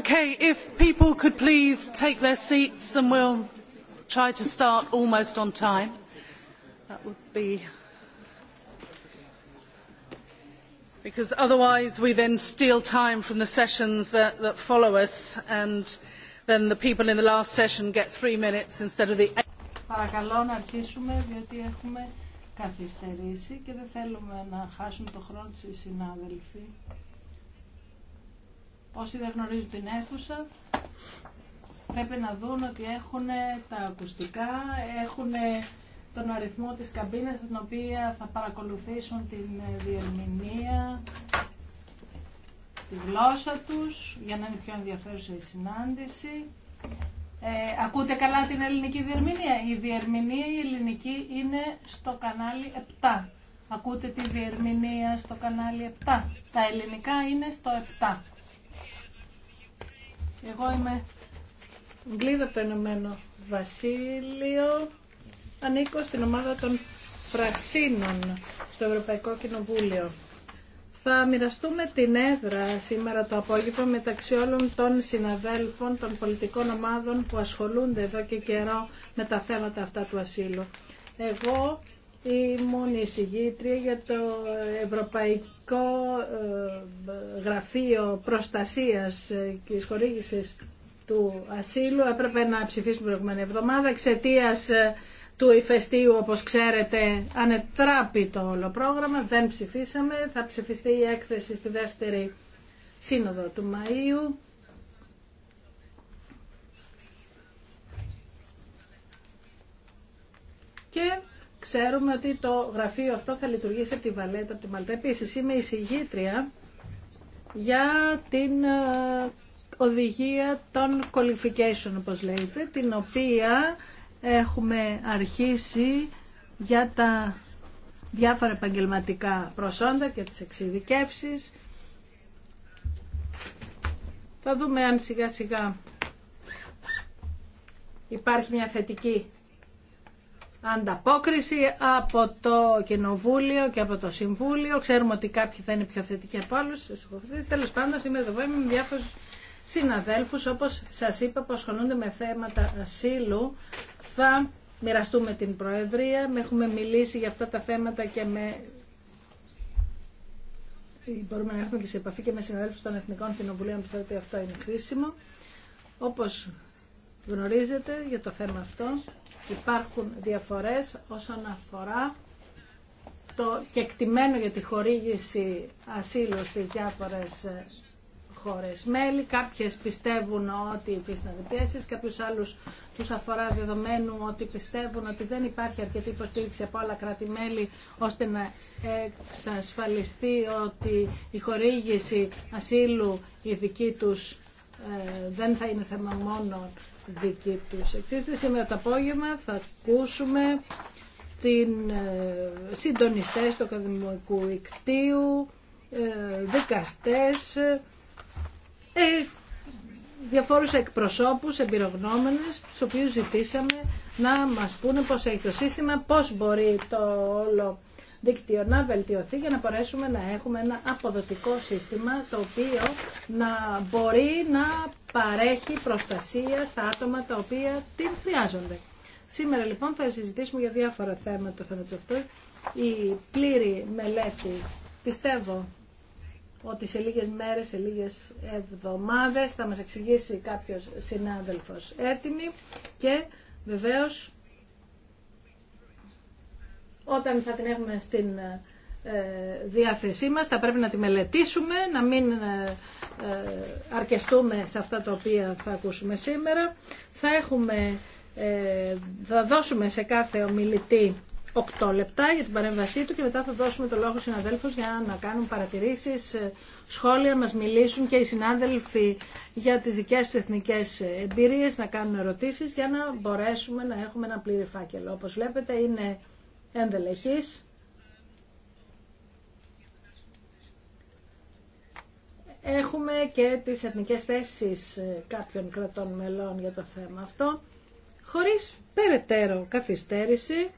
Okay, if people could please take their seats and we'll try to start almost on time. That would be. Because otherwise we then steal time from the sessions that follow us and then the people in the last session get three minutes instead of the. Παρακαλώ να αρχίσουμε διότι έχουμε καθυστερήσει και δεν θέλουμε να χάσουμε το χρόνο Όσοι δεν γνωρίζουν την αίθουσα, πρέπει να δουν ότι έχουν τα ακουστικά, έχουν τον αριθμό της καμπίνας την οποία θα παρακολουθήσουν την διερμηνία, τη γλώσσα τους, για να είναι πιο ενδιαφέρουσα η συνάντηση. Ε, ακούτε καλά την ελληνική διερμηνία. Η διερμηνία η ελληνική είναι στο κανάλι 7. Ακούτε τη διερμηνία στο κανάλι 7. Τα ελληνικά είναι στο 7. Εγώ είμαι γκλίδα από το ενωμένο Βασίλειο. Ανήκω στην ομάδα των Φρασίνων στο Ευρωπαϊκό Κοινοβούλιο. Θα μοιραστούμε την έδρα σήμερα το απόγευμα μεταξύ όλων των συναδέλφων των πολιτικών ομάδων που ασχολούνται εδώ και καιρό με τα θέματα αυτά του ασύλου. Εγώ Ήμουν εισηγήτρια για το Ευρωπαϊκό ε, Γραφείο Προστασίας και ε, Χορήγησης του Ασύλου. Έπρεπε να ψηφίσουμε την προηγούμενη εβδομάδα εξαιτία ε, του ηφαιστείου, όπως ξέρετε, ανετράπη το όλο πρόγραμμα. Δεν ψηφίσαμε. Θα ψηφιστεί η έκθεση στη δεύτερη σύνοδο του Μαΐου. Και Ξέρουμε ότι το γραφείο αυτό θα λειτουργήσει από τη Βαλέτα, από τη Μαλτά. Επίση, είμαι συγγήτρια για την ε, οδηγία των qualification, όπως λέγεται, την οποία έχουμε αρχίσει για τα διάφορα επαγγελματικά προσόντα και τις εξειδικεύσεις. Θα δούμε αν σιγά σιγά υπάρχει μια θετική ανταπόκριση από το Κοινοβούλιο και από το Συμβούλιο. Ξέρουμε ότι κάποιοι θα είναι πιο θετικοί από άλλου. Τέλο πάντων, είμαι εδώ είμαι με διάφορου συναδέλφου, όπω σα είπα, που ασχολούνται με θέματα ασύλου. Θα μοιραστούμε την Προεδρία. Έχουμε μιλήσει για αυτά τα θέματα και με. Μπορούμε να έρθουμε και σε επαφή και με συναδέλφου των Εθνικών Κοινοβουλίων. Πιστεύω ότι αυτό είναι χρήσιμο. Όπως γνωρίζετε για το θέμα αυτό, υπάρχουν διαφορές όσον αφορά το κεκτημένο για τη χορήγηση ασύλου στις διάφορες ε, χώρες μέλη. Κάποιες πιστεύουν ότι υφίστανται πιέσεις, κάποιους άλλους τους αφορά δεδομένου ότι πιστεύουν ότι δεν υπάρχει αρκετή υποστήριξη από άλλα κράτη-μέλη ώστε να εξασφαλιστεί ότι η χορήγηση ασύλου η δική τους ε, δεν θα είναι θέμα μόνο δική τους εκτίθεση. Σήμερα το απόγευμα θα ακούσουμε την ε, συντονιστές του Ακαδημαϊκού Ικτίου, ε, δικαστές, ε, διαφόρους εκπροσώπους, εμπειρογνώμενες, τους οποίους ζητήσαμε να μας πούνε πώς έχει το σύστημα, πώς μπορεί το όλο δίκτυο να βελτιωθεί για να μπορέσουμε να έχουμε ένα αποδοτικό σύστημα το οποίο να μπορεί να παρέχει προστασία στα άτομα τα οποία την χρειάζονται. Σήμερα λοιπόν θα συζητήσουμε για διάφορα θέματα το θέμα αυτού. Η πλήρη μελέτη πιστεύω ότι σε λίγες μέρες, σε λίγες εβδομάδες θα μας εξηγήσει κάποιος συνάδελφος έτοιμη και βεβαίως όταν θα την έχουμε στην ε, ε, διάθεσή μας, θα πρέπει να τη μελετήσουμε, να μην ε, αρκεστούμε σε αυτά τα οποία θα ακούσουμε σήμερα. Θα, έχουμε, θα δώσουμε σε κάθε ομιλητή 8 λεπτά για την παρέμβασή του και μετά θα δώσουμε το λόγο συναδέλφους για να κάνουν παρατηρήσεις, σχόλια, να μας μιλήσουν και οι συνάδελφοι για τις δικές του εθνικές εμπειρίες, να κάνουν ερωτήσεις για να μπορέσουμε να έχουμε ένα πλήρη φάκελο. Όπως βλέπετε είναι ενδελεχής. Έχουμε και τις εθνικές θέσεις ε, κάποιων κρατών μελών για το θέμα αυτό. Χωρίς περαιτέρω καθυστέρηση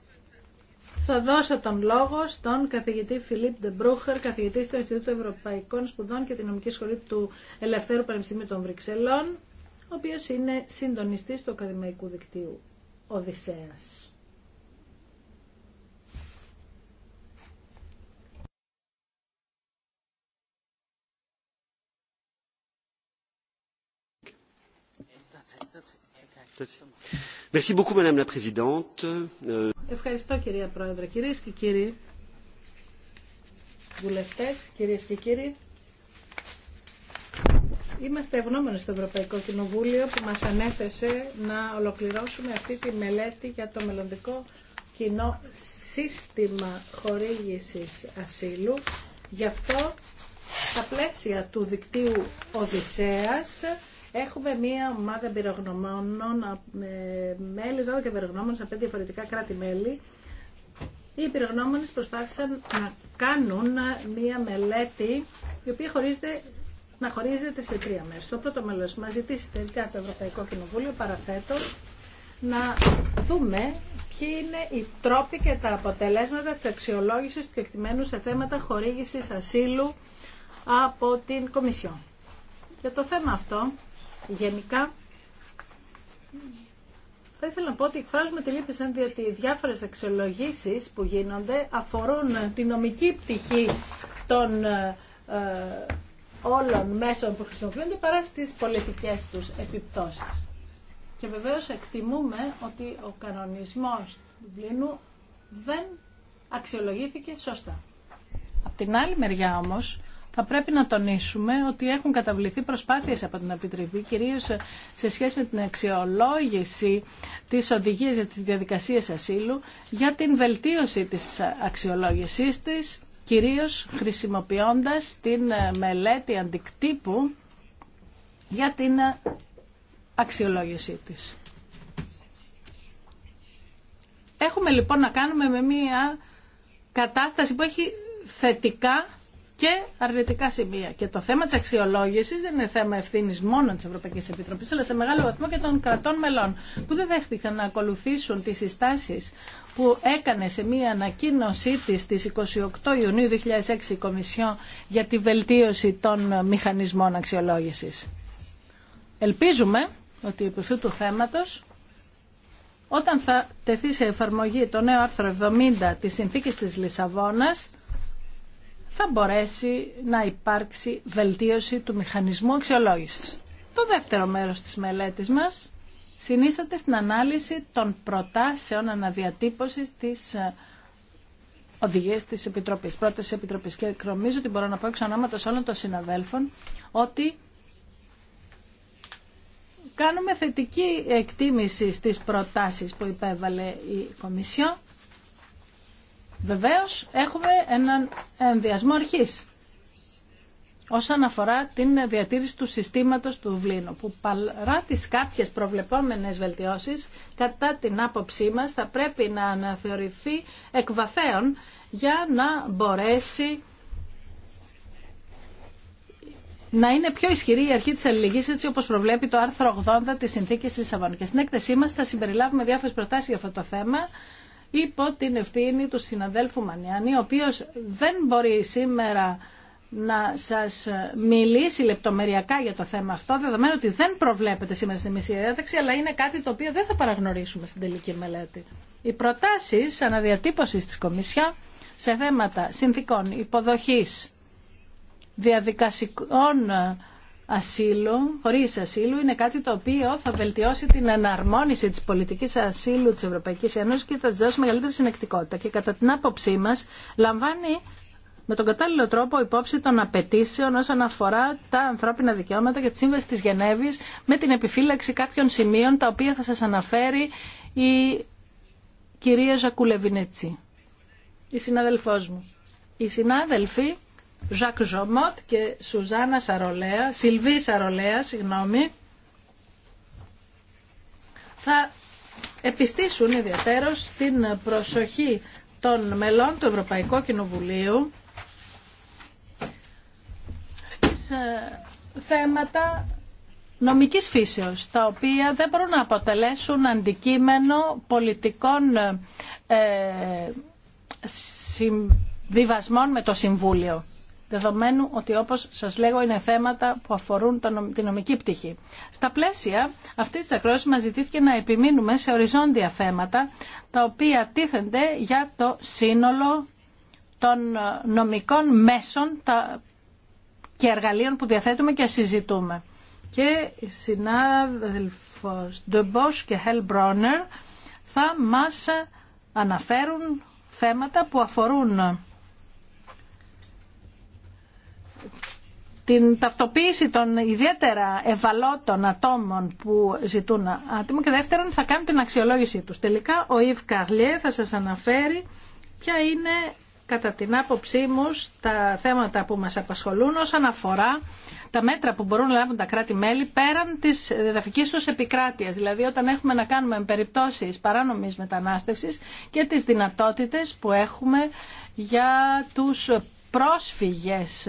θα δώσω τον λόγο στον καθηγητή Φιλίπ Ντεμπρούχερ, καθηγητή στο Ινστιτούτο Ευρωπαϊκών Σπουδών και την Νομική Σχολή του Ελευθέρου Πανεπιστημίου των Βρυξελών, ο οποίος είναι συντονιστής του Ακαδημαϊκού Δικτύου Οδυσσέας. Euh, Ευχαριστώ κυρία Πρόεδρε. Κυρίες και κύριοι βουλευτές, κυρίες και κύριοι, είμαστε ευγνώμενοι στο Ευρωπαϊκό Κοινοβούλιο που μας ανέθεσε να ολοκληρώσουμε αυτή τη μελέτη για το μελλοντικό κοινό σύστημα χορήγησης ασύλου. Γι' αυτό, στα πλαίσια του δικτύου Οδυσσέας, Έχουμε μία ομάδα εμπειρογνωμόνων ε, μέλη, 12 σε πεντε από διαφορετικά κράτη-μέλη. Οι εμπειρογνώμονε προσπάθησαν να κάνουν μία μελέτη η οποία χωρίζεται να χωρίζεται σε τρία μέρη. Στο πρώτο μέλο μα ζητήσει τελικά το Ευρωπαϊκό Κοινοβούλιο, παραθέτω, να δούμε ποιοι είναι οι τρόποι και τα αποτελέσματα της αξιολόγησης του κεκτημένου σε θέματα χορήγηση ασύλου από την Κομισιόν. Για το θέμα αυτό Γενικά, θα ήθελα να πω ότι εκφράζουμε τη λύπη σαν διότι οι διάφορες αξιολογήσεις που γίνονται αφορούν τη νομική πτυχή των ε, ε, όλων μέσων που χρησιμοποιούνται παρά στις πολιτικές τους επιπτώσεις. Και βεβαίως εκτιμούμε ότι ο κανονισμός του Βλήνου δεν αξιολογήθηκε σωστά. Απ' την άλλη μεριά θα πρέπει να τονίσουμε ότι έχουν καταβληθεί προσπάθειες από την Επιτροπή, κυρίως σε σχέση με την αξιολόγηση της οδηγίας για τις διαδικασίες ασύλου, για την βελτίωση της αξιολόγησής της, κυρίως χρησιμοποιώντας την μελέτη αντικτύπου για την αξιολόγησή της. Έχουμε λοιπόν να κάνουμε με μια κατάσταση που έχει θετικά και αρνητικά σημεία. Και το θέμα της αξιολόγησης δεν είναι θέμα ευθύνη μόνο της Ευρωπαϊκής Επιτροπής, αλλά σε μεγάλο βαθμό και των κρατών μελών, που δεν δέχτηκαν να ακολουθήσουν τις συστάσεις που έκανε σε μία ανακοίνωσή της στι 28 Ιουνίου 2006 η Κομισιόν για τη βελτίωση των μηχανισμών αξιολόγησης. Ελπίζουμε ότι επί αυτού του θέματο, όταν θα τεθεί σε εφαρμογή το νέο άρθρο 70 της Συνθήκης της Λισαβόνας θα μπορέσει να υπάρξει βελτίωση του μηχανισμού αξιολόγησης. Το δεύτερο μέρος της μελέτης μας συνίσταται στην ανάλυση των προτάσεων αναδιατύπωσης της ε, οδηγίας της Επιτροπής, πρώτης Επιτροπής. Και νομίζω ότι μπορώ να πω εξ ονόματο όλων των συναδέλφων ότι κάνουμε θετική εκτίμηση στις προτάσει που υπέβαλε η Κομισιόν Βεβαίως έχουμε έναν ενδιασμό αρχής όσον αφορά την διατήρηση του συστήματος του Βλήνου, που παρά τις κάποιες προβλεπόμενες βελτιώσεις, κατά την άποψή μας θα πρέπει να αναθεωρηθεί εκβαθέων για να μπορέσει να είναι πιο ισχυρή η αρχή της αλληλεγγύης, έτσι όπως προβλέπει το άρθρο 80 της Συνθήκης Λισαβόνου. Και στην έκθεσή μας θα συμπεριλάβουμε διάφορες προτάσεις για αυτό το θέμα, υπό την ευθύνη του συναδέλφου Μανιάνη, ο οποίος δεν μπορεί σήμερα να σας μιλήσει λεπτομεριακά για το θέμα αυτό, δεδομένου ότι δεν προβλέπεται σήμερα στη μισή διάταξη, αλλά είναι κάτι το οποίο δεν θα παραγνωρίσουμε στην τελική μελέτη. Οι προτάσεις αναδιατύπωσης της Κομισιά σε θέματα συνθήκων υποδοχής διαδικασικών ασύλου, χωρίς ασύλου, είναι κάτι το οποίο θα βελτιώσει την εναρμόνιση της πολιτικής ασύλου της Ευρωπαϊκής Ένωσης και θα της δώσει μεγαλύτερη συνεκτικότητα. Και κατά την άποψή μας λαμβάνει με τον κατάλληλο τρόπο υπόψη των απαιτήσεων όσον αφορά τα ανθρώπινα δικαιώματα και τη Σύμβαση της Γενέβης με την επιφύλαξη κάποιων σημείων τα οποία θα σας αναφέρει η κυρία Ζακουλεβινέτσι, η συνάδελφός μου. Οι συνάδελφοι Ζακ Ζωμότ και Σουζάνα Σαρολέα, Σιλβί Σαρολέα, συγγνώμη, θα επιστήσουν ιδιαίτερως την προσοχή των μελών του Ευρωπαϊκού Κοινοβουλίου στις ε, θέματα νομικής φύσεως, τα οποία δεν μπορούν να αποτελέσουν αντικείμενο πολιτικών ε, ε, συμβιβασμών με το Συμβούλιο δεδομένου ότι όπως σας λέγω είναι θέματα που αφορούν την νομική πτυχή. Στα πλαίσια αυτή τη ακρόαση μας ζητήθηκε να επιμείνουμε σε οριζόντια θέματα τα οποία τίθενται για το σύνολο των ε, νομικών μέσων και εργαλείων που διαθέτουμε και συζητούμε. Και οι συνάδελφος Ντεμπός και Μπρόνερ θα μας αναφέρουν θέματα που αφορούν την ταυτοποίηση των ιδιαίτερα ευαλώτων ατόμων που ζητούν άτομο και δεύτερον θα κάνουν την αξιολόγησή τους. Τελικά ο Ιβ Καρλιέ θα σας αναφέρει ποια είναι κατά την άποψή μου τα θέματα που μας απασχολούν όσον αφορά τα μέτρα που μπορούν να λάβουν τα κράτη-μέλη πέραν της δεδαφικής τους επικράτειας. Δηλαδή όταν έχουμε να κάνουμε περιπτώσεις παράνομης μετανάστευσης και τις δυνατότητες που έχουμε για τους πρόσφυγες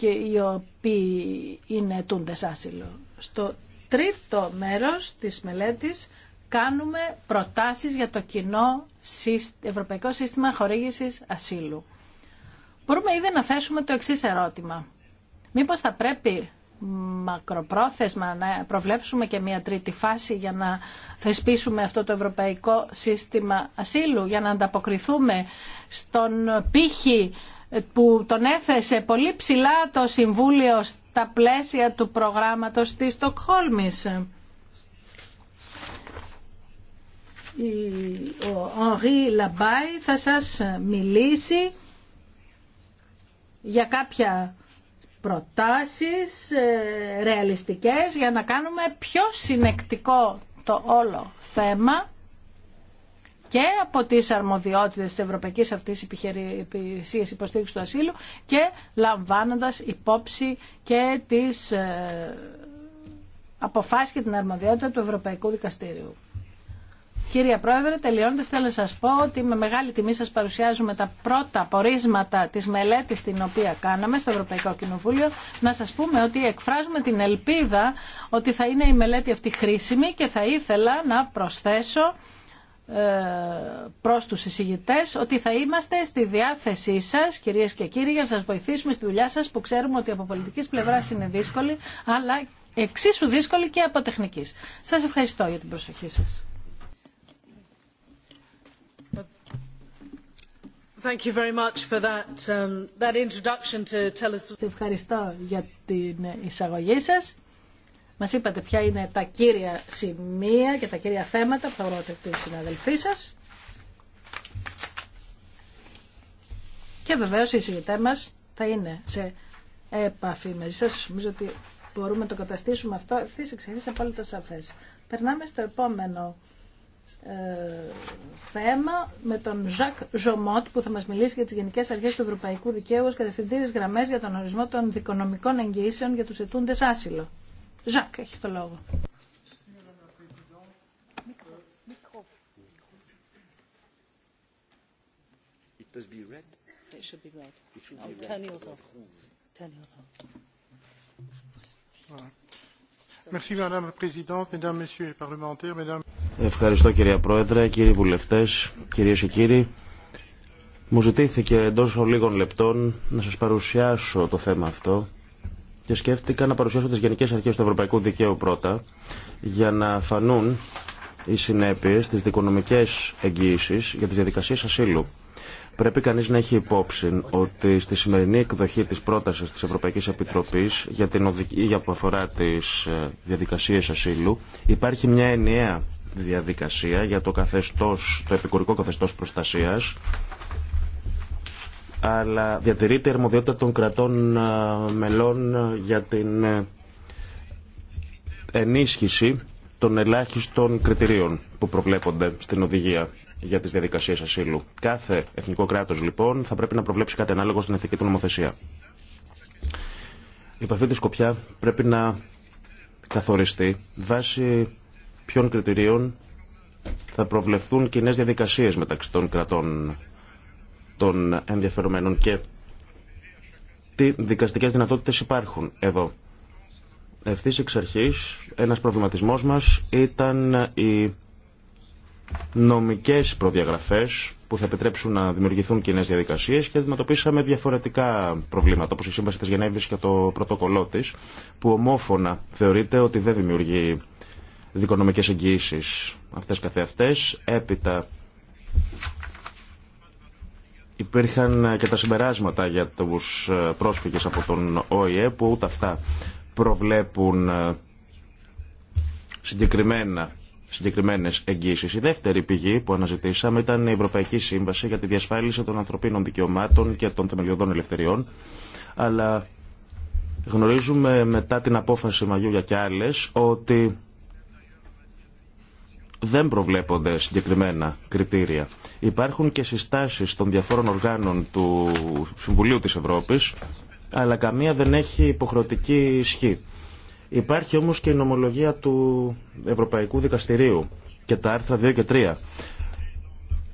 και οι οποίοι είναι αιτούντες άσυλο. Στο τρίτο μέρος της μελέτης κάνουμε προτάσεις για το κοινό Ευρωπαϊκό Σύστημα Χορήγησης Ασύλου. Μπορούμε ήδη να θέσουμε το εξής ερώτημα. Μήπως θα πρέπει μακροπρόθεσμα να προβλέψουμε και μια τρίτη φάση για να θεσπίσουμε αυτό το ευρωπαϊκό σύστημα ασύλου, για να ανταποκριθούμε στον πύχη που τον έθεσε πολύ ψηλά το Συμβούλιο στα πλαίσια του προγράμματος της Στοκχόλμης. Ο Henri Λαμπάι θα σας μιλήσει για κάποια προτάσεις ε, ρεαλιστικές για να κάνουμε πιο συνεκτικό το όλο θέμα και από τις αρμοδιότητες της Ευρωπαϊκής αυτής υπηρεσίας υποστήριξης του ασύλου και λαμβάνοντας υπόψη και τις ε, αποφάσεις και την αρμοδιότητα του Ευρωπαϊκού Δικαστήριου. Κύριε Πρόεδρε, τελειώνοντας θέλω να σας πω ότι με μεγάλη τιμή σας παρουσιάζουμε τα πρώτα πορίσματα της μελέτης την οποία κάναμε στο Ευρωπαϊκό Κοινοβούλιο. Να σας πούμε ότι εκφράζουμε την ελπίδα ότι θα είναι η μελέτη αυτή χρήσιμη και θα ήθελα να προσθέσω ε, προς τους εισηγητές ότι θα είμαστε στη διάθεσή σας κυρίες και κύριοι για να σας βοηθήσουμε στη δουλειά σας που ξέρουμε ότι από πολιτικής πλευράς είναι δύσκολη αλλά εξίσου δύσκολη και από τεχνικής. Σας ευχαριστώ για την προσοχή σας. Thank you very much for that, um, that introduction to tell us... Ευχαριστώ για την εισαγωγή σας. Μα είπατε ποια είναι τα κύρια σημεία και τα κύρια θέματα που θα ρωτήσετε οι συναδελφοί σα. Και βεβαίω οι συγγητές μα θα είναι σε επαφή μαζί σας. Νομίζω ότι μπορούμε να το καταστήσουμε αυτό ευθύ αρχή απόλυτα σαφέ. Περνάμε στο επόμενο ε, θέμα με τον Ζακ Ζωμότ που θα μας μιλήσει για τις Γενικές Αρχές του Ευρωπαϊκού Δικαίου ως κατευθυντήρες γραμμές για τον ορισμό των δικονομικών εγγυήσεων για του ετούντε άσυλο. Ζακ, έχει το λόγο. Ευχαριστώ κυρία Πρόεδρε, κύριοι βουλευτές, κυρίες και κύριοι. Μου ζητήθηκε εντό λίγων λεπτών να σας παρουσιάσω το θέμα αυτό και σκέφτηκα να παρουσιάσω τις Γενικές Αρχές του Ευρωπαϊκού Δικαίου πρώτα για να φανούν οι συνέπειες, της δικονομικές εγγύησεις για τις διαδικασίες ασύλου. Πρέπει κανείς να έχει υπόψη ότι στη σημερινή εκδοχή της πρότασης της Ευρωπαϊκής Επιτροπής για την για που αφορά τις ε, διαδικασίες ασύλου υπάρχει μια ενιαία διαδικασία για το, καθεστώς, το επικουρικό καθεστώς προστασίας αλλά διατηρείται η αρμοδιότητα των κρατών ε, μελών ε, για την ε, ενίσχυση των ελάχιστων κριτηρίων που προβλέπονται στην οδηγία για τις διαδικασίες ασύλου. Κάθε εθνικό κράτος λοιπόν θα πρέπει να προβλέψει κάτι ανάλογο στην εθνική του νομοθεσία. Η παθή σκοπιά πρέπει να καθοριστεί βάσει ποιων κριτηρίων θα προβλεφθούν κοινέ διαδικασίες μεταξύ των κρατών των ενδιαφερομένων και τι δικαστικές δυνατότητες υπάρχουν εδώ. Ευθύς εξ αρχής ένας προβληματισμός μας ήταν οι νομικές προδιαγραφές που θα επιτρέψουν να δημιουργηθούν κοινέ διαδικασίε και αντιμετωπίσαμε διαφορετικά προβλήματα, όπω η Σύμβαση τη Γενέβη και το πρωτοκολλό τη, που ομόφωνα θεωρείται ότι δεν δημιουργεί δικονομικέ εγγυήσει αυτέ καθεαυτέ. Έπειτα Υπήρχαν ε, και τα συμπεράσματα για τους ε, πρόσφυγες από τον ΟΗΕ που ούτε αυτά προβλέπουν ε, συγκεκριμένα συγκεκριμένες εγγύσεις. Η δεύτερη πηγή που αναζητήσαμε ήταν η Ευρωπαϊκή Σύμβαση για τη διασφάλιση των ανθρωπίνων δικαιωμάτων και των θεμελιωδών ελευθεριών, αλλά γνωρίζουμε μετά την απόφαση Μαγιού για κι άλλες ότι δεν προβλέπονται συγκεκριμένα κριτήρια. Υπάρχουν και συστάσεις των διαφόρων οργάνων του Συμβουλίου της Ευρώπης, αλλά καμία δεν έχει υποχρεωτική ισχύ. Υπάρχει όμως και η νομολογία του Ευρωπαϊκού Δικαστηρίου και τα άρθρα 2 και 3.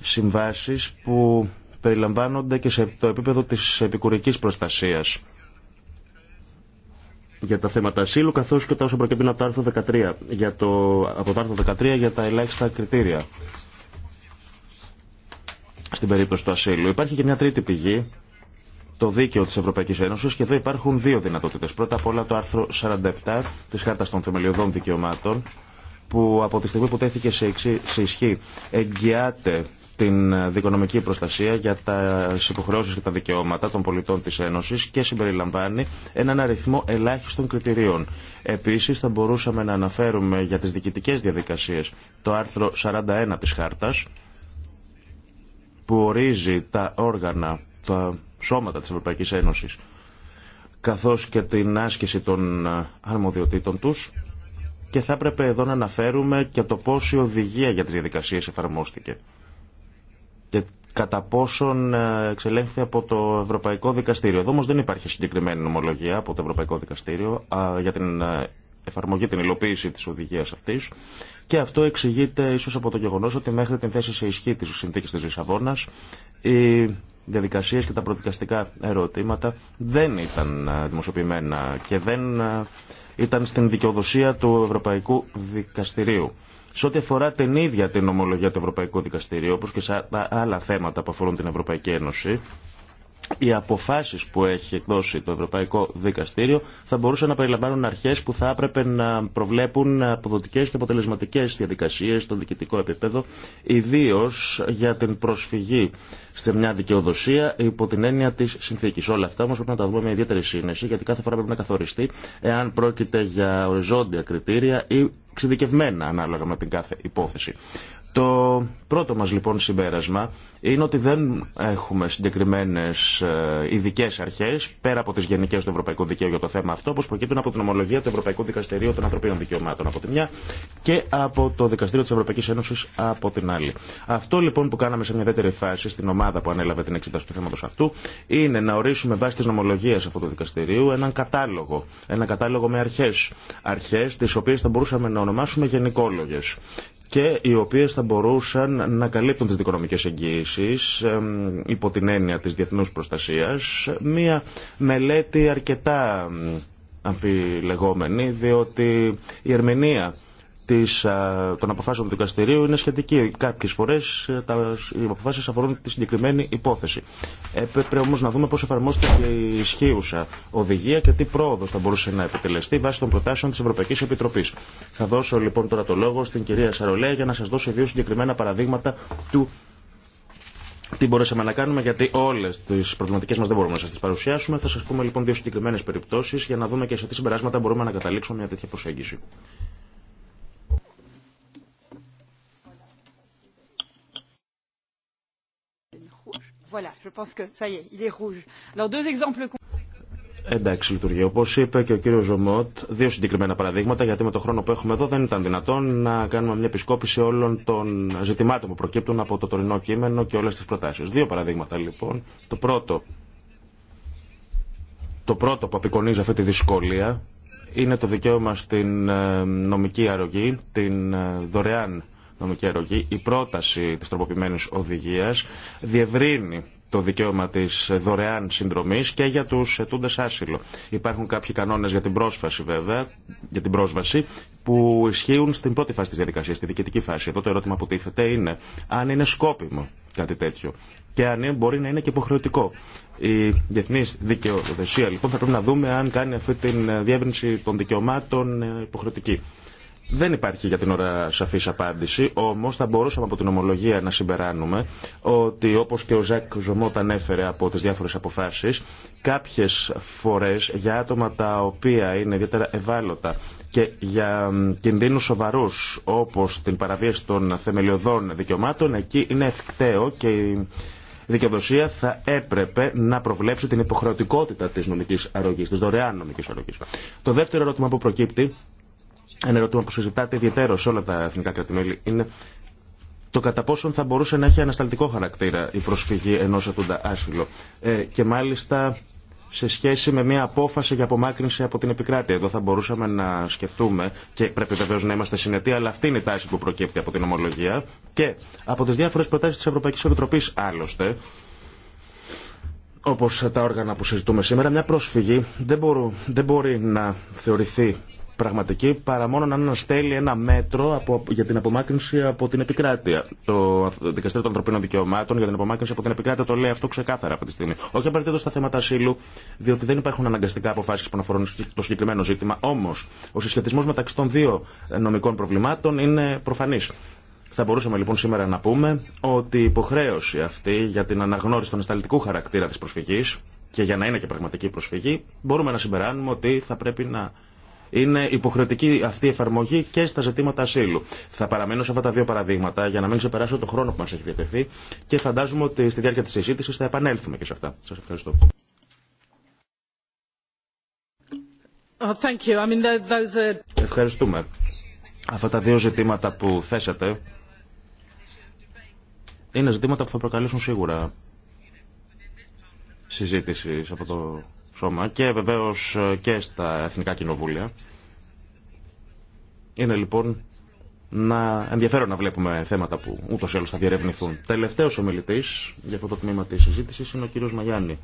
Συμβάσεις που περιλαμβάνονται και σε το επίπεδο της επικουρικής προστασίας για τα θέματα ασύλου, καθώς και τα όσα προκύπτουν από το άρθρο 13, για το, από το άρθρο 13 για τα ελάχιστα κριτήρια στην περίπτωση του ασύλου. Υπάρχει και μια τρίτη πηγή, το δίκαιο της Ευρωπαϊκής Ένωσης και εδώ υπάρχουν δύο δυνατότητες. Πρώτα απ' όλα το άρθρο 47 της Χάρτας των Θεμελιωδών Δικαιωμάτων που από τη στιγμή που τέθηκε σε, σε ισχύ εγγυάται την δικονομική προστασία για τα υποχρεώσει και τα δικαιώματα των πολιτών της Ένωση και συμπεριλαμβάνει έναν αριθμό ελάχιστων κριτηρίων. Επίσης θα μπορούσαμε να αναφέρουμε για τις διοικητικέ διαδικασίες το άρθρο 41 της Χάρτας που ορίζει τα όργανα, τα σώματα της Ευρωπαϊκής Ένωσης καθώς και την άσκηση των αρμοδιοτήτων τους και θα έπρεπε εδώ να αναφέρουμε και το πώς η οδηγία για τις διαδικασίες εφαρμόστηκε και κατά πόσον ε, εξελέγχθη από το Ευρωπαϊκό Δικαστήριο. Εδώ όμω δεν υπάρχει συγκεκριμένη νομολογία από το Ευρωπαϊκό Δικαστήριο για την ε, εφαρμογή, την υλοποίηση τη οδηγία αυτή. Και αυτό εξηγείται ίσω από το γεγονό ότι μέχρι την θέση σε ισχύ τη συνθήκη τη Λισαβόνα οι διαδικασίε και τα προδικαστικά ερωτήματα δεν ήταν ε, δημοσιοποιημένα και δεν ήταν στην δικαιοδοσία του Ευρωπαϊκού Δικαστηρίου. Σε ό,τι αφορά την ίδια την ομολογία του Ευρωπαϊκού Δικαστηρίου, όπω και σε άλλα θέματα που αφορούν την Ευρωπαϊκή Ένωση, οι αποφάσεις που έχει εκδώσει το Ευρωπαϊκό Δικαστήριο θα μπορούσαν να περιλαμβάνουν αρχές που θα έπρεπε να προβλέπουν αποδοτικές και αποτελεσματικές διαδικασίες στο διοικητικό επίπεδο, ιδίως για την προσφυγή σε μια δικαιοδοσία υπό την έννοια της συνθήκης. Όλα αυτά όμως πρέπει να τα δούμε με ιδιαίτερη σύνεση, γιατί κάθε φορά πρέπει να καθοριστεί εάν πρόκειται για οριζόντια κριτήρια ή ξεδικευμένα ανάλογα με την κάθε υπόθεση. Το πρώτο μας λοιπόν συμπέρασμα είναι ότι δεν έχουμε συγκεκριμένες ε, ειδικέ αρχές πέρα από τις γενικές του Ευρωπαϊκού Δικαίου για το θέμα αυτό όπως προκύπτουν από την ομολογία του Ευρωπαϊκού Δικαστηρίου των Ανθρωπίνων Δικαιωμάτων από τη μια και από το Δικαστήριο της Ευρωπαϊκής Ένωσης από την άλλη. Αυτό λοιπόν που κάναμε σε μια δεύτερη φάση στην ομάδα που ανέλαβε την εξετάση του θέματος αυτού είναι να ορίσουμε βάσει της νομολογίας αυτού του δικαστηρίου έναν κατάλογο, ένα κατάλογο με αρχές, αρχές τις οποίες θα μπορούσαμε να ονομάσουμε γενικόλογες και οι οποίες θα μπορούσαν να καλύπτουν τις δικονομικές εγγύησεις υπό την έννοια της διεθνούς προστασίας. Μία μελέτη αρκετά αμφιλεγόμενη, διότι η Ερμηνεία της, των αποφάσεων του δικαστηρίου είναι σχετική. Κάποιες φορές ε, τα, οι αποφάσεις αφορούν τη συγκεκριμένη υπόθεση. Έπρεπε όμως να δούμε πώς εφαρμόζεται η ισχύουσα οδηγία και τι πρόοδος θα μπορούσε να επιτελεστεί βάσει των προτάσεων της Ευρωπαϊκής Επιτροπής. Θα δώσω λοιπόν τώρα το λόγο στην κυρία Σαρολέα για να σας δώσω δύο συγκεκριμένα παραδείγματα του τι μπορέσαμε να κάνουμε, γιατί όλε τι προβληματικέ μα δεν μπορούμε να σα τι παρουσιάσουμε. Θα σα πούμε λοιπόν δύο συγκεκριμένε περιπτώσει για να δούμε και σε τι συμπεράσματα μπορούμε να καταλήξουμε μια τέτοια προσέγγιση. Voilà, Εντάξει, λειτουργεί. Όπω είπε και ο κύριο Ζωμότ, δύο συγκεκριμένα παραδείγματα, γιατί με το χρόνο που έχουμε εδώ δεν ήταν δυνατόν να κάνουμε μια επισκόπηση όλων των ζητημάτων που προκύπτουν από το τωρινό κείμενο και όλε τι προτάσει. Δύο παραδείγματα λοιπόν. Το πρώτο, το πρώτο που απεικονίζει αυτή τη δυσκολία είναι το δικαίωμα στην ε, νομική αρρωγή, την ε, δωρεάν νομική αρρωγή. Η πρόταση τη τροποποιημένη οδηγία διευρύνει το δικαίωμα τη δωρεάν συνδρομή και για του ετούντε άσυλο. Υπάρχουν κάποιοι κανόνε για την πρόσφαση, βέβαια, για την πρόσβαση, που ισχύουν στην πρώτη φάση τη διαδικασία, στη διοικητική φάση. Εδώ το ερώτημα που τίθεται είναι αν είναι σκόπιμο κάτι τέτοιο και αν μπορεί να είναι και υποχρεωτικό. Η διεθνή δικαιοδοσία λοιπόν θα πρέπει να δούμε αν κάνει αυτή τη διεύρυνση των δικαιωμάτων ε, υποχρεωτική. Δεν υπάρχει για την ώρα σαφή απάντηση, όμω θα μπορούσαμε από την ομολογία να συμπεράνουμε ότι όπω και ο Ζακ Ζωμότα ανέφερε από τι διάφορε αποφάσει κάποιε φορέ για άτομα τα οποία είναι ιδιαίτερα ευάλωτα και για κινδύνου σοβαρού όπω την παραβίαση των θεμελιωδών δικαιωμάτων, εκεί είναι ευκταίο και η δικαιοδοσία θα έπρεπε να προβλέψει την υποχρεωτικότητα τη νομικής αρρωγής, της δωρεάν νομική αρρωγή. Το δεύτερο ερώτημα που προκύπτει ένα ερώτημα που συζητάται ιδιαίτερο σε όλα τα εθνικά κρατημέλη είναι το κατά πόσον θα μπορούσε να έχει ανασταλτικό χαρακτήρα η προσφυγή ενό ετούντα άσυλο. Ε, και μάλιστα σε σχέση με μια απόφαση για απομάκρυνση από την επικράτεια. Εδώ θα μπορούσαμε να σκεφτούμε, και πρέπει βεβαίω να είμαστε συνετοί, αλλά αυτή είναι η τάση που προκύπτει από την ομολογία και από τι διάφορε προτάσει τη Ευρωπαϊκή Επιτροπή άλλωστε. Όπω τα όργανα που συζητούμε σήμερα, μια πρόσφυγη δεν, μπορού, δεν μπορεί να θεωρηθεί πραγματική παρά μόνο να στέλνει ένα μέτρο από, για την απομάκρυνση από την επικράτεια. Το Δικαστήριο των Ανθρωπίνων Δικαιωμάτων για την απομάκρυνση από την επικράτεια το λέει αυτό ξεκάθαρα αυτή τη στιγμή. Όχι απαραίτητο στα θέματα ασύλου, διότι δεν υπάρχουν αναγκαστικά αποφάσει που αφορούν το συγκεκριμένο ζήτημα. Όμω, ο συσχετισμό μεταξύ των δύο ε, νομικών προβλημάτων είναι προφανή. Θα μπορούσαμε λοιπόν σήμερα να πούμε ότι η υποχρέωση αυτή για την αναγνώριση των ασταλτικού χαρακτήρα τη προσφυγή και για να είναι και πραγματική προσφυγή μπορούμε να συμπεράνουμε ότι θα πρέπει να είναι υποχρεωτική αυτή η εφαρμογή και στα ζητήματα ασύλου. Θα παραμένω σε αυτά τα δύο παραδείγματα για να μην ξεπεράσω το χρόνο που μα έχει διατεθεί και φαντάζομαι ότι στη διάρκεια τη συζήτηση θα επανέλθουμε και σε αυτά. Σα ευχαριστώ. Oh, thank you. I mean, those are... Ευχαριστούμε. Αυτά τα δύο ζητήματα που θέσατε είναι ζητήματα που θα προκαλέσουν σίγουρα συζήτηση από το σώμα και βεβαίως ε, και στα εθνικά κοινοβούλια. Είναι λοιπόν να ενδιαφέρον να βλέπουμε θέματα που ούτως ή άλλως θα διερευνηθούν. Τελευταίος ομιλητής για αυτό το τμήμα της συζήτησης είναι ο κύριος Μαγιάννη,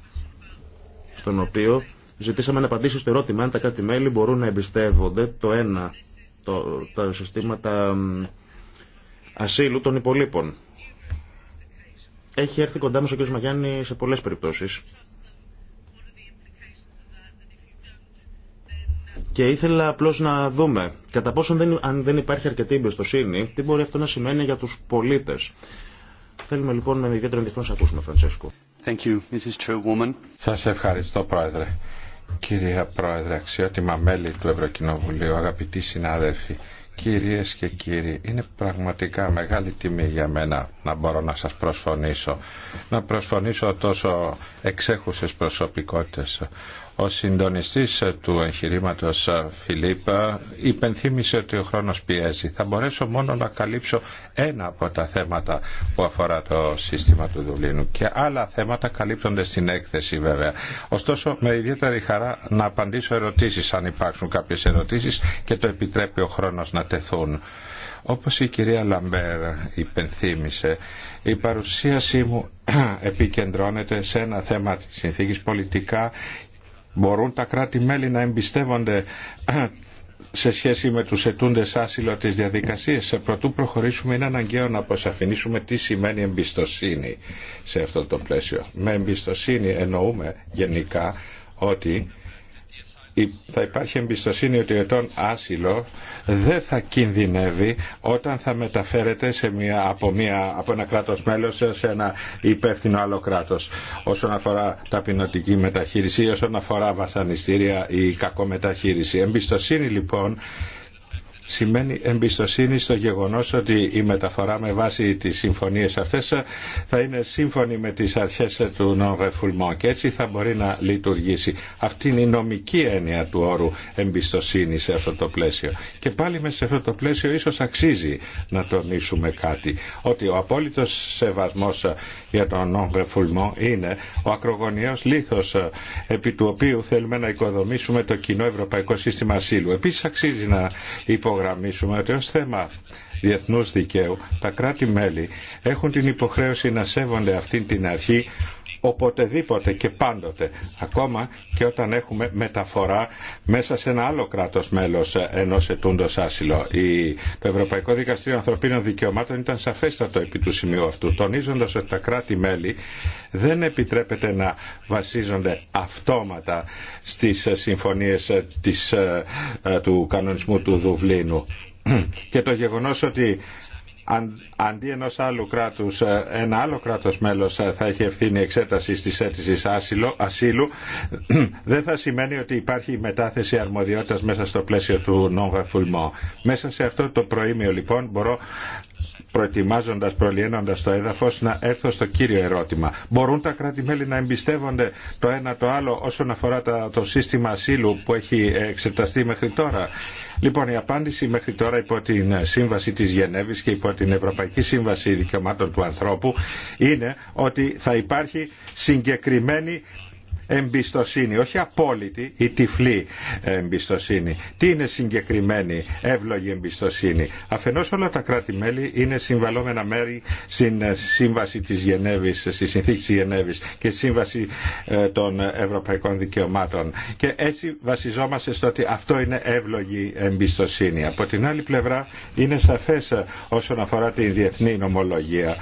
στον οποίο ζητήσαμε να απαντήσει στο ερώτημα αν τα κράτη-μέλη μπορούν να εμπιστεύονται το ένα, τα συστήματα ασύλου των υπολείπων. Έχει έρθει κοντά μας ο κ. Μαγιάννη σε πολλές περιπτώσεις Και ήθελα απλώ να δούμε κατά πόσο δεν, αν δεν υπάρχει αρκετή εμπιστοσύνη, τι μπορεί αυτό να σημαίνει για του πολίτε. Θέλουμε λοιπόν με ιδιαίτερο ενδιαφέρον να ακούσουμε, Φραντσέσκο. Σα ευχαριστώ, Πρόεδρε. Κυρία Πρόεδρε, αξιότιμα μέλη του Ευρωκοινοβουλίου, αγαπητοί συνάδελφοι, κυρίες και κύριοι, είναι πραγματικά μεγάλη τιμή για μένα να μπορώ να σας προσφωνήσω. Να προσφωνήσω τόσο εξέχουσε προσωπικότητες ο συντονιστής του εγχειρήματο Φιλίπ, υπενθύμησε ότι ο χρόνος πιέζει. Θα μπορέσω μόνο να καλύψω ένα από τα θέματα που αφορά το σύστημα του Δουβλίνου και άλλα θέματα καλύπτονται στην έκθεση βέβαια. Ωστόσο με ιδιαίτερη χαρά να απαντήσω ερωτήσεις αν υπάρξουν κάποιες ερωτήσεις και το επιτρέπει ο χρόνος να τεθούν. Όπως η κυρία Λαμπέρ υπενθύμησε, η παρουσίασή μου επικεντρώνεται σε ένα θέμα της συνθήκης πολιτικά Μπορούν τα κράτη-μέλη να εμπιστεύονται σε σχέση με τους ετούντες άσυλο της διαδικασίας. Σε πρωτού προχωρήσουμε είναι αναγκαίο να αποσαφηνίσουμε τι σημαίνει εμπιστοσύνη σε αυτό το πλαίσιο. Με εμπιστοσύνη εννοούμε γενικά ότι θα υπάρχει εμπιστοσύνη ότι ο ετών άσυλο δεν θα κινδυνεύει όταν θα μεταφέρεται σε μια, από, μια, από ένα κράτος μέλος σε ένα υπεύθυνο άλλο κράτος όσον αφορά ταπεινωτική μεταχείριση ή όσον αφορά βασανιστήρια ή μεταχείριση. Εμπιστοσύνη λοιπόν σημαίνει εμπιστοσύνη στο γεγονός ότι η μεταφορά με βάση τις συμφωνίες αυτές θα είναι σύμφωνη με τις αρχές του νομβεφουλμό και έτσι θα μπορεί να λειτουργήσει. Αυτή είναι η νομική έννοια του όρου εμπιστοσύνη σε αυτό το πλαίσιο. Και πάλι μέσα σε αυτό το πλαίσιο ίσως αξίζει να τονίσουμε κάτι. Ότι ο απόλυτος σεβασμός για τον νομβεφουλμό είναι ο ακρογωνιός λίθος ε, επί του οποίου θέλουμε να οικοδομήσουμε το κοινό ευρωπαϊκό σύστημα ασύλου. Επίσης αξίζει να υπο υπογραμμίσουμε ότι ως θέμα διεθνούς δικαίου τα κράτη-μέλη έχουν την υποχρέωση να σέβονται αυτή την αρχή οποτεδήποτε και πάντοτε, ακόμα και όταν έχουμε μεταφορά μέσα σε ένα άλλο κράτος μέλος ε, ενός ετούντος άσυλο. Το Ευρωπαϊκό Δικαστήριο Ανθρωπίνων Δικαιωμάτων ήταν σαφέστατο επί του σημείου αυτού, τονίζοντας ότι τα κράτη-μέλη δεν επιτρέπεται να βασίζονται αυτόματα στις ε, συμφωνίες ε, της, του κανονισμού του Δουβλίνου. Και το γεγονός ότι αντί ενός άλλου κράτους, ε, ένα άλλο κράτος μέλος ε, θα έχει ευθύνη εξέταση της αίτηση ασύλου, δεν θα σημαίνει ότι υπάρχει μετάθεση αρμοδιότητας μέσα στο πλαίσιο του νόμου refoulement Μέσα σε αυτό το προήμιο λοιπόν μπορώ προετοιμάζοντας, προλυαίνοντας το έδαφος να έρθω στο κύριο ερώτημα. Μπορούν τα κράτη-μέλη να εμπιστεύονται το ένα το άλλο όσον αφορά το σύστημα ασύλου που έχει εξεταστεί μέχρι τώρα. Λοιπόν, η απάντηση μέχρι τώρα υπό την Σύμβαση της Γενέβης και υπό την Ευρωπαϊκή Σύμβαση Δικαιωμάτων του Ανθρώπου είναι ότι θα υπάρχει συγκεκριμένη εμπιστοσύνη, όχι απόλυτη ή τυφλή εμπιστοσύνη. Τι είναι συγκεκριμένη, εύλογη εμπιστοσύνη. Αφενός όλα τα κράτη-μέλη είναι συμβαλόμενα μέρη στην ε, σύμβαση της Γενέβης, στη συνθήκη της Γενέβης και στη σύμβαση ε, των ευρωπαϊκών δικαιωμάτων. Και έτσι βασιζόμαστε στο ότι αυτό είναι εύλογη εμπιστοσύνη. Από την άλλη πλευρά είναι σαφές ε, όσον αφορά την διεθνή νομολογία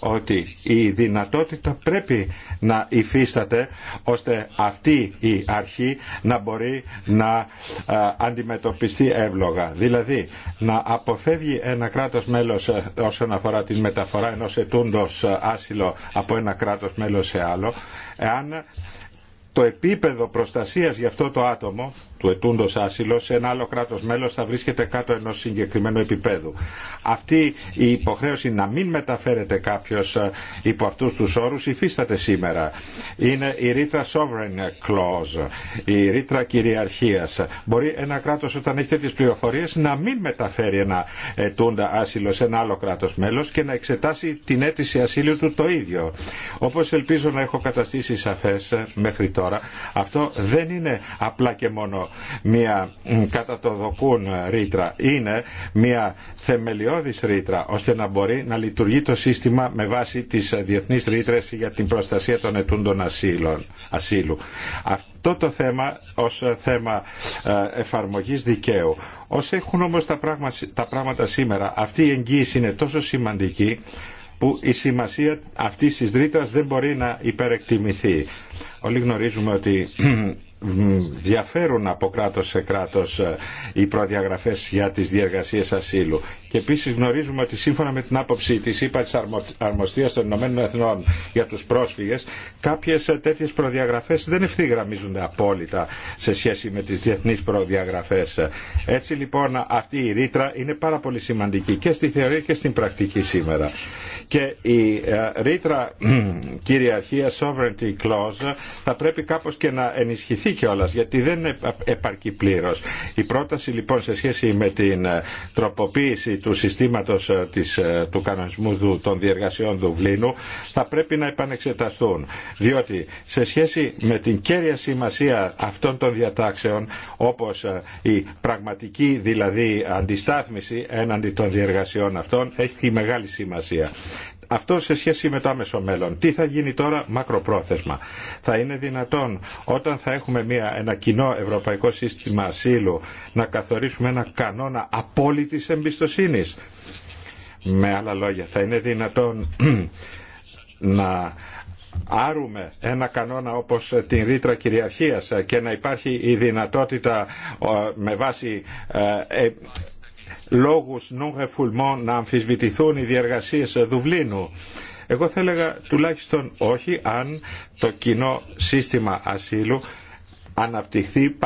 ότι η δυνατότητα πρέπει να υφίσταται ώστε αυτή η αρχή να μπορεί να ε, αντιμετωπιστεί εύλογα. Δηλαδή να αποφεύγει ένα κράτος μέλος ε, όσον αφορά την μεταφορά ενός ετούντος ε, άσυλο από ένα κράτος μέλος σε άλλο, εάν το επίπεδο προστασίας για αυτό το άτομο του ετούντο άσυλο σε ένα άλλο κράτο μέλο θα βρίσκεται κάτω ενό συγκεκριμένου επίπεδου. Αυτή η υποχρέωση να μην μεταφέρεται κάποιο ε, υπό αυτού του όρου. υφίσταται σήμερα. Είναι η ρήτρα sovereign clause, η ρήτρα κυριαρχία. Μπορεί ένα κράτο όταν έχει τέτοιε πληροφορίε να μην μεταφέρει ένα ετούντα άσυλο σε ένα άλλο κράτο μέλο και να εξετάσει την αίτηση ασύλου του το ίδιο. Όπω ελπίζω να έχω καταστήσει σαφέ ε, μέχρι τώρα, αυτό δεν είναι απλά και μόνο μια κατά το ε, ρήτρα. Είναι μια θεμελιώδης ρήτρα ώστε να μπορεί να λειτουργεί το σύστημα με βάση τις ε, διεθνείς ρήτρες για την προστασία των ετούντων ασύλων, ασύλου. Αυτό το θέμα ως ε, θέμα εφαρμογής δικαίου. ως έχουν όμως τα, πράγμα, τα πράγματα σήμερα, αυτή η εγγύηση είναι τόσο σημαντική που η σημασία αυτής της ρήτρας δεν μπορεί να υπερεκτιμηθεί. Όλοι γνωρίζουμε ότι διαφέρουν από κράτος σε κράτος ε, οι προδιαγραφές για τις διεργασίες ασύλου. Και επίσης γνωρίζουμε ότι σύμφωνα με την άποψη της ΥΠΑ της Αρμοστίας των Ηνωμένων Εθνών για τους πρόσφυγες, κάποιες τέτοιες προδιαγραφές δεν ευθυγραμμίζονται απόλυτα σε σχέση με τις διεθνείς προδιαγραφές. Έτσι λοιπόν αυτή η ρήτρα είναι πάρα πολύ σημαντική και στη θεωρία και στην πρακτική σήμερα και η ε, ρήτρα κυριαρχία sovereignty clause θα πρέπει κάπως και να ενισχυθεί κιόλα γιατί δεν είναι επαρκή πλήρω. Η πρόταση λοιπόν σε σχέση με την ε, τροποποίηση του συστήματος ε, της, του κανονισμού των διεργασιών Βλίνου θα πρέπει να επανεξεταστούν διότι σε σχέση με την κέρια σημασία αυτών των διατάξεων όπως η πραγματική δηλαδή αντιστάθμιση έναντι των διεργασιών αυτών έχει μεγάλη σημασία. Αυτό σε σχέση με το άμεσο μέλλον. Τι θα γίνει τώρα μακροπρόθεσμα. Θα είναι δυνατόν όταν θα έχουμε μια, ένα κοινό ευρωπαϊκό σύστημα ασύλου να καθορίσουμε ένα κανόνα απόλυτης εμπιστοσύνης. Με άλλα λόγια, θα είναι δυνατόν να άρουμε ένα κανόνα όπως την ρήτρα κυριαρχίας και να υπάρχει η δυνατότητα με βάση ε, ε, λόγους non-refoulement να αμφισβητηθούν οι διεργασίες Δουβλίνου. Εγώ θα έλεγα τουλάχιστον όχι αν το κοινό σύστημα ασύλου αναπτυχθεί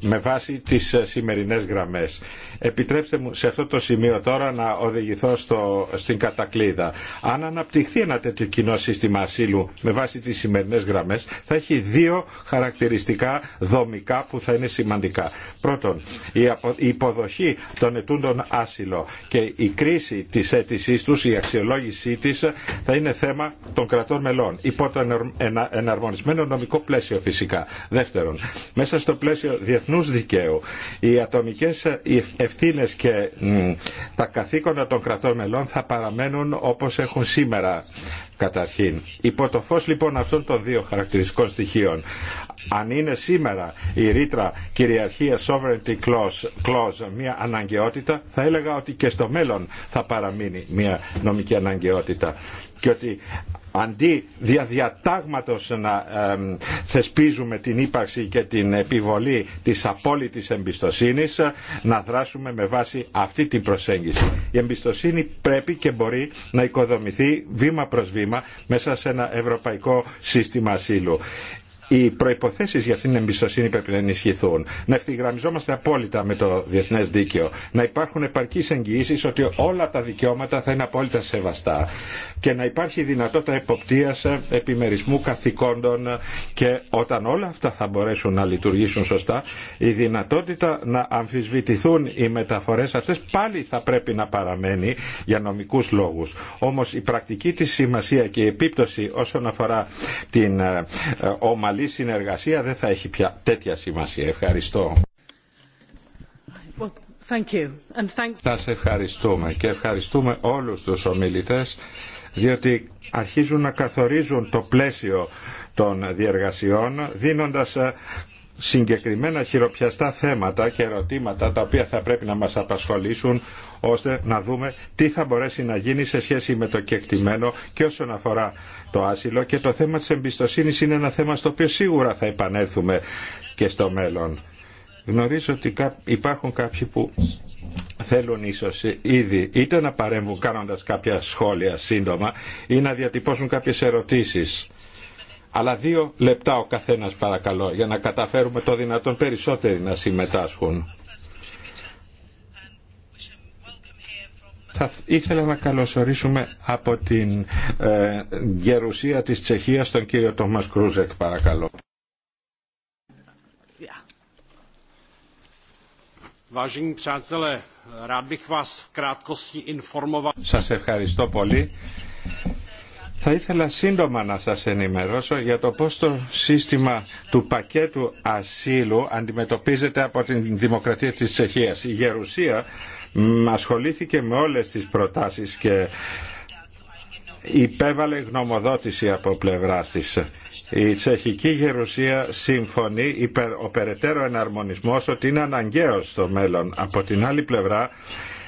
με βάση τις ε, σημερινές γραμμές. Επιτρέψτε μου σε αυτό το σημείο τώρα να οδηγηθώ στο, στην κατακλίδα. Αν αναπτυχθεί ένα τέτοιο κοινό σύστημα ασύλου με βάση τις σημερινές γραμμές θα έχει δύο χαρακτηριστικά δομικά που θα είναι σημαντικά. Πρώτον, η υποδοχή των ετούντων άσυλο και η κρίση της αίτησή τους, η αξιολόγησή της θα είναι θέμα των κρατών μελών υπό το εναρμονισμένο νομικό πλαίσιο φυσικά. Δεύτερον, μέσα στο πλαίσιο διεθνούς δικαίου, οι ατομικές ε, ευθύνες και τα καθήκοντα των κρατών μελών θα παραμένουν όπως έχουν σήμερα καταρχήν. Υπό το φως λοιπόν αυτών των δύο χαρακτηριστικών στοιχείων, αν είναι σήμερα η ρήτρα κυριαρχία sovereignty clause, clause μια αναγκαιότητα, θα έλεγα ότι και στο μέλλον θα παραμείνει μια νομική αναγκαιότητα αντί διαδιατάγματος να θεσπίζουμε την ύπαρξη και την επιβολή της απόλυτης εμπιστοσύνης να δράσουμε με βάση αυτή την προσέγγιση. Η εμπιστοσύνη πρέπει και μπορεί να οικοδομηθεί βήμα προς βήμα μέσα σε ένα ευρωπαϊκό σύστημα ασύλου οι προποθέσει για αυτήν την εμπιστοσύνη πρέπει να ενισχυθούν. Να ευθυγραμμιζόμαστε απόλυτα με το διεθνέ δίκαιο. Να υπάρχουν επαρκεί εγγυήσει ότι όλα τα δικαιώματα θα είναι απόλυτα σεβαστά. Και να υπάρχει δυνατότητα εποπτεία ε, επιμερισμού καθηκόντων και όταν όλα αυτά θα μπορέσουν να λειτουργήσουν σωστά, η δυνατότητα να αμφισβητηθούν οι μεταφορέ αυτέ πάλι θα πρέπει να παραμένει για νομικού λόγου. Όμω η πρακτική τη σημασία και η επίπτωση όσον αφορά την ε, ε, ομαλή η συνεργασία δεν θα έχει πια τέτοια σημασία. Ευχαριστώ. Thank Σας ευχαριστούμε και ευχαριστούμε όλους τους ομιλητές διότι αρχίζουν να καθορίζουν το πλαίσιο των διεργασιών δίνοντας ε, συγκεκριμένα χειροπιαστά θέματα και ερωτήματα τα οποία θα πρέπει να μας απασχολήσουν ώστε να δούμε τι θα μπορέσει να γίνει σε σχέση με το κεκτημένο και όσον αφορά το άσυλο και το θέμα της εμπιστοσύνης είναι ένα θέμα στο οποίο σίγουρα θα επανέλθουμε και στο μέλλον. Γνωρίζω ότι υπάρχουν κάποιοι που θέλουν ίσως ήδη είτε να παρέμβουν κάνοντας κάποια σχόλια σύντομα ή να διατυπώσουν κάποιες ερωτήσεις αλλά δύο λεπτά ο καθένας παρακαλώ για να καταφέρουμε το δυνατόν περισσότεροι να συμμετάσχουν. Θα ήθελα να καλωσορίσουμε από την ε, γερουσία της Τσεχίας τον κύριο Τόμας Κρούζεκ παρακαλώ. Σας ευχαριστώ πολύ. Θα ήθελα σύντομα να σας ενημερώσω για το πώς το σύστημα του πακέτου ασύλου αντιμετωπίζεται από την Δημοκρατία της Τσεχίας. Η Γερουσία ασχολήθηκε με όλες τις προτάσεις και υπέβαλε γνωμοδότηση από πλευρά τη. Η τσεχική γερουσία συμφωνεί υπερ, ο περαιτέρω εναρμονισμός ότι είναι αναγκαίος στο μέλλον. Από την άλλη πλευρά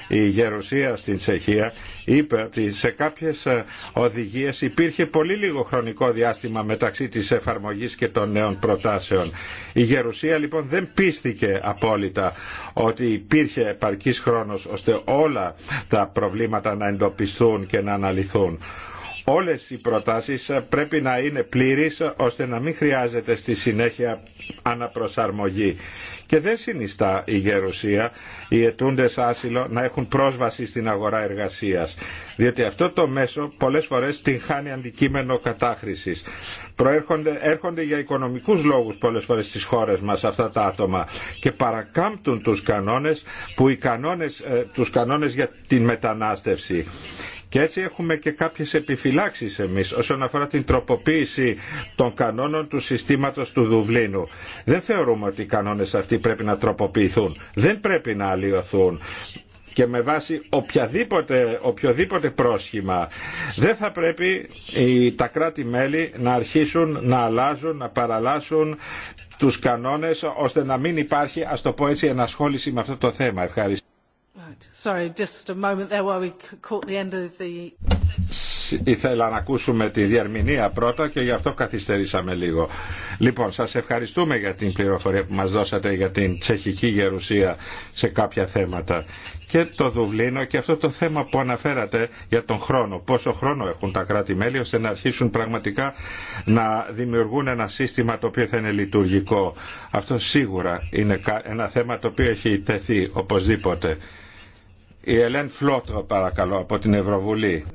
η γερουσία στην Τσεχία είπε ότι σε κάποιες ε, οδηγίες υπήρχε πολύ λίγο χρονικό διάστημα μεταξύ της εφαρμογής και των νέων προτάσεων. Η Γερουσία λοιπόν δεν πίστηκε απόλυτα ότι υπήρχε επαρκής χρόνος ώστε όλα τα προβλήματα να εντοπιστούν και να αναλυθούν. Όλες οι προτάσεις πρέπει να είναι πλήρεις ώστε να μην χρειάζεται στη συνέχεια αναπροσαρμογή. Και δεν συνιστά η γερουσία οι ετούντες άσυλο να έχουν πρόσβαση στην αγορά εργασίας. Διότι αυτό το μέσο πολλές φορές την χάνει αντικείμενο κατάχρησης. Προέρχονται, έρχονται για οικονομικούς λόγους πολλές φορές στις χώρες μας αυτά τα άτομα και παρακάμπτουν τους κανόνες, που οι κανόνες, ε, τους κανόνες για την μετανάστευση. Και έτσι έχουμε και κάποιες επιφυλάξεις εμείς όσον αφορά την τροποποίηση των κανόνων του συστήματος του Δουβλίνου. Δεν θεωρούμε ότι οι κανόνες αυτοί πρέπει να τροποποιηθούν. Δεν πρέπει να αλλοιωθούν και με βάση οποιαδήποτε, οποιοδήποτε πρόσχημα. Δεν θα πρέπει οι, τα κράτη-μέλη να αρχίσουν να αλλάζουν, να παραλλάσσουν τους κανόνες ώστε να μην υπάρχει, ας το πω έτσι, ενασχόληση με αυτό το θέμα. Ευχαριστώ. Ήθελα να ακούσουμε τη διαρμηνία πρώτα και γι' αυτό καθυστερήσαμε λίγο. Λοιπόν, σας ευχαριστούμε για την πληροφορία που μας δώσατε για την τσεχική γερουσία σε κάποια θέματα. Και το Δουβλίνο και αυτό το θέμα που αναφέρατε για τον χρόνο. Πόσο χρόνο έχουν τα κράτη-μέλη ώστε να αρχίσουν πραγματικά να δημιουργούν ένα σύστημα το οποίο θα είναι λειτουργικό. Αυτό σίγουρα είναι ένα θέμα το οποίο έχει τεθεί οπωσδήποτε. Η Ελέν Φλότρο παρακαλώ από την Ευρωβουλή.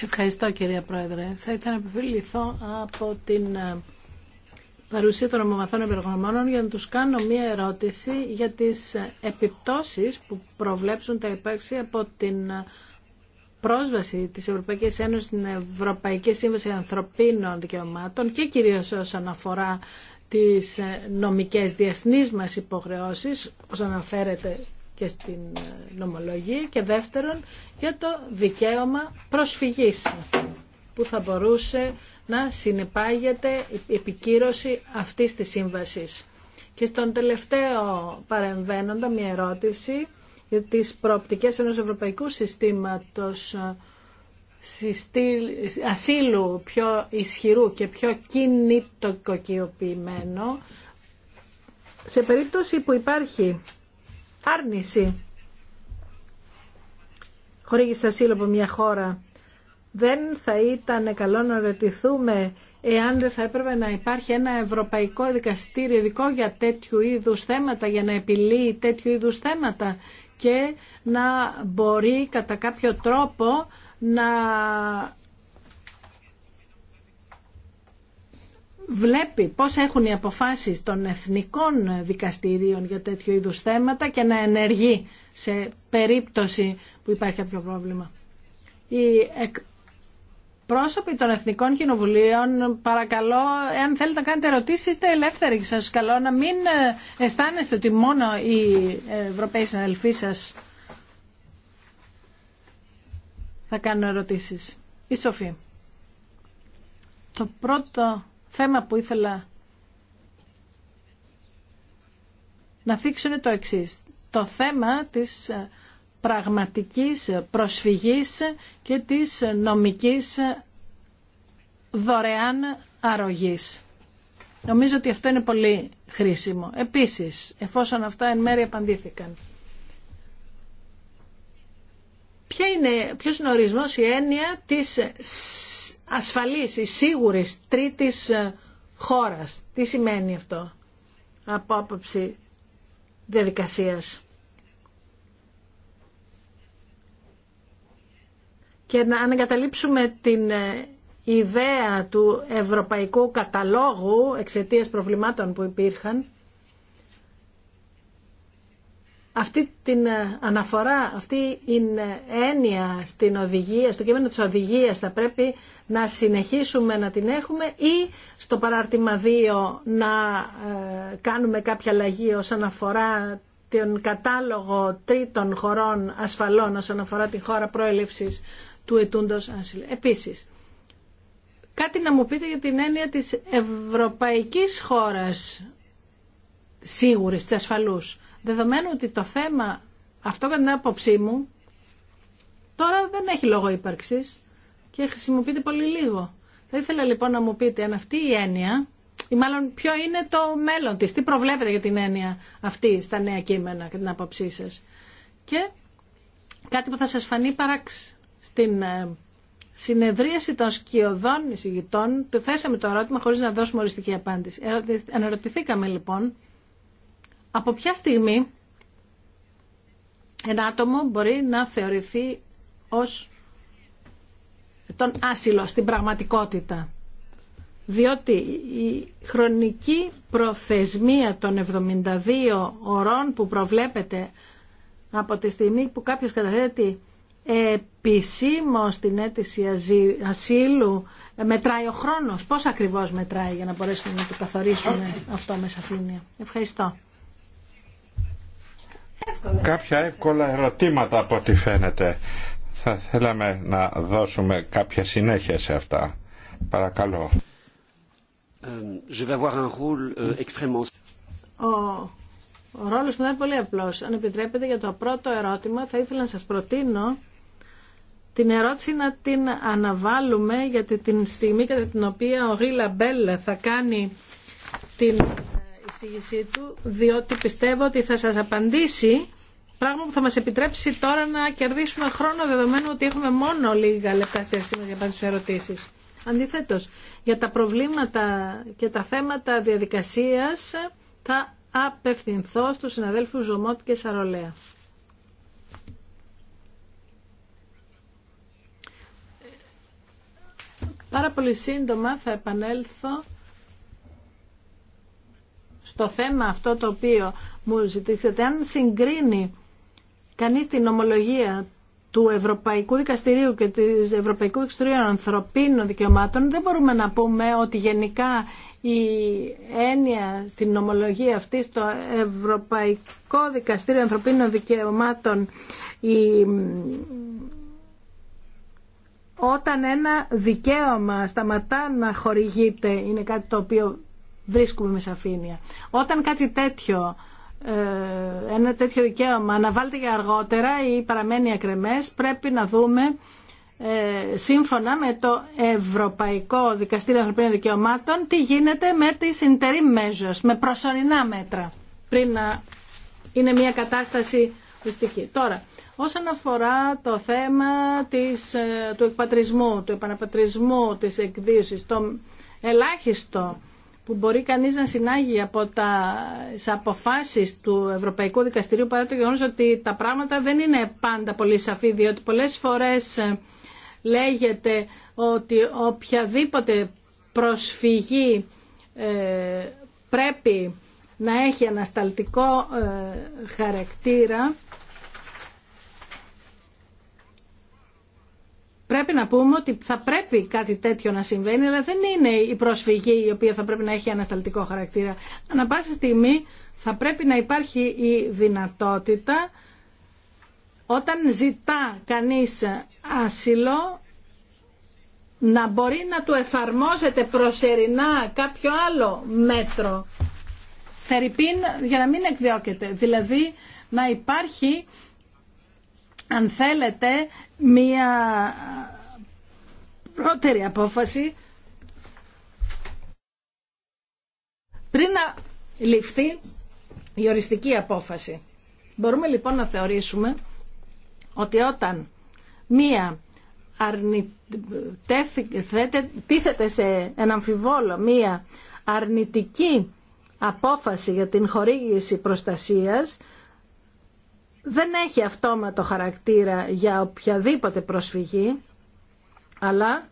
Ευχαριστώ κυρία Πρόεδρε. Θα ήθελα να επιβληθώ από την ε, παρουσία των ομομαθών εμπεργονομών για να τους κάνω μία ερώτηση για τις ε, επιπτώσεις που προβλέψουν τα υπάρξη από την ε, πρόσβαση της Ευρωπαϊκής Ένωσης στην Ευρωπαϊκή Σύμβαση Ανθρωπίνων Δικαιωμάτων και κυρίως όσον αφορά τις ε, νομικές διεθνείς μας υποχρεώσεις, όπως αναφέρεται και στην ε, νομολογία, και δεύτερον για το δικαίωμα προσφυγής που θα μπορούσε να συνεπάγεται η επικύρωση αυτής της σύμβασης. Και στον τελευταίο παρεμβαίνοντα μια ερώτηση για τις προοπτικές ενός ευρωπαϊκού συστήματος ασύλου πιο ισχυρού και πιο κινητοκοκιοποιημένο σε περίπτωση που υπάρχει άρνηση χορήγηση ασύλου από μια χώρα δεν θα ήταν καλό να ρωτηθούμε εάν δεν θα έπρεπε να υπάρχει ένα ευρωπαϊκό δικαστήριο ειδικό για τέτοιου είδους θέματα, για να επιλύει τέτοιου είδους θέματα και να μπορεί κατά κάποιο τρόπο να βλέπει πώς έχουν οι αποφάσεις των εθνικών δικαστηρίων για τέτοιου είδους θέματα και να ενεργεί σε περίπτωση που υπάρχει κάποιο πρόβλημα. Οι πρόσωποι των Εθνικών Κοινοβουλίων, παρακαλώ, εάν θέλετε να κάνετε ερωτήσεις, είστε ελεύθεροι. Σας καλώ να μην ε, αισθάνεστε ότι μόνο οι ε, Ευρωπαίοι συναδελφοί σας θα κάνω ερωτήσεις. Η Σοφή. Το πρώτο θέμα που ήθελα να θίξω είναι το εξής. Το θέμα της ε, πραγματικής προσφυγής και της νομικής δωρεάν αρρωγής. Νομίζω ότι αυτό είναι πολύ χρήσιμο. Επίσης, εφόσον αυτά εν μέρει απαντήθηκαν ποια είναι, ποιος είναι ο ορισμός, η έννοια της ασφαλής, η σίγουρης τρίτης ε, χώρας. Τι σημαίνει αυτό από άποψη διαδικασίας. Και να ανακαταλείψουμε την ε, ιδέα του ευρωπαϊκού καταλόγου εξαιτίας προβλημάτων που υπήρχαν, αυτή την ε, αναφορά, αυτή η ε, έννοια στην οδηγία, στο κείμενο της οδηγίας θα πρέπει να συνεχίσουμε να την έχουμε ή στο παράρτημα 2 να ε, κάνουμε κάποια αλλαγή όσον αφορά τον κατάλογο τρίτων χωρών ασφαλών όσον αφορά τη χώρα προέλευσης του ετούντος άσυλ. Επίσης, κάτι να μου πείτε για την έννοια της ευρωπαϊκής χώρας σίγουρης, της ασφαλούς. Δεδομένου ότι το θέμα αυτό κατά την άποψή μου τώρα δεν έχει λόγο ύπαρξης και χρησιμοποιείται πολύ λίγο. Θα ήθελα λοιπόν να μου πείτε αν αυτή η έννοια ή μάλλον ποιο είναι το μέλλον της, τι προβλέπετε για την έννοια αυτή στα νέα κείμενα και την άποψή σα. Και κάτι που θα σας φανεί παράξ στην ε, συνεδρίαση των σκιωδών εισηγητών του θέσαμε το ερώτημα χωρίς να δώσουμε οριστική απάντηση. Αναρωτηθήκαμε λοιπόν από ποια στιγμή ένα άτομο μπορεί να θεωρηθεί ως τον άσυλο στην πραγματικότητα. Διότι η χρονική προθεσμία των 72 ωρών που προβλέπεται από τη στιγμή που κάποιος καταθέτει επισήμω την αίτηση ασύλου ε, μετράει ο χρόνος. Πώς ακριβώς μετράει για να μπορέσουμε να το καθορίσουμε αυτό με σαφήνεια. Ευχαριστώ εύκολα. Κάποια εύκολα ερωτήματα από ό,τι φαίνεται. Θα θέλαμε να δώσουμε κάποια συνέχεια σε αυτά. Παρακαλώ. Ο ρόλο μου είναι πολύ απλό. Αν επιτρέπετε για το πρώτο ερώτημα, θα ήθελα να σα προτείνω την ερώτηση να την αναβάλουμε γιατί την στιγμή κατά την οποία ο Ρίλα Μπέλ θα κάνει την του, διότι πιστεύω ότι θα σας απαντήσει πράγμα που θα μας επιτρέψει τώρα να κερδίσουμε χρόνο δεδομένου ότι έχουμε μόνο λίγα λεπτά στη διάθεσή για πάνω στις ερωτήσεις. Αντιθέτως, για τα προβλήματα και τα θέματα διαδικασίας θα απευθυνθώ στους συναδέλφους Ζωμότ και Σαρολέα. Πάρα πολύ σύντομα θα επανέλθω στο θέμα αυτό το οποίο μου ζητήσετε, αν συγκρίνει κανείς την ομολογία του Ευρωπαϊκού Δικαστηρίου και του Ευρωπαϊκού Δικαστηρίου Ανθρωπίνων Δικαιωμάτων, δεν μπορούμε να πούμε ότι γενικά η έννοια στην ομολογία αυτή στο Ευρωπαϊκό Δικαστήριο Ανθρωπίνων Δικαιωμάτων η... όταν ένα δικαίωμα σταματά να χορηγείται είναι κάτι το οποίο βρίσκουμε με σαφήνεια. Όταν κάτι τέτοιο ε, ένα τέτοιο δικαίωμα αναβάλλεται για αργότερα ή παραμένει ακρεμές, πρέπει να δούμε ε, σύμφωνα με το Ευρωπαϊκό Δικαστήριο Ανθρωπίνων Δικαιωμάτων τι γίνεται με τις interim measures, με προσωρινά μέτρα πριν να είναι μια κατάσταση οριστική. Τώρα, όσον αφορά το θέμα της, ε, του εκπατρισμού, του επαναπατρισμού, της εκδίωσης, το ελάχιστο που μπορεί κανείς να συνάγει από τα αποφάσεις του Ευρωπαϊκού Δικαστηρίου παρά το γεγονός ότι τα πράγματα δεν είναι πάντα πολύ σαφή διότι πολλές φορές ε, λέγεται ότι οποιαδήποτε προσφυγή ε, πρέπει να έχει ανασταλτικό ε, χαρακτήρα Πρέπει να πούμε ότι θα πρέπει κάτι τέτοιο να συμβαίνει, αλλά δεν είναι η προσφυγή η οποία θα πρέπει να έχει ανασταλτικό χαρακτήρα. Ανά πάσα στιγμή θα πρέπει να υπάρχει η δυνατότητα όταν ζητά κανείς άσυλο να μπορεί να του εφαρμόζεται προσερινά κάποιο άλλο μέτρο θερυπίν για να μην εκδιώκεται. Δηλαδή να υπάρχει αν θέλετε, μία πρώτερη απόφαση πριν να ληφθεί η οριστική απόφαση. Μπορούμε λοιπόν να θεωρήσουμε ότι όταν μία τίθεται σε ένα αμφιβόλο μία αρνητική απόφαση για την χορήγηση προστασίας, δεν έχει αυτόματο χαρακτήρα για οποιαδήποτε προσφυγή, αλλά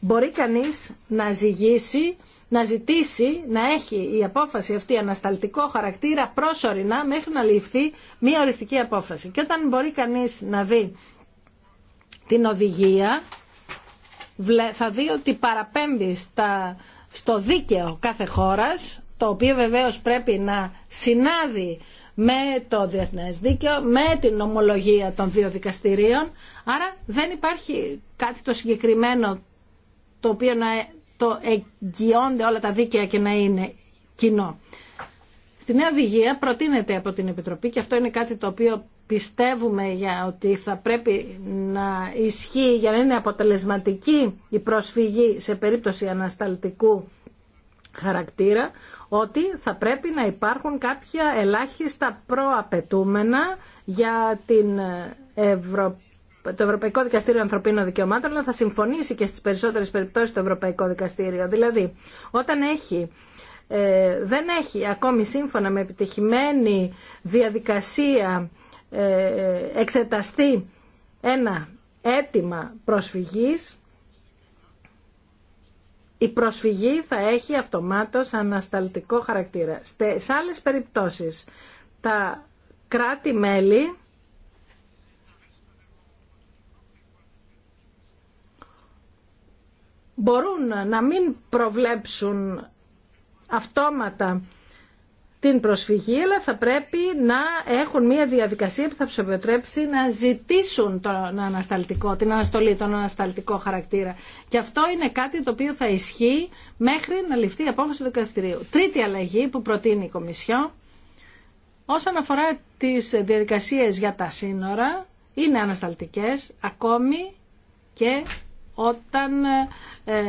μπορεί κανείς να ζυγίσει, να ζητήσει, να έχει η απόφαση αυτή ανασταλτικό χαρακτήρα προσωρινά μέχρι να ληφθεί μια οριστική απόφαση. Και όταν μπορεί κανείς να δει την οδηγία, θα δει ότι παραπέμπει στο δίκαιο κάθε χώρας, το οποίο βεβαίως πρέπει να συνάδει με το διεθνές δίκαιο, με την ομολογία των δύο δικαστηρίων. Άρα δεν υπάρχει κάτι το συγκεκριμένο το οποίο να ε- το εγγυώνται όλα τα δίκαια και να είναι κοινό. Στη νέα οδηγία προτείνεται από την Επιτροπή και αυτό είναι κάτι το οποίο πιστεύουμε για ότι θα πρέπει να ισχύει για να είναι αποτελεσματική η προσφυγή σε περίπτωση ανασταλτικού χαρακτήρα, ότι θα πρέπει να υπάρχουν κάποια ελάχιστα προαπαιτούμενα για την ε, το Ευρωπαϊκό Δικαστήριο Ανθρωπίνων Δικαιωμάτων, να θα συμφωνήσει και στις περισσότερες περιπτώσεις το Ευρωπαϊκό Δικαστήριο. Δηλαδή, όταν έχει ε, δεν έχει ακόμη σύμφωνα με επιτυχημένη διαδικασία ε, ε εξεταστεί ένα αίτημα προσφυγής η προσφυγή θα έχει αυτομάτως ανασταλτικό χαρακτήρα. Σε άλλες περιπτώσεις, τα κράτη-μέλη μπορούν να μην προβλέψουν αυτόματα την προσφυγή, αλλά θα πρέπει να έχουν μια διαδικασία που θα του επιτρέψει να ζητήσουν τον ανασταλτικό, την αναστολή, τον ανασταλτικό χαρακτήρα. Και αυτό είναι κάτι το οποίο θα ισχύει μέχρι να ληφθεί η απόφαση του δικαστηρίου. Τρίτη αλλαγή που προτείνει η Κομισιό, όσον αφορά τι διαδικασίε για τα σύνορα, είναι ανασταλτικές ακόμη και όταν ε,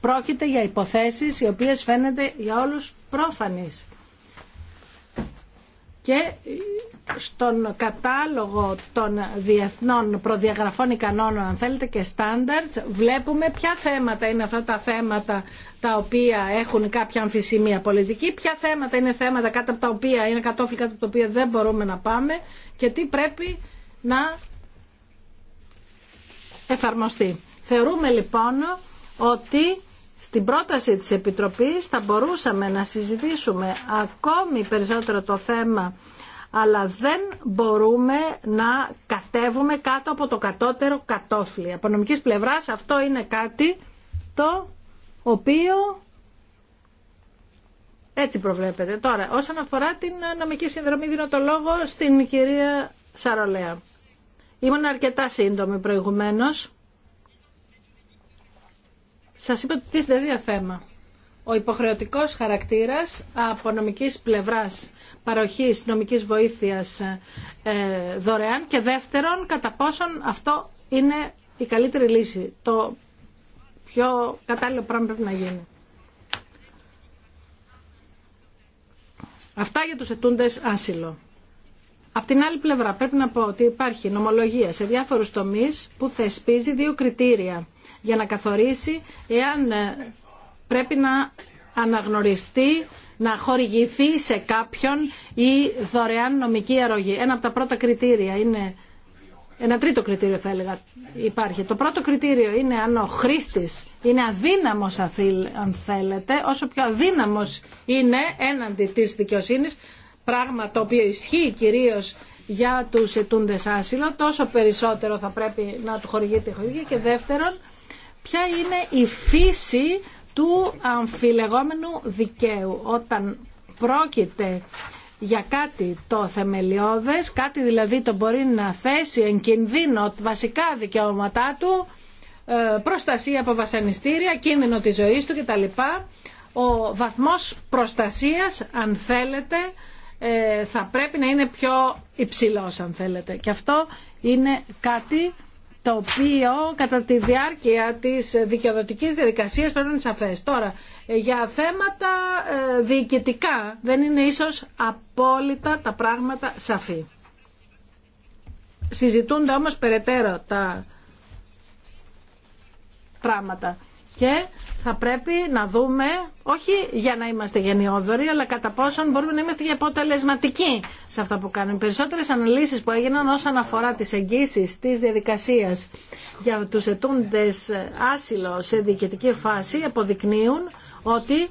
πρόκειται για υποθέσεις οι οποίες φαίνεται για όλους πρόφανες και στον κατάλογο των διεθνών προδιαγραφών ικανών, αν θέλετε, και standards, βλέπουμε ποια θέματα είναι αυτά τα θέματα τα οποία έχουν κάποια αμφισημία πολιτική, ποια θέματα είναι θέματα κάτω από τα οποία είναι κατόφλη κάτω από τα οποία δεν μπορούμε να πάμε και τι πρέπει να εφαρμοστεί. Θεωρούμε λοιπόν ότι στην πρόταση της Επιτροπής θα μπορούσαμε να συζητήσουμε ακόμη περισσότερο το θέμα αλλά δεν μπορούμε να κατέβουμε κάτω από το κατώτερο κατόφλι. Από νομικής πλευράς αυτό είναι κάτι το οποίο έτσι προβλέπεται. Τώρα, όσον αφορά την νομική συνδρομή, δίνω το λόγο στην κυρία Σαρολέα. Ήμουν αρκετά σύντομη προηγουμένως. Σας είπα ότι τίθεται δύο θέμα. Ο υποχρεωτικό χαρακτήρας από πλευρά πλευράς παροχής νομικής βοήθειας ε, δωρεάν και δεύτερον κατά πόσον αυτό είναι η καλύτερη λύση. Το πιο κατάλληλο πράγμα πρέπει να γίνει. Αυτά για τους ετούντες άσυλο. Απ' την άλλη πλευρά πρέπει να πω ότι υπάρχει νομολογία σε διάφορους τομείς που θεσπίζει δύο κριτήρια για να καθορίσει εάν ε, πρέπει να αναγνωριστεί να χορηγηθεί σε κάποιον η δωρεάν νομική αρρωγή. Ένα από τα πρώτα κριτήρια είναι, ένα τρίτο κριτήριο θα έλεγα υπάρχει. Το πρώτο κριτήριο είναι αν ο χρήστης είναι αδύναμος αν θέλετε, όσο πιο αδύναμος είναι έναντι της δικαιοσύνης, πράγμα το οποίο ισχύει κυρίως για τους ετούντες άσυλο, τόσο περισσότερο θα πρέπει να του χορηγείται η χορηγή. και δεύτερον, ποια είναι η φύση του αμφιλεγόμενου δικαίου όταν πρόκειται για κάτι το θεμελιώδες, κάτι δηλαδή το μπορεί να θέσει εν κινδύνο βασικά δικαιώματά του, ε, προστασία από βασανιστήρια, κίνδυνο της ζωής του κτλ. Ο βαθμός προστασίας, αν θέλετε, ε, θα πρέπει να είναι πιο υψηλός, αν θέλετε. Και αυτό είναι κάτι το οποίο κατά τη διάρκεια της δικαιοδοτικής διαδικασίας πρέπει να είναι σαφές. Τώρα, για θέματα ε, διοικητικά δεν είναι ίσως απόλυτα τα πράγματα σαφή. Συζητούνται όμως περαιτέρω τα πράγματα και θα πρέπει να δούμε, όχι για να είμαστε γενναιόδοροι, αλλά κατά πόσον μπορούμε να είμαστε και αποτελεσματικοί σε αυτά που κάνουμε. περισσότερε αναλύσει που έγιναν όσον αφορά τι εγγύσει τη διαδικασία για του ετούντε άσυλο σε διοικητική φάση αποδεικνύουν ότι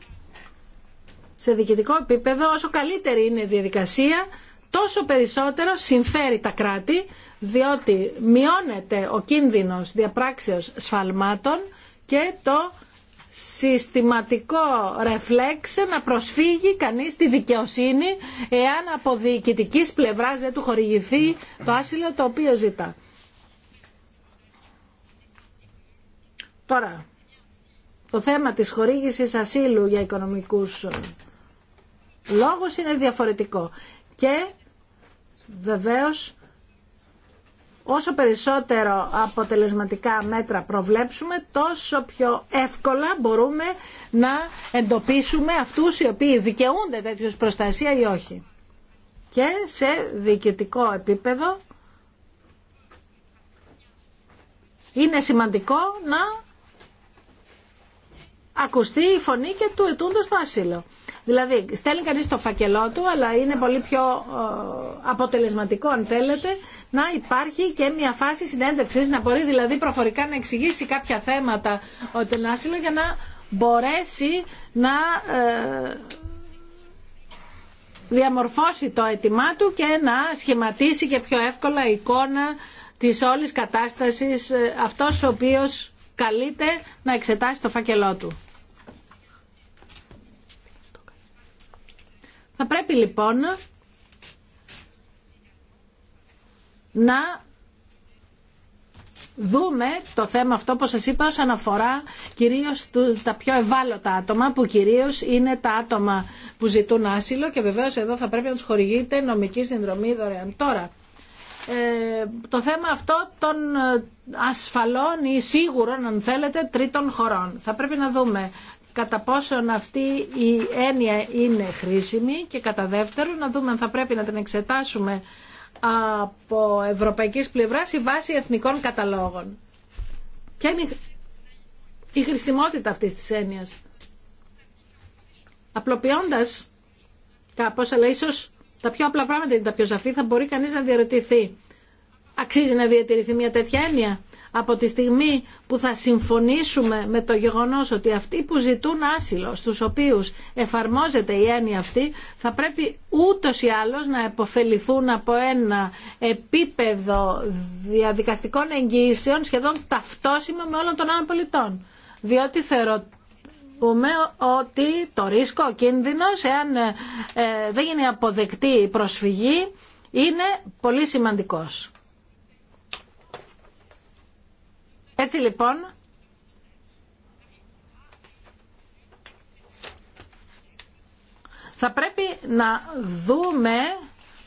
σε διοικητικό επίπεδο, όσο καλύτερη είναι η διαδικασία, τόσο περισσότερο συμφέρει τα κράτη, διότι μειώνεται ο κίνδυνος διαπράξεως σφαλμάτων και το συστηματικό ρεφλέξε να προσφύγει κανείς τη δικαιοσύνη εάν από διοικητικής πλευράς δεν του χορηγηθεί το άσυλο το οποίο ζητά. Τώρα, το θέμα της χορήγησης ασύλου για οικονομικούς λόγους είναι διαφορετικό και βεβαίως όσο περισσότερο αποτελεσματικά μέτρα προβλέψουμε, τόσο πιο εύκολα μπορούμε να εντοπίσουμε αυτούς οι οποίοι δικαιούνται τέτοιους προστασία ή όχι. Και σε διοικητικό επίπεδο είναι σημαντικό να ακουστεί η φωνή και του ετούντος το ασύλο. Δηλαδή, στέλνει κανεί το φακελό του, αλλά είναι πολύ πιο ε, αποτελεσματικό, αν θέλετε, να υπάρχει και μια φάση συνέντευξης, να μπορεί δηλαδή προφορικά να εξηγήσει κάποια θέματα ο Τενάσιλο για να μπορέσει να ε, διαμορφώσει το αίτημά του και να σχηματίσει και πιο εύκολα εικόνα της όλης κατάστασης ε, αυτός ο οποίος καλείται να εξετάσει το φάκελό του. Θα πρέπει λοιπόν να δούμε το θέμα αυτό που σας είπα όσον αφορά κυρίως τα πιο ευάλωτα άτομα που κυρίως είναι τα άτομα που ζητούν άσυλο και βεβαίως εδώ θα πρέπει να τους χορηγείται νομική συνδρομή δωρεάν. Τώρα, ε, το θέμα αυτό των ασφαλών ή σίγουρων αν θέλετε τρίτων χωρών. Θα πρέπει να δούμε κατά πόσον αυτή η έννοια είναι χρήσιμη και κατά δεύτερον να δούμε αν θα πρέπει να την εξετάσουμε από ευρωπαϊκής πλευράς η βάση εθνικών καταλόγων. Ποια είναι η χρησιμότητα αυτής της έννοιας. Απλοποιώντας κάπως, αλλά ίσως τα πιο απλά πράγματα είναι τα πιο σαφή, θα μπορεί κανείς να διαρωτηθεί. Αξίζει να διατηρηθεί μια τέτοια έννοια από τη στιγμή που θα συμφωνήσουμε με το γεγονός ότι αυτοί που ζητούν άσυλο, στους οποίους εφαρμόζεται η έννοια αυτή, θα πρέπει ούτως ή άλλως να επωφεληθούν από ένα επίπεδο διαδικαστικών εγγυήσεων σχεδόν ταυτόσιμο με όλων των άλλων πολιτών. Διότι θεωρώ πούμε ότι το ρίσκο, ο κίνδυνος, εάν ε, δεν γίνει αποδεκτή η προσφυγή, είναι θεωρω οτι το ρισκο ο κινδυνος εαν σημαντικός. Έτσι λοιπόν, θα πρέπει να δούμε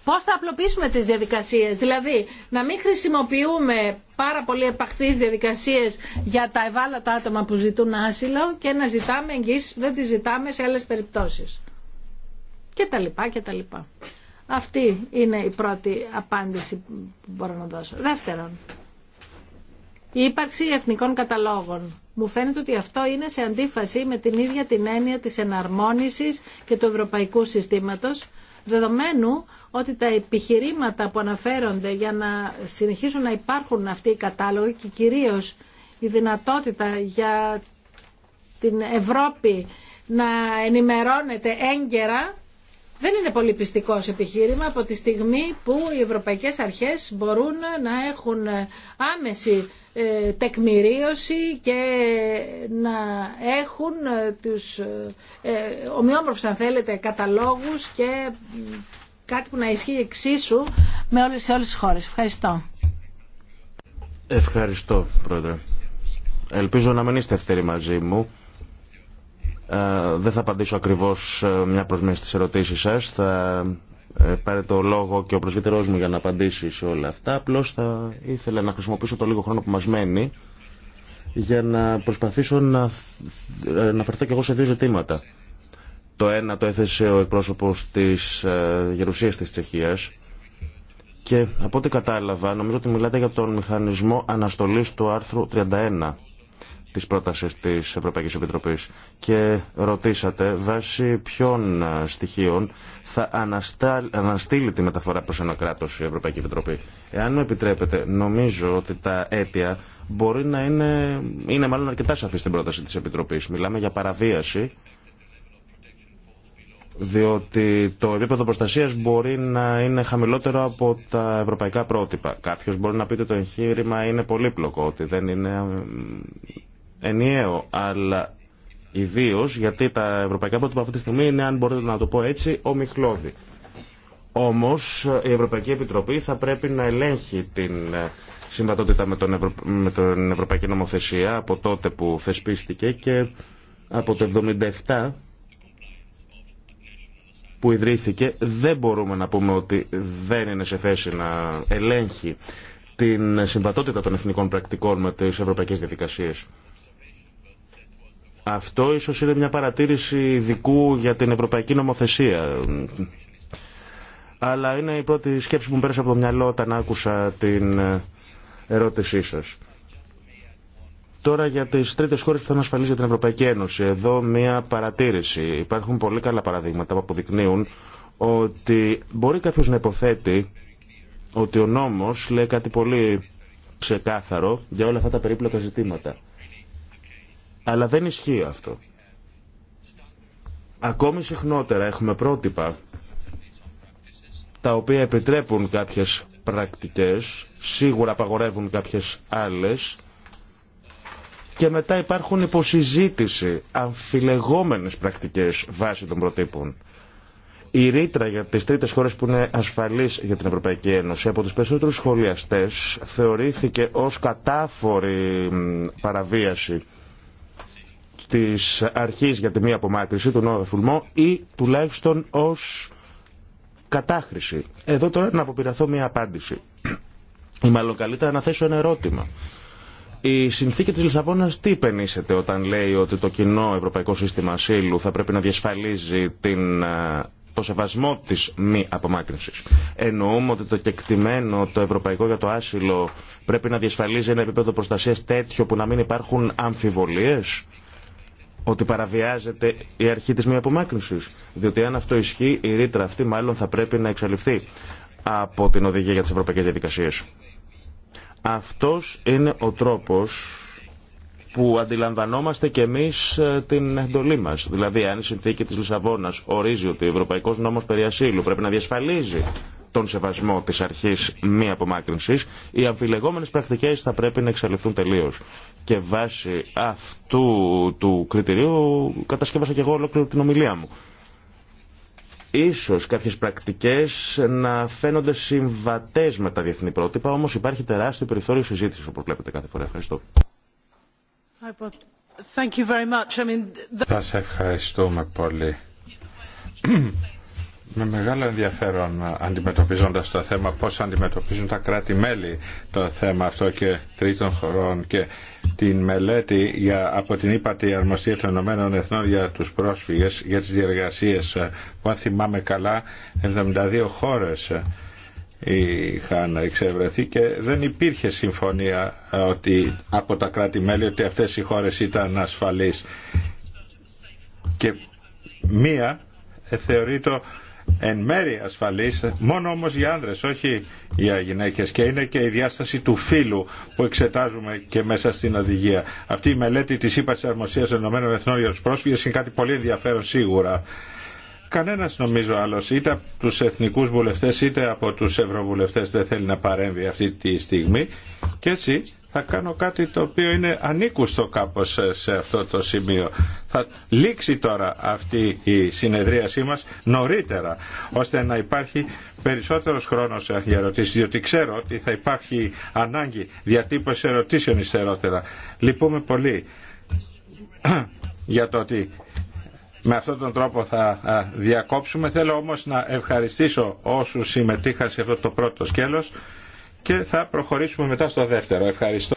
πώς θα απλοποιήσουμε τις διαδικασίες. Δηλαδή, να μην χρησιμοποιούμε πάρα πολύ επαχθείς διαδικασίες για τα ευάλωτα άτομα που ζητούν άσυλο και να ζητάμε εγγύσεις δεν τις ζητάμε σε άλλες περιπτώσεις. Και τα λοιπά και τα λοιπά. Αυτή είναι η πρώτη απάντηση που μπορώ να δώσω. Δεύτερον, η ύπαρξη εθνικών καταλόγων. Μου φαίνεται ότι αυτό είναι σε αντίφαση με την ίδια την έννοια της εναρμόνισης και του ευρωπαϊκού συστήματος, δεδομένου ότι τα επιχειρήματα που αναφέρονται για να συνεχίσουν να υπάρχουν αυτοί οι κατάλογοι και κυρίως η δυνατότητα για την Ευρώπη να ενημερώνεται έγκαιρα δεν είναι πολύ πιστικό επιχείρημα από τη στιγμή που οι ευρωπαϊκές αρχές μπορούν να έχουν άμεση ε, τεκμηρίωση και να έχουν ε, τους ε, ομοιόμορφους αν θέλετε καταλόγους και κάτι που να ισχύει εξίσου με όλες, σε όλες τις χώρες. Ευχαριστώ. Ευχαριστώ, Πρόεδρε. Ελπίζω να μην είστε μαζί μου. Ε, δεν θα απαντήσω ακριβώς ε, μια προς μια στις ερωτήσεις σας. Θα ε, πάρει το λόγο και ο προσβήτερός μου για να απαντήσει σε όλα αυτά. Απλώς θα ήθελα να χρησιμοποιήσω το λίγο χρόνο που μας μένει για να προσπαθήσω να αναφερθώ και εγώ σε δύο ζητήματα. Το ένα το έθεσε ο εκπρόσωπος της Γερουσίας της Τσεχίας και από ό,τι κατάλαβα νομίζω ότι μιλάτε για τον μηχανισμό αναστολής του άρθρου 31 της πρότασης της Ευρωπαϊκής Επιτροπής και ρωτήσατε βάσει ποιων ε, στοιχείων θα αναστείλει τη μεταφορά προς ένα κράτος η Ευρωπαϊκή Επιτροπή. Εάν μου επιτρέπετε, νομίζω ότι τα αίτια μπορεί να είναι, είναι μάλλον αρκετά σαφή στην πρόταση της Επιτροπής. Μιλάμε για παραβίαση διότι το επίπεδο προστασία μπορεί να είναι χαμηλότερο από τα ευρωπαϊκά πρότυπα. Κάποιο μπορεί να πει ότι το εγχείρημα είναι πολύπλοκο, ότι δεν είναι ενιαίο, αλλά ιδίω γιατί τα ευρωπαϊκά πρότυπα αυτή τη στιγμή είναι, αν μπορείτε να το πω έτσι, ομιχλώδη. Όμω η Ευρωπαϊκή Επιτροπή θα πρέπει να ελέγχει την ε, συμβατότητα με, τον την Ευρωπαϊκή Νομοθεσία από τότε που θεσπίστηκε και από το 1977 που ιδρύθηκε δεν μπορούμε να πούμε ότι δεν είναι σε θέση να ελέγχει την συμβατότητα των εθνικών πρακτικών με τις ευρωπαϊκές διαδικασίες. Αυτό ίσως είναι μια παρατήρηση ειδικού για την ευρωπαϊκή νομοθεσία. Αλλά είναι η πρώτη σκέψη που μου πέρασε από το μυαλό όταν άκουσα την ερώτησή σας. Τώρα για τις τρίτες χώρες που θα είναι την Ευρωπαϊκή Ένωση. Εδώ μία παρατήρηση. Υπάρχουν πολύ καλά παραδείγματα που αποδεικνύουν ότι μπορεί κάποιο να υποθέτει ότι ο νόμος λέει κάτι πολύ ξεκάθαρο για όλα αυτά τα περίπλοκα ζητήματα. Αλλά δεν ισχύει αυτό. Ακόμη συχνότερα έχουμε πρότυπα τα οποία επιτρέπουν κάποιες πρακτικές, σίγουρα απαγορεύουν κάποιες άλλες και μετά υπάρχουν υποσυζήτηση αμφιλεγόμενες πρακτικές βάσει των προτύπων. Η ρήτρα για τις τρίτες χώρες που είναι ασφαλείς για την Ευρωπαϊκή Ένωση από τους περισσότερους σχολιαστές θεωρήθηκε ως κατάφορη παραβίαση της αρχής για τη μη απομάκρυση, του αποπειραθώ μια απάντηση. Ή μάλλον καλύτερα να θέσω ένα ερώτημα. Η συνθήκη της Λισαβόνας τι υπενήσεται όταν λέει ότι το κοινό ευρωπαϊκό σύστημα ασύλου θα πρέπει να διασφαλίζει την ε, το σεβασμό τη μη απομάκρυνση. Εννοούμε ότι το κεκτημένο το ευρωπαϊκό για το άσυλο πρέπει να διασφαλίζει ένα επίπεδο προστασία τέτοιο που να μην υπάρχουν αμφιβολίες ότι παραβιάζεται η αρχή της μη απομάκρυνσης. Διότι αν αυτό ισχύει, η ρήτρα αυτή μάλλον θα πρέπει να εξαλειφθεί από την οδηγία για τις ευρωπαϊκές διαδικασίες. Αυτός είναι ο τρόπος που αντιλαμβανόμαστε και εμείς ε, την εντολή μας. Δηλαδή, αν η συνθήκη της Λισαβόνας ορίζει ότι ο Ευρωπαϊκός Νόμος περί πρέπει να διασφαλίζει τον σεβασμό της αρχής μη απομάκρυνσης, οι αμφιλεγόμενες πρακτικές θα πρέπει να εξαλειφθούν τελείως. Και βάσει αυτού του κριτηρίου κατασκεύασα και εγώ ολόκληρη την ομιλία μου. Ίσως κάποιες πρακτικές να φαίνονται συμβατές με τα διεθνή πρότυπα, όμως υπάρχει τεράστιο περιθώριο συζήτησης όπως βλέπετε κάθε φορά. Ευχαριστώ. ευχαριστούμε πολύ με μεγάλο ενδιαφέρον αντιμετωπίζοντας το θέμα πώς αντιμετωπίζουν τα κράτη-μέλη το θέμα αυτό και τρίτων χωρών και την μελέτη για, από την ύπατη αρμοστία των Ηνωμένων Εθνών για τους πρόσφυγες, για τις διεργασίες που αν θυμάμαι καλά 72 χώρες είχαν εξευρεθεί και δεν υπήρχε συμφωνία ότι από τα κράτη-μέλη ότι αυτές οι χώρες ήταν ασφαλείς και μία το εν μέρη ασφαλής, μόνο όμως για άνδρες, όχι για γυναίκες και είναι και η διάσταση του φύλου που εξετάζουμε και μέσα στην οδηγία. Αυτή η μελέτη της ύπαρξης αρμοσίας ΕΕ για τους πρόσφυγες είναι κάτι πολύ ενδιαφέρον σίγουρα. Κανένας νομίζω άλλος, είτε από τους εθνικούς βουλευτές είτε από τους ευρωβουλευτές δεν θέλει να παρέμβει αυτή τη στιγμή και έτσι θα κάνω κάτι το οποίο είναι ανήκουστο κάπως σε αυτό το σημείο. Θα λήξει τώρα αυτή η συνεδρίασή μας νωρίτερα, ώστε να υπάρχει περισσότερος χρόνος για ερωτήσεις, διότι ξέρω ότι θα υπάρχει ανάγκη διατύπωση ερωτήσεων υστερότερα. Λυπούμε πολύ για το ότι με αυτόν τον τρόπο θα διακόψουμε. Θέλω όμως να ευχαριστήσω όσους συμμετείχαν σε αυτό το πρώτο σκέλος και θα προχωρήσουμε μετά στο δεύτερο. Ευχαριστώ.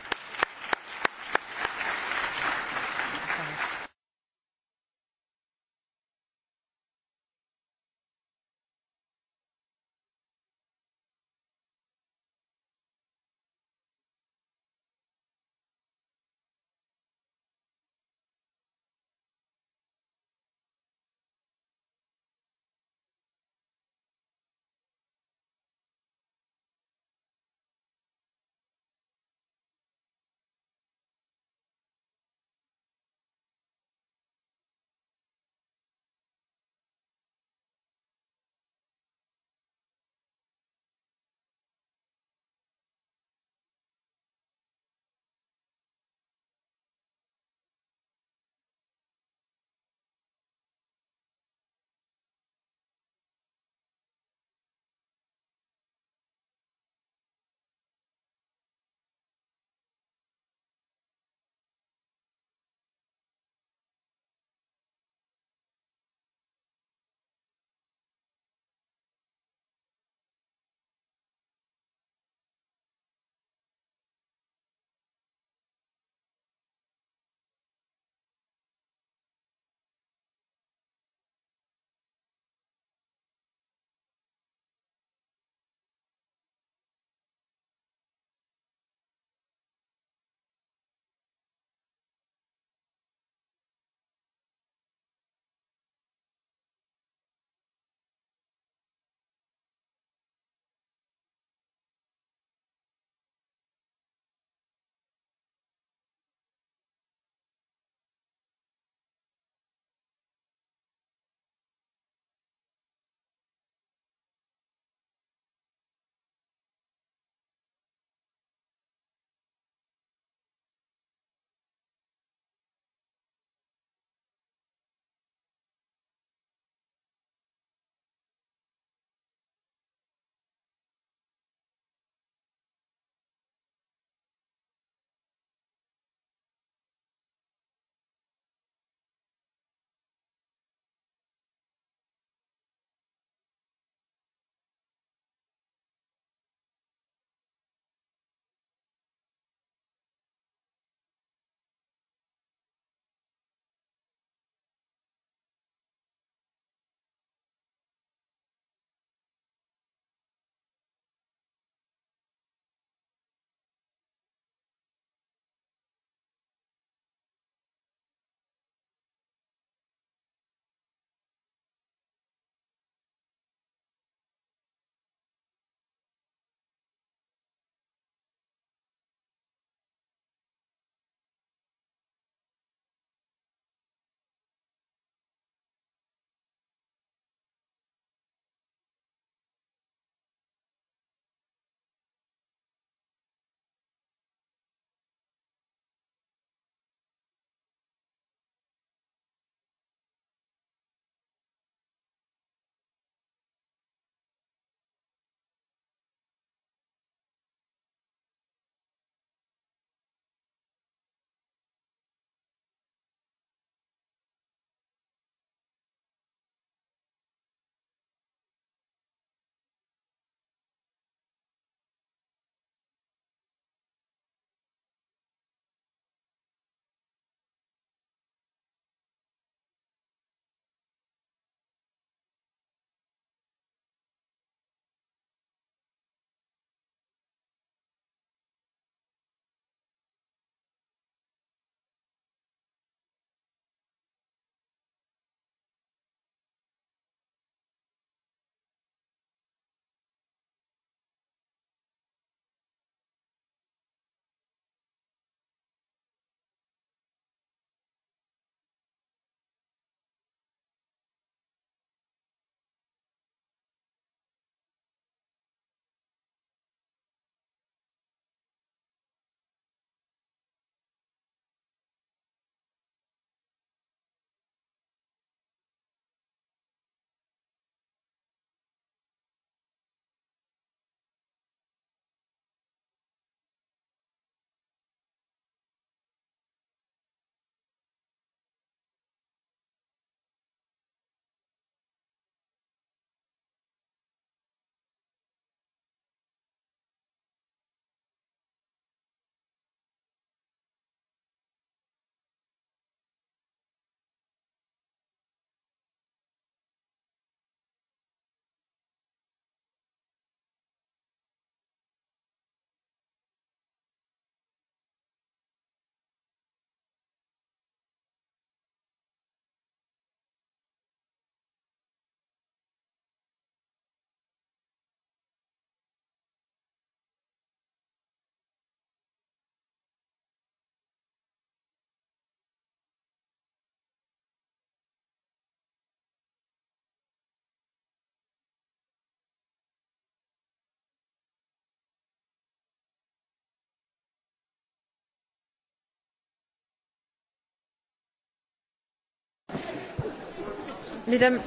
Mesdames,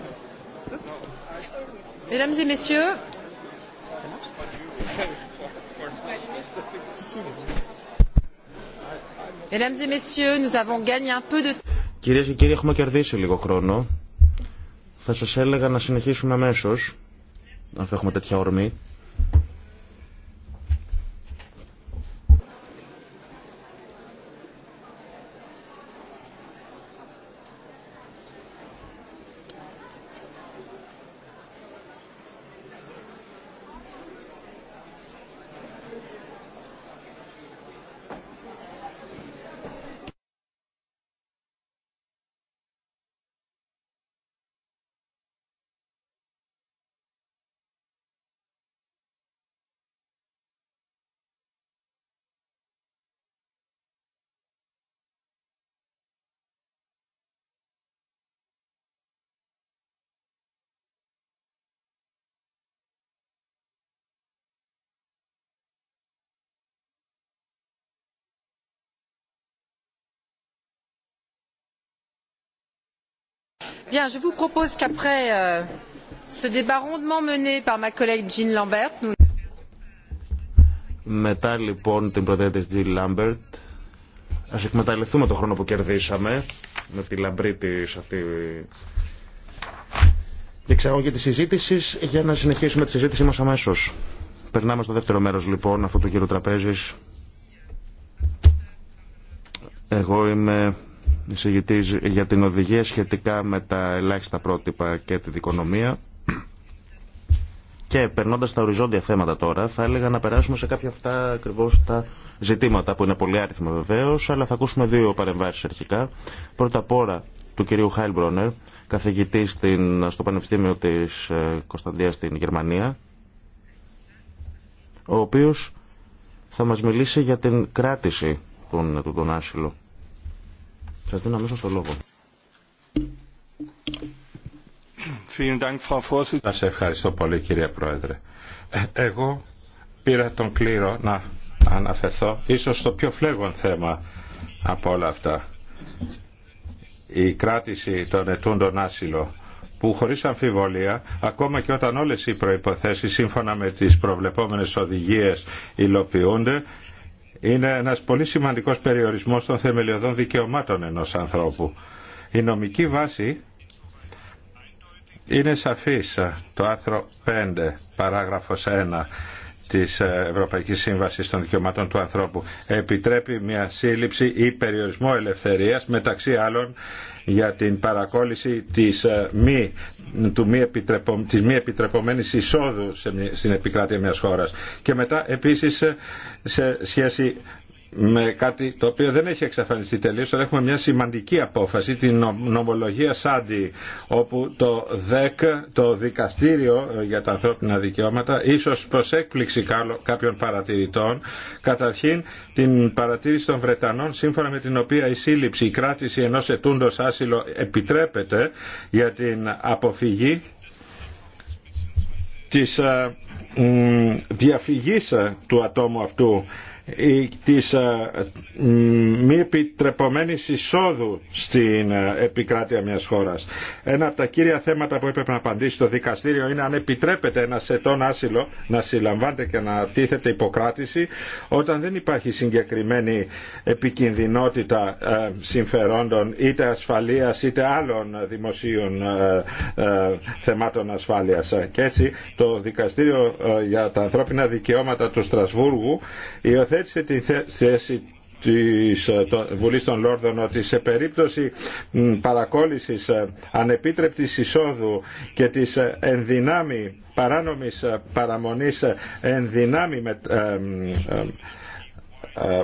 Mesdames et Messieurs, Mesdames et Messieurs, nous avons gagné un peu de Κυρίε και κύριοι, έχουμε κερδίσει λίγο χρόνο. Θα σα έλεγα να συνεχίσουμε αμέσω, αφού έχουμε τέτοια ορμή. Bien, je vous propose qu'après euh, ce débat rondement mené par ma collègue Jean Lambert, nous... Μετά λοιπόν την πρωτεία Jill Lambert, ας εκμεταλλευτούμε τον χρόνο που κερδίσαμε με τη λαμπρή τη αυτή διεξαγωγή της συζήτησης για να συνεχίσουμε τη συζήτησή μας αμέσως. Περνάμε στο δεύτερο μέρος λοιπόν αυτού του γύρου τραπέζης. Εγώ είμαι εισηγητής για την οδηγία σχετικά με τα ελάχιστα πρότυπα και τη δικονομία. Και περνώντα τα οριζόντια θέματα τώρα, θα έλεγα να περάσουμε σε κάποια αυτά ακριβώ τα ζητήματα που είναι πολύ άριθμα βεβαίω, αλλά θα ακούσουμε δύο παρεμβάσει αρχικά. Πρώτα απ' όλα του κυρίου Χάιλμπρονερ, καθηγητή στην, στο Πανεπιστήμιο τη ε, Κωνσταντία στην Γερμανία, ο οποίο θα μα μιλήσει για την κράτηση των, του τον άσυλο. Σας δίνω αμέσως το λόγο. Σας ευχαριστώ πολύ κύριε Πρόεδρε. Ε, εγώ πήρα τον κλήρο να αναφερθώ ίσως στο πιο φλέγον θέμα από όλα αυτά. Η κράτηση των ετούντων άσυλο που χωρίς αμφιβολία, ακόμα και όταν όλες οι προϋποθέσεις σύμφωνα με τις προβλεπόμενες οδηγίες υλοποιούνται, είναι ένας πολύ σημαντικός περιορισμός των θεμελιωδών δικαιωμάτων ενός ανθρώπου. Η νομική βάση είναι σαφής το άρθρο 5 παράγραφος 1 της Ευρωπαϊκής Σύμβασης των Δικαιωμάτων του Ανθρώπου. Επιτρέπει μια σύλληψη ή περιορισμό ελευθερίας μεταξύ άλλων για την παρακόλληση της ε, μη, του μη επιτρεπο, εισόδου στην επικράτεια μιας χώρας. Και μετά επίσης σε σχέση με κάτι το οποίο δεν έχει εξαφανιστεί τελείως, αλλά έχουμε μια σημαντική απόφαση, την νομολογία Σάντι, όπου το ΔΕΚ, το Δικαστήριο για τα Ανθρώπινα Δικαιώματα, ίσως προς έκπληξη κάποιων παρατηρητών, καταρχήν την παρατήρηση των Βρετανών, σύμφωνα με την οποία η σύλληψη, η κράτηση ενός ετούντος άσυλο επιτρέπεται για την αποφυγή της ε, διαφυγής του ατόμου αυτού της ε, μη επιτρεπομένης εισόδου στην ε, επικράτεια μιας χώρας. Ένα από τα κύρια θέματα που έπρεπε να απαντήσει το δικαστήριο είναι αν επιτρέπεται ένα ετών άσυλο να συλλαμβάνεται και να τίθεται υποκράτηση όταν δεν υπάρχει συγκεκριμένη επικινδυνότητα ε, συμφερόντων είτε ασφαλείας είτε άλλων δημοσίων θεμάτων ασφάλειας. Και έτσι το Δικαστήριο για τα Ανθρώπινα Δικαιώματα του Στρασβούργου έτσι, τη θέση της ε, Βουλής των Λόρδων ότι σε περίπτωση παρακόλλησης ε, ανεπίτρεπτης εισόδου και της ε, ενδυνάμει παράνομης παραμονής ενδυνάμει με,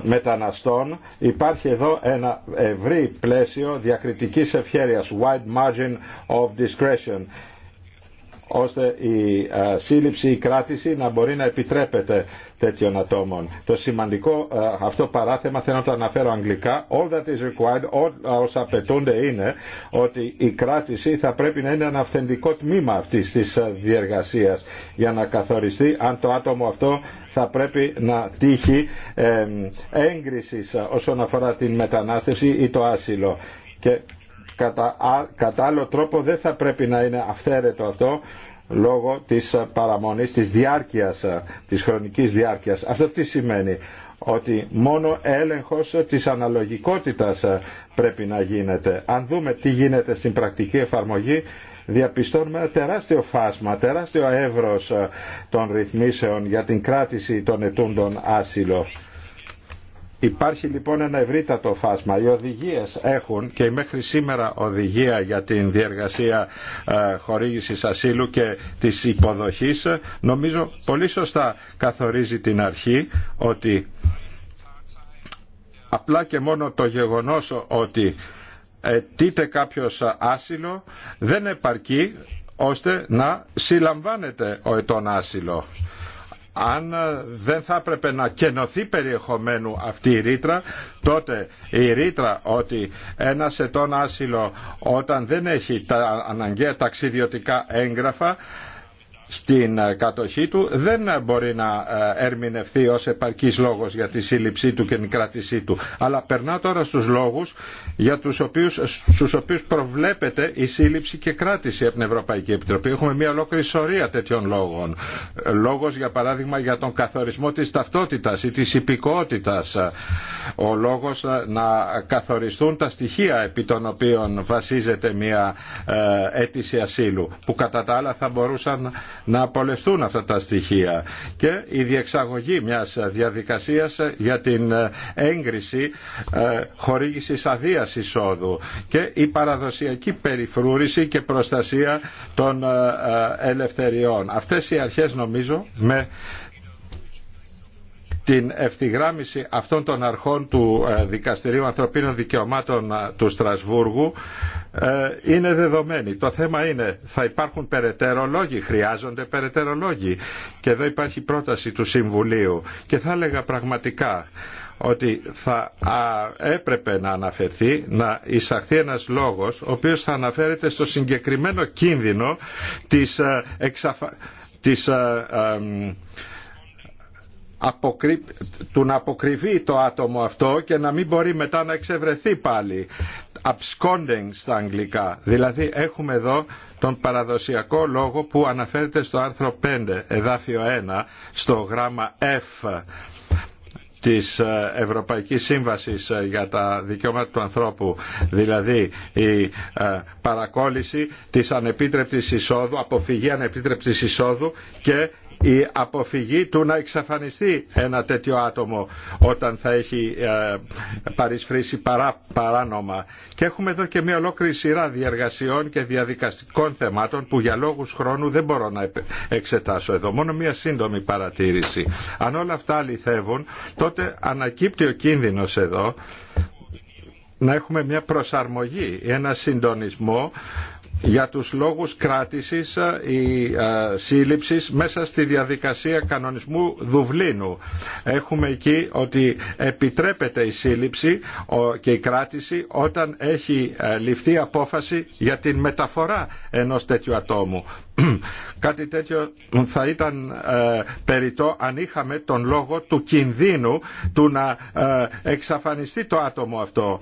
μεταναστών υπάρχει εδώ ένα ευρύ πλαίσιο διακριτικής ευχέρειας wide margin of discretion ώστε η σύλληψη, η κράτηση να μπορεί να επιτρέπεται τέτοιων ατόμων. Το σημαντικό αυτό παράθεμα θέλω να το αναφέρω αγγλικά. All that is required, όσα απαιτούνται είναι ότι η κράτηση θα πρέπει να είναι ένα αυθεντικό τμήμα αυτή της διεργασίας για να καθοριστεί αν το άτομο αυτό θα πρέπει να τύχει έγκρισης όσον αφορά την μετανάστευση ή το άσυλο. Και κατά, άλλο τρόπο δεν θα πρέπει να είναι αυθαίρετο αυτό λόγω της παραμονής, της διάρκειας, της χρονικής διάρκειας. Αυτό τι σημαίνει, ότι μόνο έλεγχος της αναλογικότητας πρέπει να γίνεται. Αν δούμε τι γίνεται στην πρακτική εφαρμογή, διαπιστώνουμε ένα τεράστιο φάσμα, τεράστιο εύρος των ρυθμίσεων για την κράτηση των ετούντων άσυλο. Υπάρχει λοιπόν ένα ευρύτατο φάσμα. Οι οδηγίες έχουν και η μέχρι σήμερα οδηγία για την διεργασία ε, χορήγησης ασύλου και της υποδοχής νομίζω πολύ σωστά καθορίζει την αρχή ότι απλά και μόνο το γεγονός ότι τίτε κάποιος άσυλο δεν επαρκεί ώστε να συλλαμβάνεται ο ετών άσυλο αν ε, δεν θα έπρεπε να κενωθεί περιεχομένου αυτή η ρήτρα, τότε η ρήτρα ότι ένα ετών άσυλο όταν δεν έχει τα αναγκαία ταξιδιωτικά έγγραφα στην ε, κατοχή του δεν μπορεί να ε, ερμηνευθεί ως επαρκής λόγος για τη σύλληψή του και την κράτησή του. Αλλά περνά τώρα στους λόγους για τους οποίους, στους οποίους προβλέπεται η σύλληψη και κράτηση από την Ευρωπαϊκή Επιτροπή. Έχουμε μια ολόκληρη σωρία τέτοιων λόγων. Λόγος για παράδειγμα για τον καθορισμό της ταυτότητας ή της υπηκότητας. Ο λόγος να καθοριστούν τα στοιχεία επί των οποίων βασίζεται μια ε, αίτηση ασύλου που κατά τα άλλα θα μπορούσαν να απολευθούν αυτά τα στοιχεία και η διεξαγωγή μιας διαδικασίας για την ε, έγκριση ε, χορήγησης αδείας εισόδου και η παραδοσιακή περιφρούρηση και προστασία των ε, ελευθεριών. Αυτές οι αρχές νομίζω με την ευθυγράμμιση αυτών των αρχών του ε, Δικαστηρίου Ανθρωπίνων Δικαιωμάτων ε, του Στρασβούργου ε, είναι δεδομένη. Το θέμα είναι θα υπάρχουν περαιτέρω λόγοι, χρειάζονται περαιτέρω λόγοι. Και εδώ υπάρχει πρόταση του Συμβουλίου και θα έλεγα πραγματικά ότι θα έπρεπε να αναφερθεί, να εισαχθεί ένας λόγος ο οποίος θα αναφέρεται στο συγκεκριμένο κίνδυνο της εξαφα του να αποκριβεί το άτομο αυτό και να μην μπορεί μετά να εξευρεθεί πάλι. Absconding στα αγγλικά. Δηλαδή έχουμε εδώ τον παραδοσιακό λόγο που αναφέρεται στο άρθρο 5, εδάφιο 1, στο γράμμα F της ε, Ευρωπαϊκής Σύμβασης ε, για τα Δικαιώματα του Ανθρώπου, δηλαδή η ε, παρακόλληση της ανεπίτρεπτης εισόδου, αποφυγή ανεπίτρεπτης εισόδου και η αποφυγή του να εξαφανιστεί ένα τέτοιο άτομο όταν θα έχει ε, παρισφρήσει παρά, παράνομα. Και έχουμε εδώ και μια ολόκληρη σειρά διεργασιών και διαδικαστικών θεμάτων που για λόγους χρόνου δεν μπορώ να εξετάσω εδώ. Μόνο μια σύντομη παρατήρηση. Αν όλα αυτά αληθεύουν, τότε ανακύπτει ο κίνδυνος εδώ να έχουμε μια προσαρμογή, ένα συντονισμό για τους λόγους κράτησης ή ε, ε, σύλληψης μέσα στη διαδικασία κανονισμού Δουβλίνου. Έχουμε εκεί ότι επιτρέπεται η σύλληψη και η κράτηση όταν έχει ε, ληφθεί απόφαση για την μεταφορά ενός τέτοιου ατόμου. Κάτι τέτοιο θα ήταν περιττό αν είχαμε τον λόγο του κινδύνου του να εξαφανιστεί το άτομο αυτό.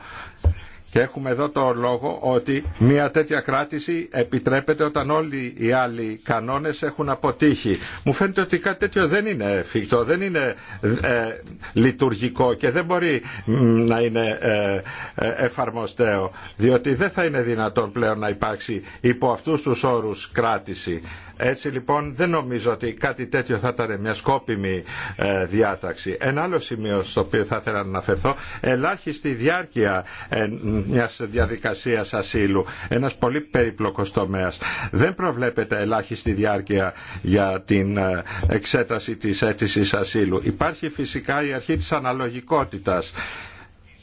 Και έχουμε εδώ το λόγο ότι μια τέτοια κράτηση επιτρέπεται όταν όλοι οι άλλοι κανόνες έχουν αποτύχει. Μου φαίνεται ότι κάτι τέτοιο δεν είναι εφικτό, δεν είναι ε, λειτουργικό και δεν μπορεί να είναι ε, ε, εφαρμοστέο, διότι δεν θα είναι δυνατόν πλέον να υπάρξει υπό αυτούς τους όρους κράτηση. Έτσι λοιπόν δεν νομίζω ότι κάτι τέτοιο θα ήταν μια σκόπιμη ε, διάταξη. Ένα άλλο σημείο στο οποίο θα ήθελα να αναφερθώ, ελάχιστη διάρκεια ε, μιας διαδικασίας ασύλου, ένας πολύ περίπλοκος τομέας. Δεν προβλέπεται ελάχιστη διάρκεια για την ε, εξέταση της αίτησης ασύλου. Υπάρχει φυσικά η αρχή της αναλογικότητας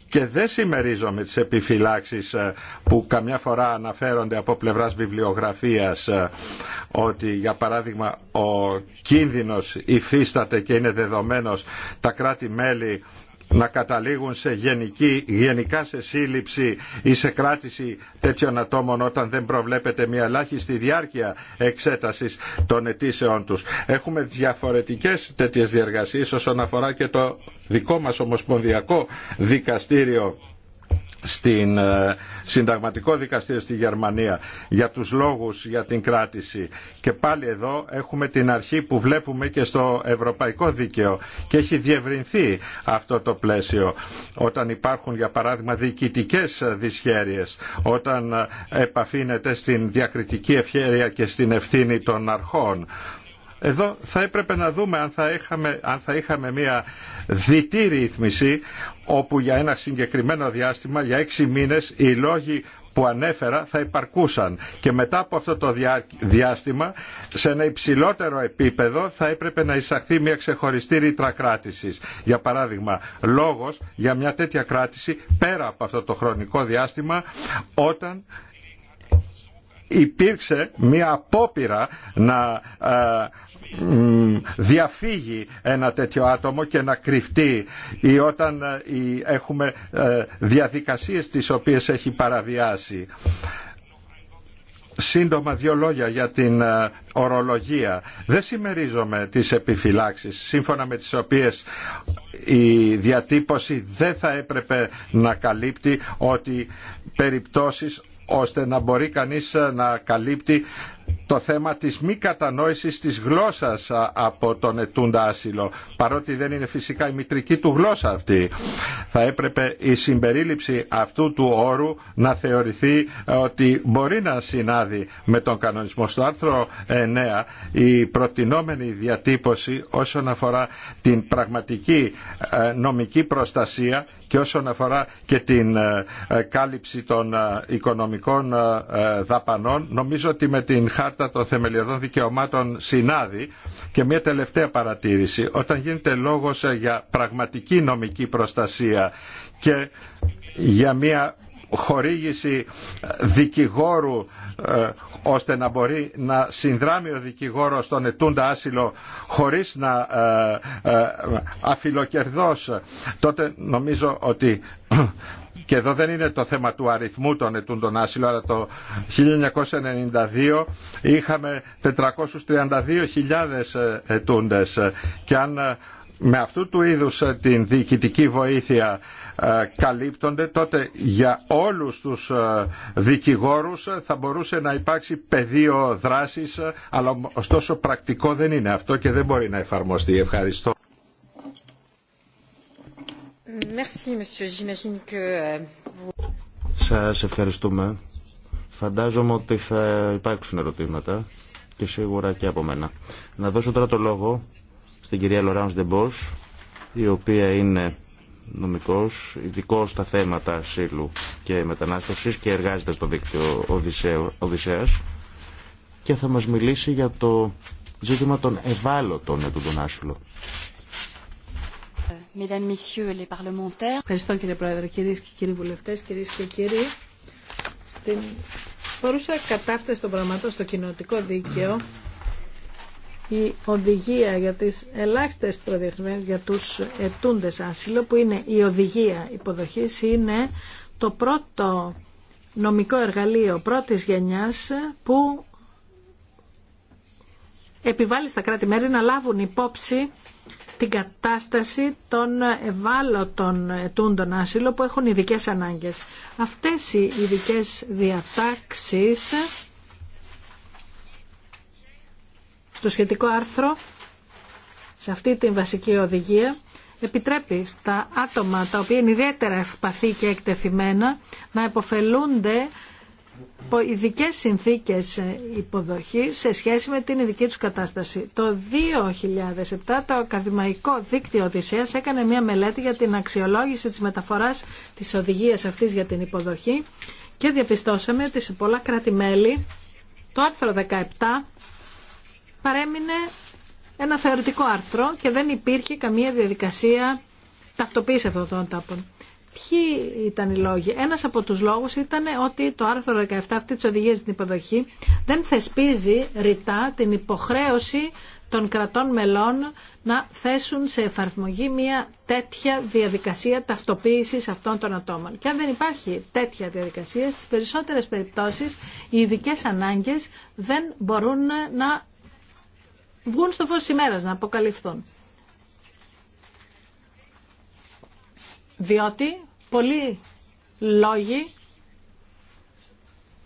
και δεν συμμερίζομαι τις επιφυλάξεις ε, που καμιά φορά αναφέρονται από πλευράς βιβλιογραφίας ε, ότι για παράδειγμα ο κίνδυνος υφίσταται και είναι δεδομένος τα κράτη-μέλη να καταλήγουν σε γενική, γενικά σε σύλληψη ή σε κράτηση τέτοιων ατόμων όταν δεν προβλέπεται μια ελάχιστη διάρκεια εξέτασης των αιτήσεών τους. Έχουμε διαφορετικές τέτοιες διεργασίες όσον αφορά και το δικό μας ομοσπονδιακό δικαστήριο στην ε, συνταγματικό δικαστήριο στη Γερμανία για τους λόγους για την κράτηση και πάλι εδώ έχουμε την αρχή που βλέπουμε και στο ευρωπαϊκό δίκαιο και έχει διευρυνθεί αυτό το πλαίσιο όταν υπάρχουν για παράδειγμα διοικητικές δυσχέρειες όταν επαφήνεται στην διακριτική ευχέρεια και στην ευθύνη των αρχών εδώ θα έπρεπε να δούμε αν θα είχαμε, αν θα είχαμε μια διτή ρύθμιση όπου για ένα συγκεκριμένο διάστημα, για έξι μήνες, οι λόγοι που ανέφερα θα υπαρκούσαν και μετά από αυτό το διάστημα σε ένα υψηλότερο επίπεδο θα έπρεπε να εισαχθεί μια ξεχωριστή ρήτρα κράτηση. Για παράδειγμα, λόγος για μια τέτοια κράτηση πέρα από αυτό το χρονικό διάστημα όταν υπήρξε μια απόπειρα να ε, διαφύγει ένα τέτοιο άτομο και να κρυφτεί ή όταν ε, έχουμε ε, διαδικασίες τις οποίες έχει παραβιάσει. Σύντομα δύο λόγια για την ορολογία. Δεν συμμερίζομαι τις επιφυλάξεις σύμφωνα με τις οποίες η διατύπωση δεν θα έπρεπε να καλύπτει ότι περιπτώσεις ώστε να μπορεί κανείς να καλύπτει το θέμα της μη κατανόησης της γλώσσας από τον ετούντα άσυλο, παρότι δεν είναι φυσικά η μητρική του γλώσσα αυτή. Θα έπρεπε η συμπερίληψη αυτού του όρου να θεωρηθεί ε, ότι μπορεί να συνάδει με τον κανονισμό. Στο άρθρο 9 η προτινόμενη διατύπωση όσον αφορά την πραγματική ε, νομική προστασία και όσον αφορά και την ε, κάλυψη των οικονομικών δαπανών, νομίζω ότι με την χάρτα των θεμελιωδών δικαιωμάτων συνάδει. Και μια τελευταία παρατήρηση. Όταν γίνεται λόγος ε, για πραγματική νομική προστασία και για μια χορήγηση ε, δικηγόρου ε, ώστε να μπορεί να συνδράμει ο δικηγόρος στον ετούντα άσυλο χωρίς να ε, τότε νομίζω ότι και εδώ δεν είναι το θέμα του αριθμού των ετούντων άσυλων, αλλά το 1992 είχαμε 432.000 ε, ετούντες και αν ε, με αυτού του είδους ε, την διοικητική βοήθεια καλύπτονται, τότε για όλους τους δικηγόρους θα μπορούσε να υπάρξει πεδίο δράσης, αλλά ωστόσο πρακτικό δεν είναι αυτό και δεν μπορεί να εφαρμοστεί. Ευχαριστώ. Euh, Σας ευχαριστούμε. Φαντάζομαι ότι θα υπάρξουν ερωτήματα και σίγουρα και από μένα. Να δώσω τώρα το λόγο στην κυρία Λοράνς Ντεμπός, η οποία είναι νομικός, ειδικό στα θέματα ασύλου και μετανάστευσης και εργάζεται στο δίκτυο Οδυσσέας και θα μας μιλήσει για το ζήτημα των ευάλωτων του άσυλων. Ευχαριστώ κύριε Πρόεδρε, κυρίες και κύριοι βουλευτές, κυρίες και κύριοι. Στην παρούσα κατάφταση των πραγμάτων στο κοινότικό δίκαιο, η οδηγία για τις ελάχιστες προδιαγραφές για τους ετούντες άσυλο, που είναι η οδηγία υποδοχής, είναι το πρώτο νομικό εργαλείο πρώτης γενιάς που επιβάλλει στα κράτη-μέρη να λάβουν υπόψη την κατάσταση των ευάλωτων ετούντων άσυλο που έχουν ειδικές ανάγκες. Αυτές οι ειδικές διατάξεις, το σχετικό άρθρο σε αυτή την βασική οδηγία, επιτρέπει στα άτομα τα οποία είναι ιδιαίτερα ευπαθή και εκτεθειμένα να υποφελούνται ειδικέ συνθήκες ε, υποδοχής σε σχέση με την ειδική τους κατάσταση. Το 2007 το Ακαδημαϊκό Δίκτυο Οδυσσέας έκανε μια μελέτη για την αξιολόγηση της μεταφοράς της οδηγίας αυτής για την υποδοχή και διαπιστώσαμε ότι σε πολλά κράτη-μέλη το άρθρο 17 παρέμεινε ένα θεωρητικό άρθρο και δεν υπήρχε καμία διαδικασία ταυτοποίηση αυτών των τάπων. Ποιοι ήταν οι λόγοι. Ένας από τους λόγους ήταν ότι το άρθρο 17 αυτή τη οδηγίας στην υποδοχή δεν θεσπίζει ρητά την υποχρέωση των κρατών μελών να θέσουν σε εφαρμογή μια τέτοια διαδικασία ταυτοποίησης αυτών των ατόμων. Και αν δεν υπάρχει τέτοια διαδικασία, στις περισσότερες περιπτώσεις οι ειδικέ ανάγκες δεν μπορούν να βγουν στο φως της ημέρας, να αποκαλυφθούν. Διότι πολλοί λόγοι,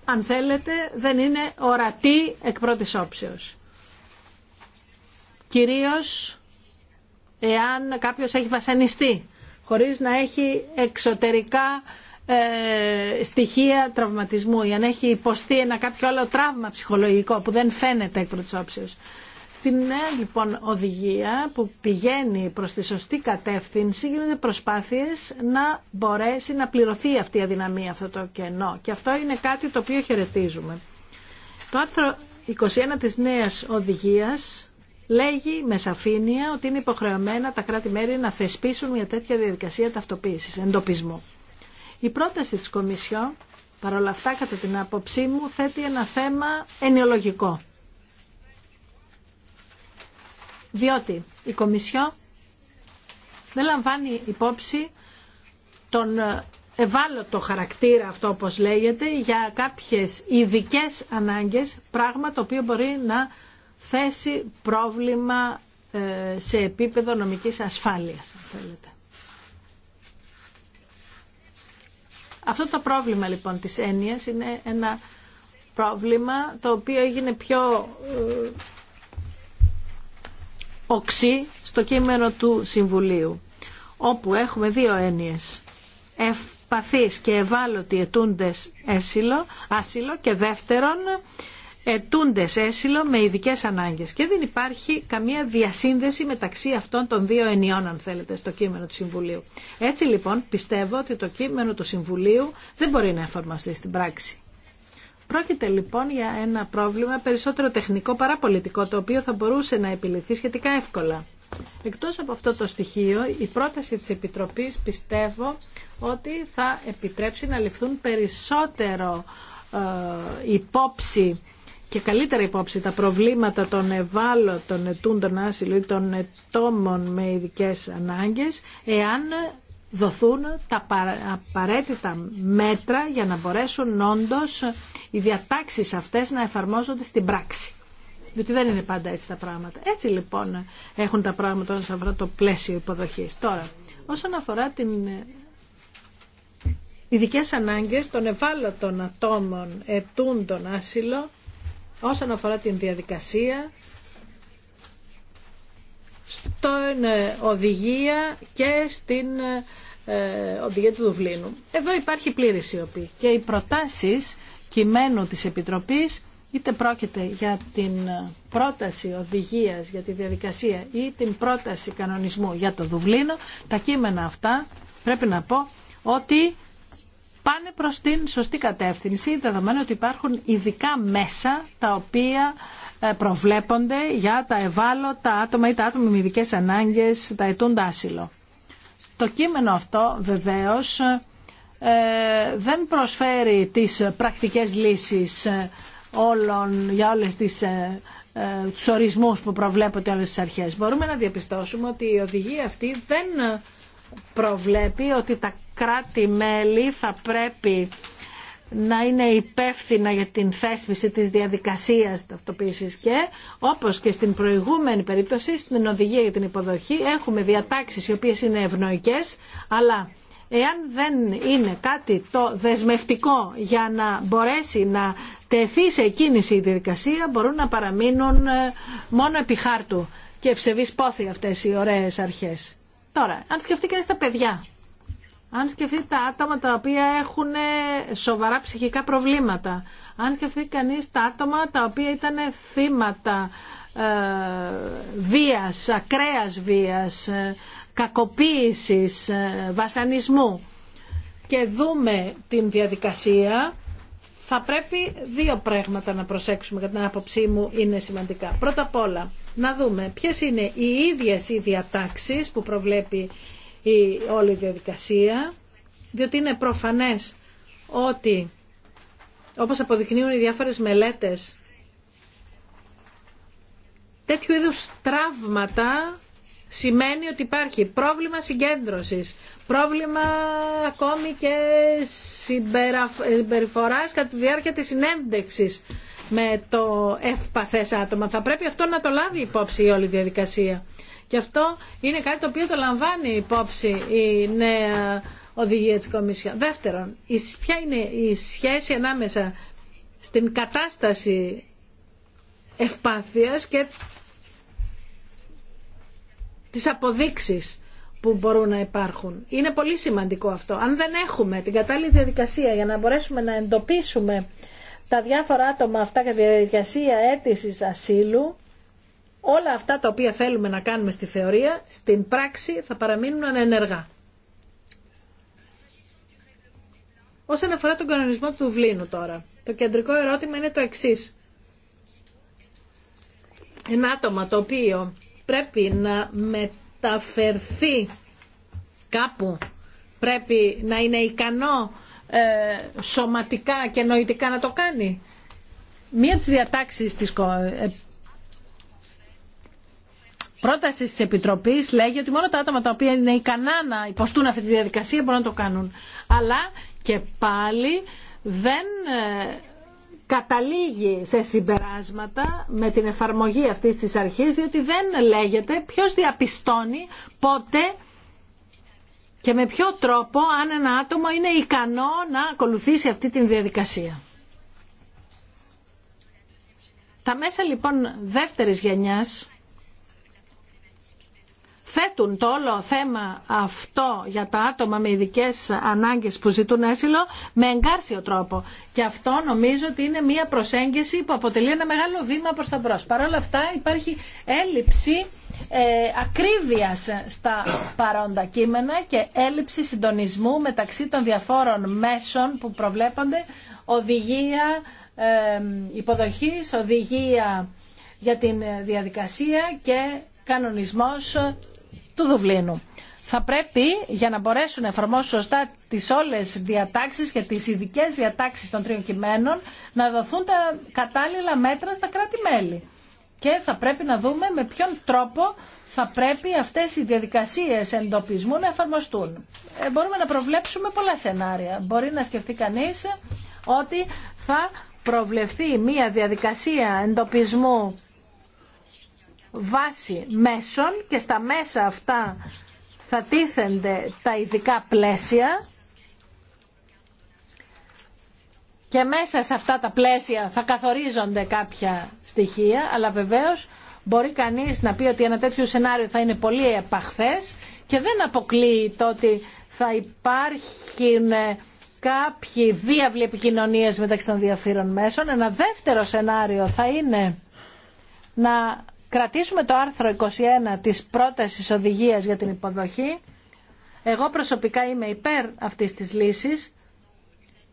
αν θέλετε, δεν είναι ορατοί εκ πρώτης όψεως. Κυρίως εάν κάποιος έχει βασανιστεί, χωρίς να έχει εξωτερικά ε, στοιχεία τραυματισμού ή αν έχει υποστεί ένα κάποιο άλλο τραύμα ψυχολογικό που δεν φαίνεται εκ πρώτης όψεως. Στην νέα λοιπόν οδηγία που πηγαίνει προς τη σωστή κατεύθυνση γίνονται προσπάθειες να μπορέσει να πληρωθεί αυτή η αδυναμία, αυτό το κενό. Και αυτό είναι κάτι το οποίο χαιρετίζουμε. Το άρθρο 21 της νέας οδηγίας λέγει με σαφήνεια ότι είναι υποχρεωμένα τα κράτη-μέρη να θεσπίσουν μια τέτοια διαδικασία ταυτοποίησης, εντοπισμού. Η πρόταση της Κομισιό, παρόλα αυτά κατά την άποψή μου, θέτει ένα θέμα ενιολογικό διότι η Κομισιό δεν λαμβάνει υπόψη τον ε, ευάλωτο χαρακτήρα αυτό όπως λέγεται για κάποιες ειδικέ ανάγκες, πράγμα το οποίο μπορεί να θέσει πρόβλημα ε, σε επίπεδο νομικής ασφάλειας, αν θέλετε. Αυτό το πρόβλημα λοιπόν της έννοιας είναι ένα πρόβλημα το οποίο έγινε πιο ε, οξύ στο κείμενο του Συμβουλίου, όπου έχουμε δύο έννοιες. Ευπαθείς και ευάλωτοι ετούντες έσυλο, άσυλο και δεύτερον ετούντες έσυλο με ειδικέ ανάγκες. Και δεν υπάρχει καμία διασύνδεση μεταξύ αυτών των δύο ενιών, αν θέλετε, στο κείμενο του Συμβουλίου. Έτσι λοιπόν πιστεύω ότι το κείμενο του Συμβουλίου δεν μπορεί να εφαρμοστεί στην πράξη. Πρόκειται λοιπόν για ένα πρόβλημα περισσότερο τεχνικό παρά πολιτικό, το οποίο θα μπορούσε να επιληθεί σχετικά εύκολα. Εκτός από αυτό το στοιχείο, η πρόταση της Επιτροπής πιστεύω ότι θα επιτρέψει να ληφθούν περισσότερο ε, υπόψη και καλύτερα υπόψη τα προβλήματα των ευάλωτων ετούντων άσυλου ή των ετόμων με ειδικέ ανάγκες, εάν δοθούν τα απαραίτητα μέτρα για να μπορέσουν όντως οι διατάξεις αυτές να εφαρμόζονται στην πράξη. Διότι δεν είναι πάντα έτσι τα πράγματα. Έτσι λοιπόν έχουν τα πράγματα όσον αφορά το πλαίσιο υποδοχής. Τώρα, όσον αφορά την ε, ειδικέ ανάγκες των ευάλωτων ατόμων ετούντων άσυλο, όσον αφορά την διαδικασία, στην ε, οδηγία και στην ε, οδηγία του Δουβλίνου. Εδώ υπάρχει πλήρη σιωπή και οι προτάσεις κειμένου της Επιτροπής είτε πρόκειται για την ε, πρόταση οδηγίας για τη διαδικασία ή την πρόταση κανονισμού για το Δουβλίνο, τα κείμενα αυτά πρέπει να πω ότι πάνε προς την σωστή κατεύθυνση, δεδομένου ότι υπάρχουν ειδικά μέσα τα οποία ε, προβλέπονται για τα ευάλωτα άτομα ή τα άτομα με ειδικέ ανάγκες, τα ετούντα άσυλο. Το κείμενο αυτό βεβαίως ε, δεν προσφέρει τις πρακτικές λύσεις ε, όλων, για όλες τις τους ορισμούς που προβλέπονται όλες τις αρχές. Μπορούμε να διαπιστώσουμε ότι η οδηγία αυτή δεν προβλέπει ότι τα κράτη-μέλη θα πρέπει να είναι υπεύθυνα για την θέσπιση της διαδικασίας ταυτοποίησης και όπως και στην προηγούμενη περίπτωση στην οδηγία για την υποδοχή έχουμε διατάξεις οι οποίες είναι ευνοϊκές αλλά εάν δεν είναι κάτι το δεσμευτικό για να μπορέσει να τεθεί σε κίνηση η διαδικασία μπορούν να παραμείνουν ε, μόνο επί χάρτου και ευσεβείς πόθη αυτές οι ωραίες αρχές. Τώρα, αν σκεφτεί κανείς τα παιδιά αν σκεφτεί τα άτομα τα οποία έχουν ε, σοβαρά ψυχικά προβλήματα, αν σκεφτεί κανείς τα άτομα τα οποία ήταν θύματα ε, βίας, ακραίας βίας, ε, κακοποίησης, ε, βασανισμού και δούμε την διαδικασία, θα πρέπει δύο πράγματα να προσέξουμε κατά την άποψή μου είναι σημαντικά. Πρώτα απ' όλα, να δούμε ποιες είναι οι ίδιες οι διατάξεις που προβλέπει η όλη διαδικασία, διότι είναι προφανές ότι, όπως αποδεικνύουν οι διάφορες μελέτες, τέτοιου είδους τραύματα σημαίνει ότι υπάρχει πρόβλημα συγκέντρωσης, πρόβλημα ακόμη και συμπεριφοράς κατά τη διάρκεια της συνέντευξης με το ευπαθές άτομα. Θα πρέπει αυτό να το λάβει υπόψη η όλη διαδικασία. Και αυτό είναι κάτι το οποίο το λαμβάνει υπόψη η νέα οδηγία της Κομισιόν. Δεύτερον, ποια είναι η σχέση ανάμεσα στην κατάσταση ευπάθειας και τις αποδείξεις που μπορούν να υπάρχουν. Είναι πολύ σημαντικό αυτό. Αν δεν έχουμε την κατάλληλη διαδικασία για να μπορέσουμε να εντοπίσουμε τα διάφορα άτομα αυτά για τη διαδικασία αίτησης ασύλου, όλα αυτά τα οποία θέλουμε να κάνουμε στη θεωρία, στην πράξη θα παραμείνουν ανενεργά. Όσον αφορά τον κανονισμό του Βλήνου τώρα, το κεντρικό ερώτημα είναι το εξή. Ένα άτομα το οποίο πρέπει να μεταφερθεί κάπου, πρέπει να είναι ικανό ε, σωματικά και νοητικά να το κάνει. Μία από τις διατάξεις της ε, πρόταση τη Επιτροπή λέγει ότι μόνο τα άτομα τα οποία είναι ικανά να υποστούν αυτή τη διαδικασία μπορούν να το κάνουν. Αλλά και πάλι δεν ε, καταλήγει σε συμπεράσματα με την εφαρμογή αυτή της αρχής, διότι δεν λέγεται ποιο διαπιστώνει πότε και με ποιο τρόπο αν ένα άτομο είναι ικανό να ακολουθήσει αυτή τη διαδικασία. Τα μέσα λοιπόν δεύτερης γενιάς θέτουν το όλο θέμα αυτό για τα άτομα με ειδικέ ανάγκες που ζητούν έσυλο με εγκάρσιο τρόπο. Και αυτό νομίζω ότι είναι μια προσέγγιση που αποτελεί ένα μεγάλο βήμα προς τα μπρο. Παρ' όλα αυτά υπάρχει έλλειψη ε, ακρίβειας στα παρόντα κείμενα και έλλειψη συντονισμού μεταξύ των διαφόρων μέσων που προβλέπονται οδηγία ε, υποδοχής, οδηγία για την διαδικασία και κανονισμός του Δουβλίνου. Θα πρέπει για να μπορέσουν να εφαρμόσουν σωστά τις όλες διατάξεις και τις ειδικέ διατάξεις των τριών κειμένων να δοθούν τα κατάλληλα μέτρα στα κράτη-μέλη. Και θα πρέπει να δούμε με ποιον τρόπο θα πρέπει αυτές οι διαδικασίε εντοπισμού να εφαρμοστούν. Ε, μπορούμε να προβλέψουμε πολλά σενάρια. Μπορεί να σκεφτεί κανεί ότι θα προβλεφθεί μια διαδικασία εντοπισμού βάση μέσων και στα μέσα αυτά θα τίθενται τα ειδικά πλαίσια και μέσα σε αυτά τα πλαίσια θα καθορίζονται κάποια στοιχεία, αλλά βεβαίως μπορεί κανείς να πει ότι ένα τέτοιο σενάριο θα είναι πολύ επαχθές και δεν αποκλείει το ότι θα υπάρχουν ε, κάποιοι διάβλοι επικοινωνίες μεταξύ των διαφύρων μέσων. Ένα δεύτερο σενάριο θα είναι να κρατήσουμε το άρθρο 21 της πρότασης οδηγίας για την υποδοχή. Εγώ προσωπικά είμαι υπέρ αυτής της λύσης,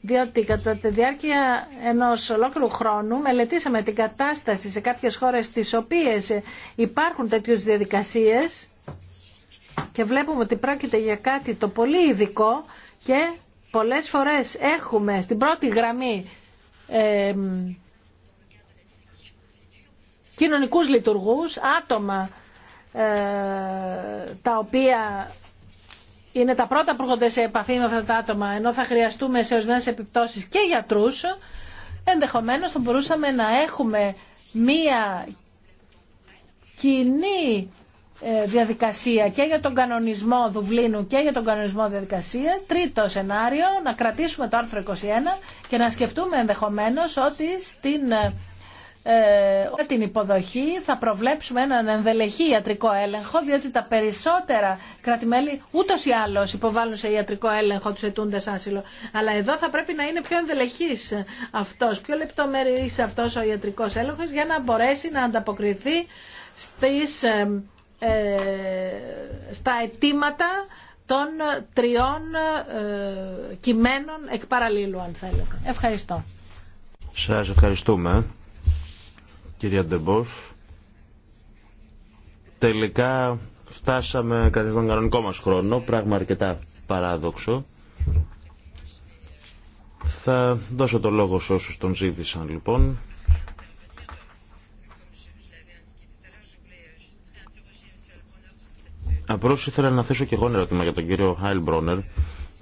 διότι κατά τη διάρκεια ενός ολόκληρου χρόνου μελετήσαμε την κατάσταση σε κάποιες χώρες στις οποίες υπάρχουν τέτοιες διαδικασίες και βλέπουμε ότι πρόκειται για κάτι το πολύ ειδικό και πολλές φορές έχουμε στην πρώτη γραμμή ε, κοινωνικούς λειτουργούς, άτομα ε, τα οποία είναι τα πρώτα που έρχονται σε επαφή με αυτά τα άτομα, ενώ θα χρειαστούμε σε ορισμένε επιπτώσεις και γιατρούς, ενδεχομένως θα μπορούσαμε να έχουμε μία κοινή ε, διαδικασία και για τον κανονισμό Δουβλίνου και για τον κανονισμό διαδικασίας. Τρίτο σενάριο, να κρατήσουμε το άρθρο 21 και να σκεφτούμε ενδεχομένως ότι στην ε, ε, την υποδοχή θα προβλέψουμε έναν ενδελεχή ιατρικό έλεγχο, διότι τα περισσότερα κράτη-μέλη ούτω ή άλλω υποβάλλουν σε ιατρικό έλεγχο του ετούντε άσυλο. Αλλά εδώ θα πρέπει να είναι πιο ενδελεχή αυτό, πιο λεπτομερή αυτό ο ιατρικό έλεγχο για να μπορέσει να ανταποκριθεί στις, ε, ε, στα αιτήματα των τριών ε, κειμένων εκ παραλίλου, αν θέλετε. Ευχαριστώ. Σας ευχαριστούμε κυρία Ντεμπός. Τελικά φτάσαμε κατά τον κανονικό μας χρόνο, πράγμα αρκετά παράδοξο. Θα δώσω το λόγο σε όσους τον ζήτησαν λοιπόν. Απρός, ήθελα να θέσω και εγώ ένα ερώτημα για τον κύριο Χάιλ Μπρόνερ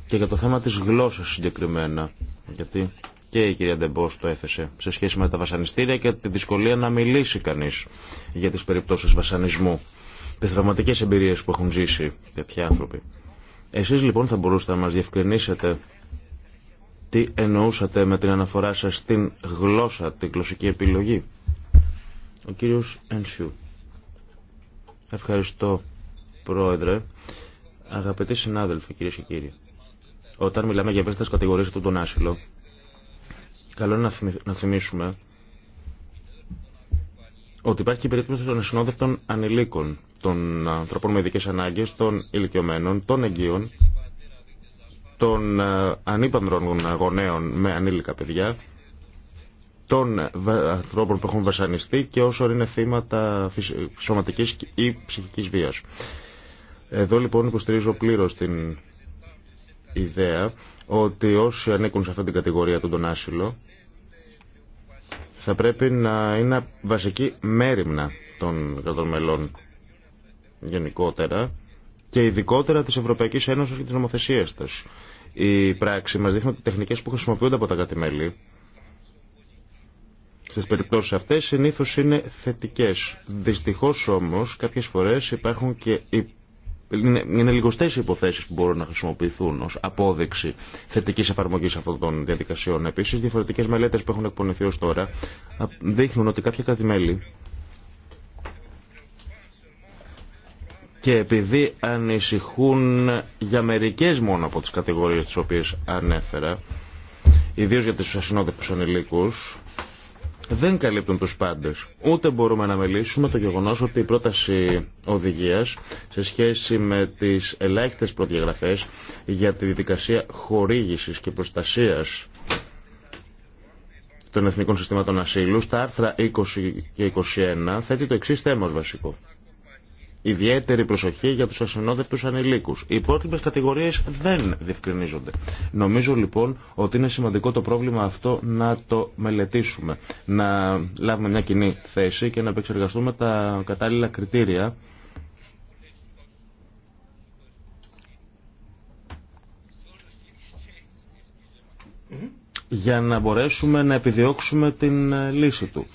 και για το θέμα της γλώσσας συγκεκριμένα. Γιατί και η κυρία Ντεμπό το έθεσε σε σχέση με τα βασανιστήρια και τη δυσκολία να μιλήσει κανείς για τις περιπτώσεις βασανισμού, τι τραυματικέ εμπειρίες που έχουν ζήσει τέτοιοι άνθρωποι. Εσείς λοιπόν θα μπορούσατε να μα διευκρινίσετε τι εννοούσατε με την αναφορά σας στην γλώσσα, την γλωσσική επιλογή. Ο κύριος Ενσιού. Ευχαριστώ πρόεδρε. Αγαπητοί συνάδελφοι κυρίε και κύριοι. Όταν μιλάμε για ευαίσθητε κατηγορίε του τον άσυλο, Καλό είναι να θυμίσουμε ότι υπάρχει και η περίπτωση των ασυνόδευτων ανηλίκων, των ανθρώπων με ειδικέ ανάγκε, των ηλικιωμένων, των εγγύων, των ε, ανήπανδρων γονέων με ανήλικα παιδιά, των ανθρώπων που έχουν βασανιστεί και όσο είναι θύματα σωματικής ή ψυχική βίας. Εδώ λοιπόν υποστηρίζω πλήρω την ιδέα ότι όσοι ανήκουν σε αυτή την κατηγορία του τον άσυλο θα πρέπει να είναι βασική μέρημνα των κρατών μελών γενικότερα και ειδικότερα της Ευρωπαϊκής Ένωσης και της νομοθεσίας της. Η πράξη μας δείχνει ότι οι τεχνικές που χρησιμοποιούνται από τα κράτη-μέλη στις περιπτώσεις αυτές συνήθως είναι θετικές. Δυστυχώς όμως κάποιες φορές υπάρχουν και οι είναι, είναι λιγοστές οι υποθέσεις που μπορούν να χρησιμοποιηθούν ως απόδειξη θετικής εφαρμογής αυτών των διαδικασιών. Επίσης, διαφορετικές μελέτες που έχουν εκπονηθεί ως τώρα δείχνουν ότι κάποια κράτη-μέλη και επειδή ανησυχούν για μερικές μόνο από τις κατηγορίες τις οποίες ανέφερα, ιδίως για του ασυνόδευτους ανηλίκους, δεν καλύπτουν τους πάντες. Ούτε μπορούμε να μιλήσουμε το γεγονός ότι η πρόταση οδηγίας σε σχέση με τις ελάχιστες προδιαγραφές για τη δικασία χορήγησης και προστασίας των Εθνικών Συστημάτων Ασύλου στα άρθρα 20 και 21 θέτει το εξή θέμα βασικό. Ιδιαίτερη προσοχή για τους ασυνόδευτους ανηλίκους. Οι υπόλοιπες κατηγορίες δεν διευκρινίζονται. Νομίζω λοιπόν ότι είναι σημαντικό το πρόβλημα αυτό να το μελετήσουμε, να λάβουμε μια κοινή θέση και να επεξεργαστούμε τα κατάλληλα κριτήρια για να μπορέσουμε να επιδιώξουμε την λύση του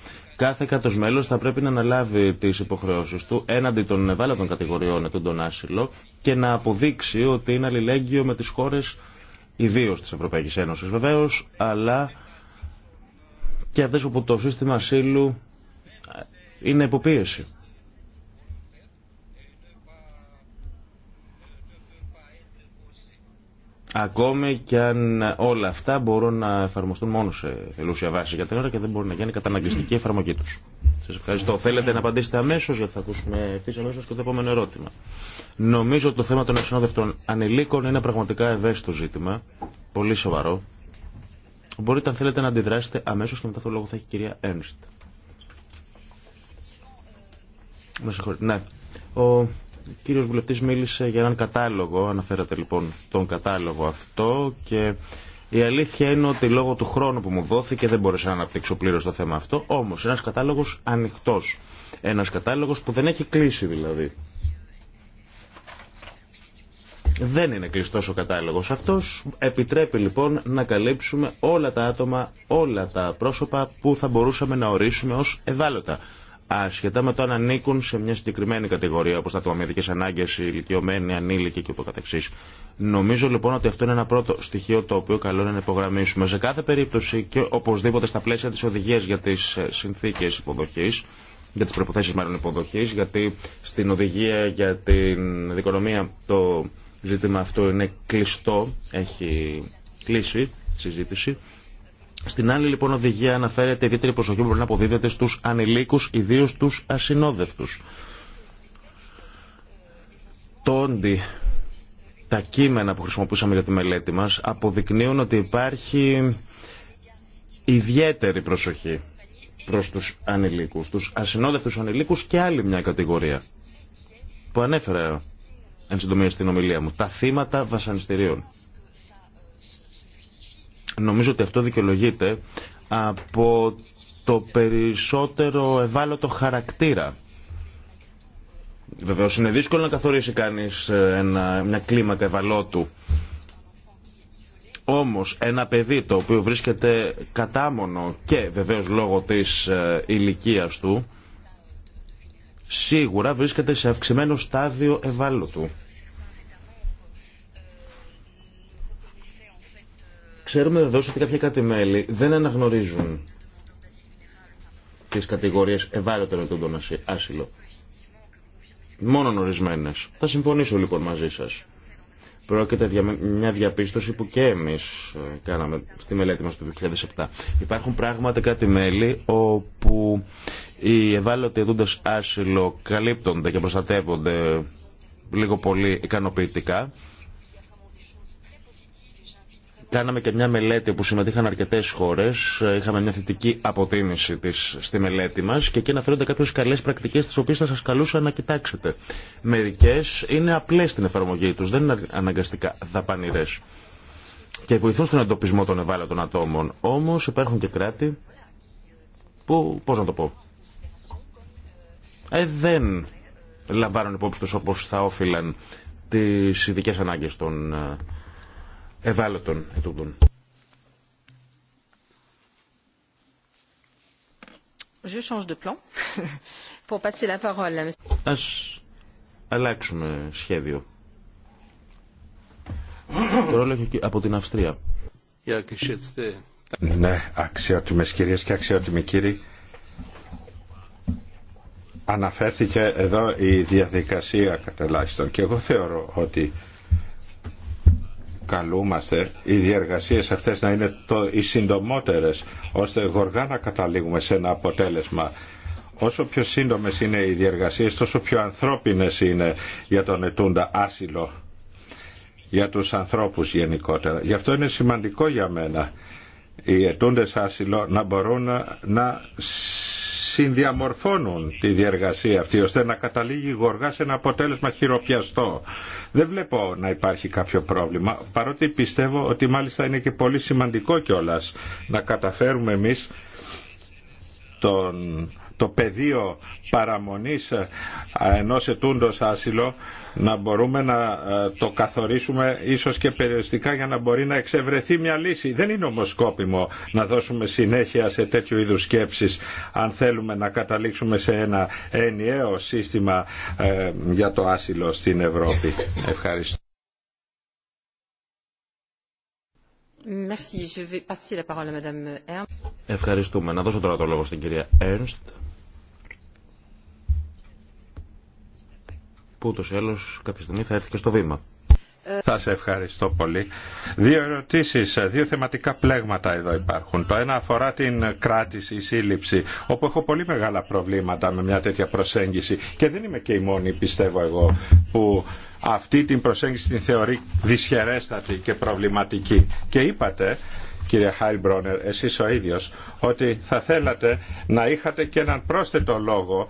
κάθε κάτω θα πρέπει να αναλάβει τις υποχρεώσεις του έναντι των ευάλωτων κατηγοριών του άσυλο και να αποδείξει ότι είναι αλληλέγγυο με τις χώρε ιδίω τη Ευρωπαϊκή Ένωση, βεβαίω, αλλά και αυτέ όπου το σύστημα ασύλου είναι υποπίεση. Ακόμη και αν όλα αυτά μπορούν να εφαρμοστούν μόνο σε ελούσια βάση για την ώρα και δεν μπορεί να γίνει καταναγκαστική εφαρμογή του. Σα ευχαριστώ. Θέλετε να απαντήσετε αμέσω, γιατί θα ακούσουμε ευθύ αμέσω και το επόμενο ερώτημα. Νομίζω ότι το θέμα των εξανοδευτών ανηλίκων είναι πραγματικά ευαίσθητο ζήτημα. Πολύ σοβαρό. Μπορείτε, αν θέλετε, να αντιδράσετε αμέσω και μετά το λόγο θα έχει η κυρία Ένστ κύριος βουλευτής μίλησε για έναν κατάλογο, αναφέρατε λοιπόν τον κατάλογο αυτό και η αλήθεια είναι ότι λόγω του χρόνου που μου δόθηκε δεν μπόρεσα να αναπτύξω πλήρω το θέμα αυτό, όμως ένας κατάλογος ανοιχτός, ένας κατάλογος που δεν έχει κλείσει δηλαδή. Δεν είναι κλειστός ο κατάλογος αυτός, επιτρέπει λοιπόν να καλύψουμε όλα τα άτομα, όλα τα πρόσωπα που θα μπορούσαμε να ορίσουμε ως ευάλωτα Ασχετά με το αν ανήκουν σε μια συγκεκριμένη κατηγορία, όπω τα ατομικέ ανάγκε, οι ηλικιωμένοι, ανήλικοι κ.ο.κ. Νομίζω λοιπόν ότι αυτό είναι ένα πρώτο στοιχείο το οποίο καλό είναι να υπογραμμίσουμε. Σε κάθε περίπτωση και οπωσδήποτε στα πλαίσια τη οδηγία για τι ε, συνθήκε υποδοχή, για τι προποθέσει μάλλον υποδοχή, γιατί στην οδηγία για την δικονομία το ζήτημα αυτό είναι κλειστό, έχει κλείσει συζήτηση. Στην άλλη λοιπόν οδηγία αναφέρεται ιδιαίτερη προσοχή που μπορεί να αποδίδεται στους ανηλίκους, ιδίως τους ασυνόδευτους. Τόντι, τα κείμενα που χρησιμοποιούσαμε για τη μελέτη μας αποδεικνύουν ότι υπάρχει ιδιαίτερη προσοχή προς τους ανηλίκους, τους ασυνόδευτους ανηλίκους και άλλη μια κατηγορία που ανέφερα εν συντομία στην ομιλία μου, τα θύματα βασανιστήριων. Νομίζω ότι αυτό δικαιολογείται από το περισσότερο ευάλωτο χαρακτήρα. Βεβαίω είναι δύσκολο να καθορίσει κανεί ε, μια κλίμακα ευαλώτου. Όμω ένα παιδί το οποίο βρίσκεται κατάμονο και βεβαίω λόγω τη ε, ηλικία του σίγουρα βρίσκεται σε αυξημένο στάδιο ευάλωτου. ξερουμε εδω βεβαίως ότι κάποια κράτη-μέλη δεν αναγνωρίζουν τις κατηγορίες ευάλωτων ετών άσυλο. Μόνο ορισμένε. Θα συμφωνήσω λοιπόν μαζί σας. Πρόκειται για μια διαπίστωση που και εμείς ε, κάναμε στη μελέτη μας του 2007. Υπάρχουν πράγματα κάτι μέλη όπου οι ευάλωτοι δούντες άσυλο καλύπτονται και προστατεύονται λίγο πολύ ικανοποιητικά Κάναμε και μια μελέτη όπου συμμετείχαν αρκετέ χώρε. Είχαμε μια θετική αποτίμηση της στη μελέτη μα και εκεί αναφέρονται κάποιε καλέ πρακτικέ τι οποίε θα σα καλούσα να κοιτάξετε. Μερικέ είναι απλέ στην εφαρμογή του, δεν είναι αναγκαστικά δαπανηρέ και βοηθούν στον εντοπισμό των ευάλωτων ατόμων. Όμω υπάρχουν και κράτη που, πώ να το πω, ε, δεν λαμβάνουν υπόψη του όπω θα όφυλαν τι ειδικέ ανάγκε των ε, ευάλωτον ετούντων. Je change de plan pour Ας αλλάξουμε σχέδιο. Το ρόλο έχει από την Αυστρία. Ναι, αξιότιμες κυρίες και αξιότιμοι κύριοι. Αναφέρθηκε εδώ η διαδικασία κατελάχιστον και εγώ θεωρώ ότι καλούμαστε οι διεργασίες αυτές να είναι το, οι συντομότερες ώστε γοργά να καταλήγουμε σε ένα αποτέλεσμα όσο πιο σύντομες είναι οι διεργασίες τόσο πιο ανθρώπινες είναι για τον ετούντα άσυλο για τους ανθρώπους γενικότερα γι' αυτό είναι σημαντικό για μένα οι ετούντες άσυλο να μπορούν να συνδιαμορφώνουν τη διεργασία αυτή ώστε να καταλήγει γοργά σε ένα αποτέλεσμα χειροπιαστό. Δεν βλέπω να υπάρχει κάποιο πρόβλημα, παρότι πιστεύω ότι μάλιστα είναι και πολύ σημαντικό κιόλας να καταφέρουμε εμείς τον το πεδίο παραμονής ε, ενός ετούντο άσυλο να μπορούμε να ε, το καθορίσουμε ίσως και περιοριστικά για να μπορεί να εξευρεθεί μια λύση. Δεν είναι όμως σκόπιμο να δώσουμε συνέχεια σε τέτοιου είδους σκέψεις αν θέλουμε να καταλήξουμε σε ένα ενιαίο σύστημα ε, για το άσυλο στην Ευρώπη. Ευχαριστώ. Ευχαριστούμε. Να δώσω τώρα το λόγο στην κυρία Ernst που το ή άλλως κάποια στιγμή θα έρθει και στο βήμα. Θα σε ευχαριστώ πολύ. Δύο ερωτήσεις, δύο θεματικά πλέγματα εδώ υπάρχουν. Το ένα αφορά την κράτηση, η σύλληψη, όπου έχω πολύ μεγάλα προβλήματα με μια τέτοια προσέγγιση και δεν είμαι και η μόνη, πιστεύω εγώ, που αυτή την προσέγγιση την θεωρεί δυσχερέστατη και προβληματική. Και είπατε κύριε Χάιλμπρόνερ, εσείς ο ίδιος, ότι θα θέλατε να είχατε και έναν πρόσθετο λόγο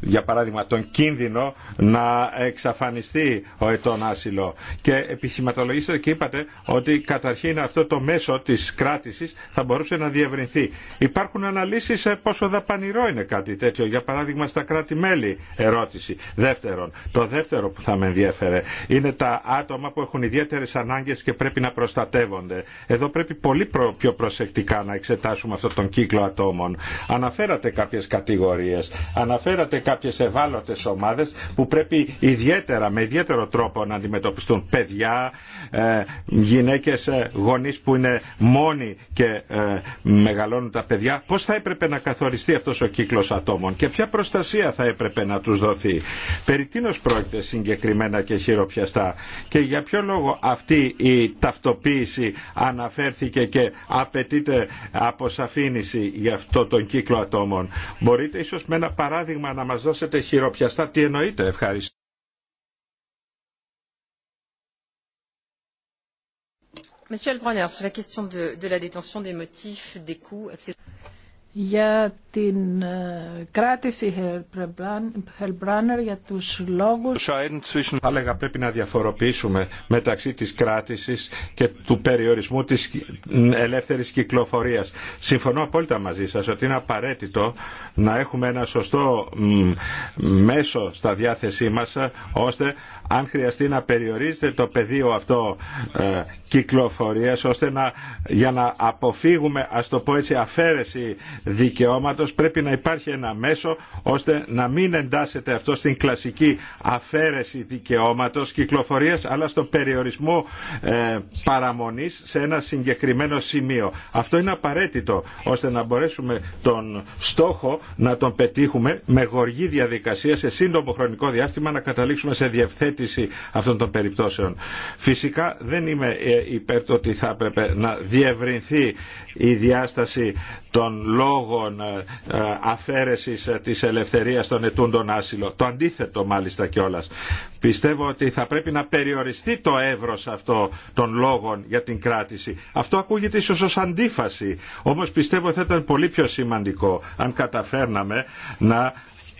για παράδειγμα τον κίνδυνο να εξαφανιστεί ο ετών άσυλο. Και επισηματολογήσατε και είπατε ότι καταρχήν αυτό το μέσο της κράτησης θα μπορούσε να διευρυνθεί. Υπάρχουν αναλύσεις πόσο δαπανηρό είναι κάτι τέτοιο, για παράδειγμα στα κράτη-μέλη ερώτηση. Δεύτερον, το δεύτερο που θα με ενδιαφέρε είναι τα άτομα που έχουν ιδιαίτερες ανάγκες και πρέπει να προστατεύονται. Εδώ πρέπει πολύ πιο προσεκτικά να εξετάσουμε αυτόν τον κύκλο ατόμων. Αναφέρατε κάποιες κατηγορίες, αναφέρατε κάποιες ευάλωτες ομάδες που πρέπει ιδιαίτερα, με ιδιαίτερο τρόπο να αντιμετωπιστούν παιδιά, ε, γυναίκες, ε, γονείς που είναι μόνοι και ε, μεγαλώνουν τα παιδιά. Πώς θα έπρεπε να καθοριστεί αυτός ο κύκλος ατόμων και ποια προστασία θα έπρεπε να τους δοθεί. Περί τίνος πρόκειται συγκεκριμένα και χειροπιαστά και για ποιο λόγο αυτή η ταυτοποίηση αναφέρθηκε και απαιτείται αποσαφήνιση για αυτό τον κύκλο ατόμων. Μπορείτε ίσως με ένα παράδειγμα να μας δώσετε χειροπιαστά τι εννοείτε. Ευχαριστώ. Monsieur Albronner, sur la question de, de la détention des motifs, des coûts, etc για την ε, κράτηση Χελμπράνερ για τους λόγους. Θα έλεγα πρέπει να διαφοροποιήσουμε μεταξύ της κράτησης και του περιορισμού της ελεύθερης κυκλοφορίας. Συμφωνώ απόλυτα μαζί σας ότι είναι απαραίτητο να έχουμε ένα σωστό μέσο στα διάθεσή μας ώστε αν χρειαστεί να περιορίζεται το πεδίο αυτό ε, κυκλοφορίας ώστε να, για να αποφύγουμε ας το πω έτσι αφαίρεση δικαιώματος πρέπει να υπάρχει ένα μέσο ώστε να μην εντάσσεται αυτό στην κλασική αφαίρεση δικαιώματος κυκλοφορίας αλλά στο περιορισμό ε, παραμονής σε ένα συγκεκριμένο σημείο. Αυτό είναι απαραίτητο ώστε να μπορέσουμε τον στόχο να τον πετύχουμε με γοργή διαδικασία σε σύντομο χρονικό διάστημα να καταλήξουμε σε διευθέτηση συζήτηση αυτών των περιπτώσεων. Φυσικά δεν είμαι ε, υπέρ του ότι θα έπρεπε να διευρυνθεί η διάσταση των λόγων ε, ε, αφαίρεσης της ελευθερίας των ετούντων άσυλο. Το αντίθετο μάλιστα κιόλας. Πιστεύω ότι θα πρέπει να περιοριστεί το εύρος αυτό των λόγων για την κράτηση. Αυτό ακούγεται ίσως ως αντίφαση. Όμως πιστεύω θα ήταν πολύ πιο σημαντικό αν καταφέρναμε να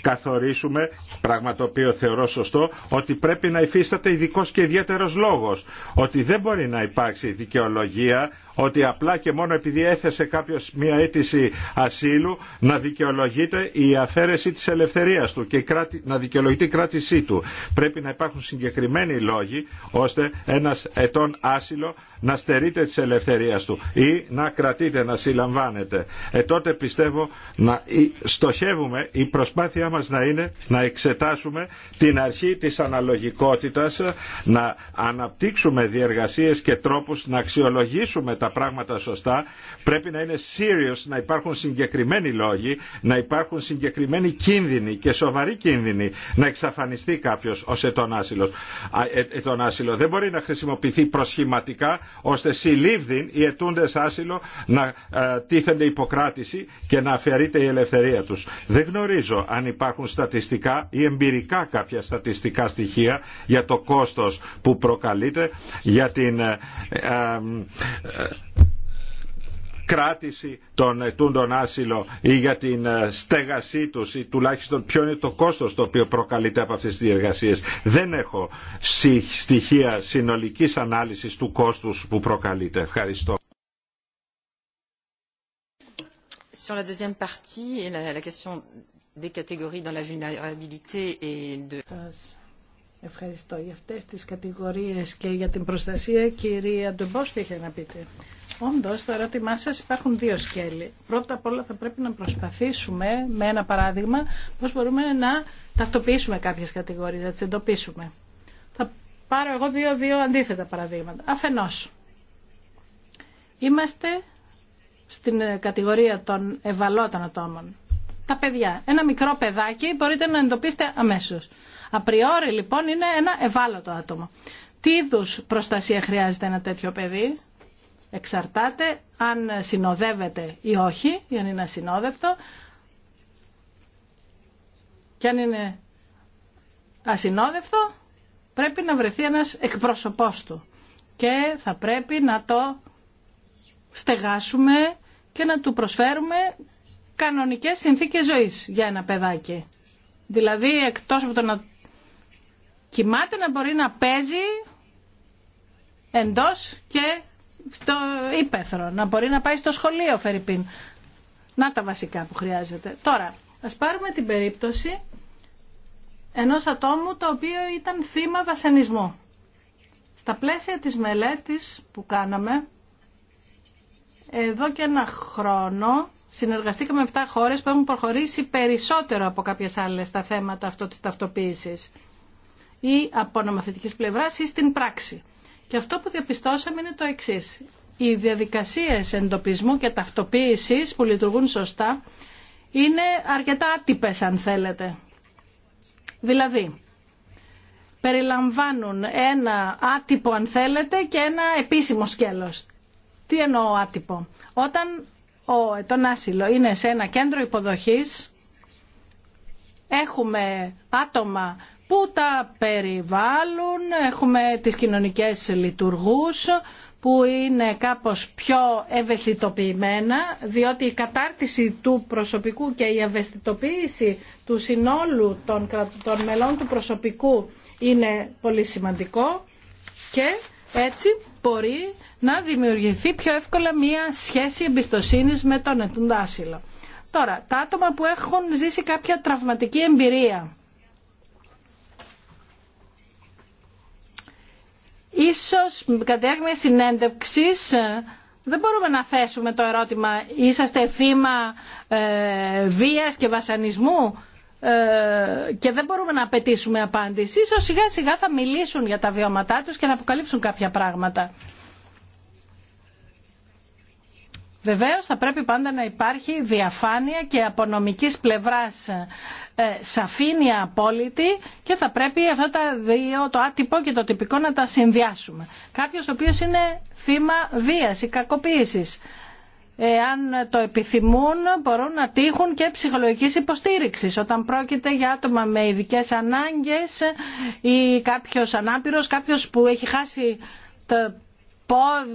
καθορίσουμε, πράγμα το οποίο θεωρώ σωστό, ότι πρέπει να υφίσταται ειδικό και ιδιαίτερο λόγο. Ότι δεν μπορεί να υπάρξει δικαιολογία ότι απλά και μόνο επειδή έθεσε κάποιος μια αίτηση ασύλου να δικαιολογείται η αφαίρεση της ελευθερίας του και να δικαιολογείται η κράτησή του. Πρέπει να υπάρχουν συγκεκριμένοι λόγοι ώστε ένας ετών άσυλο να στερείται της ελευθερίας του ή να κρατείται, να συλλαμβάνεται. Ε, τότε πιστεύω να στοχεύουμε, η προσπάθειά μας να είναι να εξετάσουμε την αρχή της αναλογικότητας, να αναπτύξουμε διεργασίες και τρόπους να αξιολογήσουμε τα τα πράγματα σωστά, πρέπει να είναι serious, να υπάρχουν συγκεκριμένοι λόγοι, να υπάρχουν συγκεκριμένοι κίνδυνοι και σοβαροί κίνδυνοι να εξαφανιστεί κάποιο ω ε, ετών άσυλο. Ε, Δεν μπορεί να χρησιμοποιηθεί προσχηματικά ώστε συλλήβδην οι ετούντε άσυλο να ε, τίθενται υποκράτηση και να αφαιρείται η ελευθερία του. Δεν γνωρίζω αν υπάρχουν στατιστικά ή εμπειρικά κάποια στατιστικά στοιχεία για το κόστος που προκαλείται για την ε, ε, κράτηση των ετούντων άσυλο ή για την ε, στέγασή τους ή τουλάχιστον ποιο είναι το κόστος το οποίο προκαλείται από αυτές τις διεργασίες. Δεν έχω στοιχεία συνολικής ανάλυσης του κόστους που προκαλείται. Ευχαριστώ. Sur la deuxième partie la, question des catégories dans la vulnérabilité et de... Ευχαριστώ για αυτές τις κατηγορίες και για την προστασία. Κυρία Ντομπός, τι είχε να πείτε. Όντω, στο ερώτημά σα υπάρχουν δύο σκέλη. Πρώτα απ' όλα θα πρέπει να προσπαθήσουμε με ένα παράδειγμα πώς μπορούμε να ταυτοποιήσουμε κάποιες κατηγορίες, να τις εντοπίσουμε. Θα πάρω εγώ δύο-δύο αντίθετα παραδείγματα. Αφενός, είμαστε στην κατηγορία των ευαλώτων ατόμων τα παιδιά. Ένα μικρό παιδάκι μπορείτε να εντοπίσετε αμέσως. Απριόρι λοιπόν είναι ένα ευάλωτο άτομο. Τι είδου προστασία χρειάζεται ένα τέτοιο παιδί. Εξαρτάται αν συνοδεύεται ή όχι, ή αν είναι ασυνόδευτο. Και αν είναι ασυνόδευτο, πρέπει να βρεθεί ένας εκπρόσωπός του. Και θα πρέπει να το στεγάσουμε και να του προσφέρουμε κανονικές συνθήκες ζωής για ένα παιδάκι. Δηλαδή εκτός από το να κοιμάται να μπορεί να παίζει εντός και στο ύπεθρο, να μπορεί να πάει στο σχολείο Φερρυπίν. Να τα βασικά που χρειάζεται. Τώρα, ας πάρουμε την περίπτωση ενός ατόμου το οποίο ήταν θύμα βασανισμού. Στα πλαίσια της μελέτης που κάναμε, εδώ και ένα χρόνο συνεργαστήκαμε με 7 χώρες που έχουν προχωρήσει περισσότερο από κάποιες άλλες στα θέματα αυτό της ταυτοποίησης ή από νομοθετικής πλευράς ή στην πράξη. Και αυτό που διαπιστώσαμε είναι το εξή. Οι διαδικασίες εντοπισμού και ταυτοποίησης που λειτουργούν σωστά είναι αρκετά άτυπες αν θέλετε. Δηλαδή, περιλαμβάνουν ένα άτυπο αν θέλετε και ένα επίσημο σκέλος. Τι εννοώ άτυπο. Όταν ο, τον άσυλο είναι σε ένα κέντρο υποδοχής, έχουμε άτομα που τα περιβάλλουν, έχουμε τις κοινωνικές λειτουργούς που είναι κάπως πιο ευαισθητοποιημένα, διότι η κατάρτιση του προσωπικού και η ευαισθητοποίηση του συνόλου των, των μελών του προσωπικού είναι πολύ σημαντικό και έτσι μπορεί να δημιουργηθεί πιο εύκολα μια σχέση εμπιστοσύνης με τον ετούντα Τώρα, τα άτομα που έχουν ζήσει κάποια τραυματική εμπειρία. Ίσως κατά τη συνέντευξης ε, δεν μπορούμε να θέσουμε το ερώτημα είσαστε θύμα ε, βίας και βασανισμού ε, και δεν μπορούμε να απαιτήσουμε απάντηση. Ίσως σιγά σιγά θα μιλήσουν για τα βιώματά τους και θα αποκαλύψουν κάποια πράγματα. Βεβαίως θα πρέπει πάντα να υπάρχει διαφάνεια και από νομικής πλευράς ε, σαφήνεια απόλυτη και θα πρέπει αυτά τα δύο, το άτυπο και το τυπικό να τα συνδυάσουμε. Κάποιος ο οποίος είναι θύμα βίας ή κακοποίησης. Εάν το επιθυμούν μπορούν να τύχουν και ψυχολογικής υποστήριξης όταν πρόκειται για άτομα με ειδικέ ανάγκες ή κάποιος ανάπηρος, κάποιος που έχει χάσει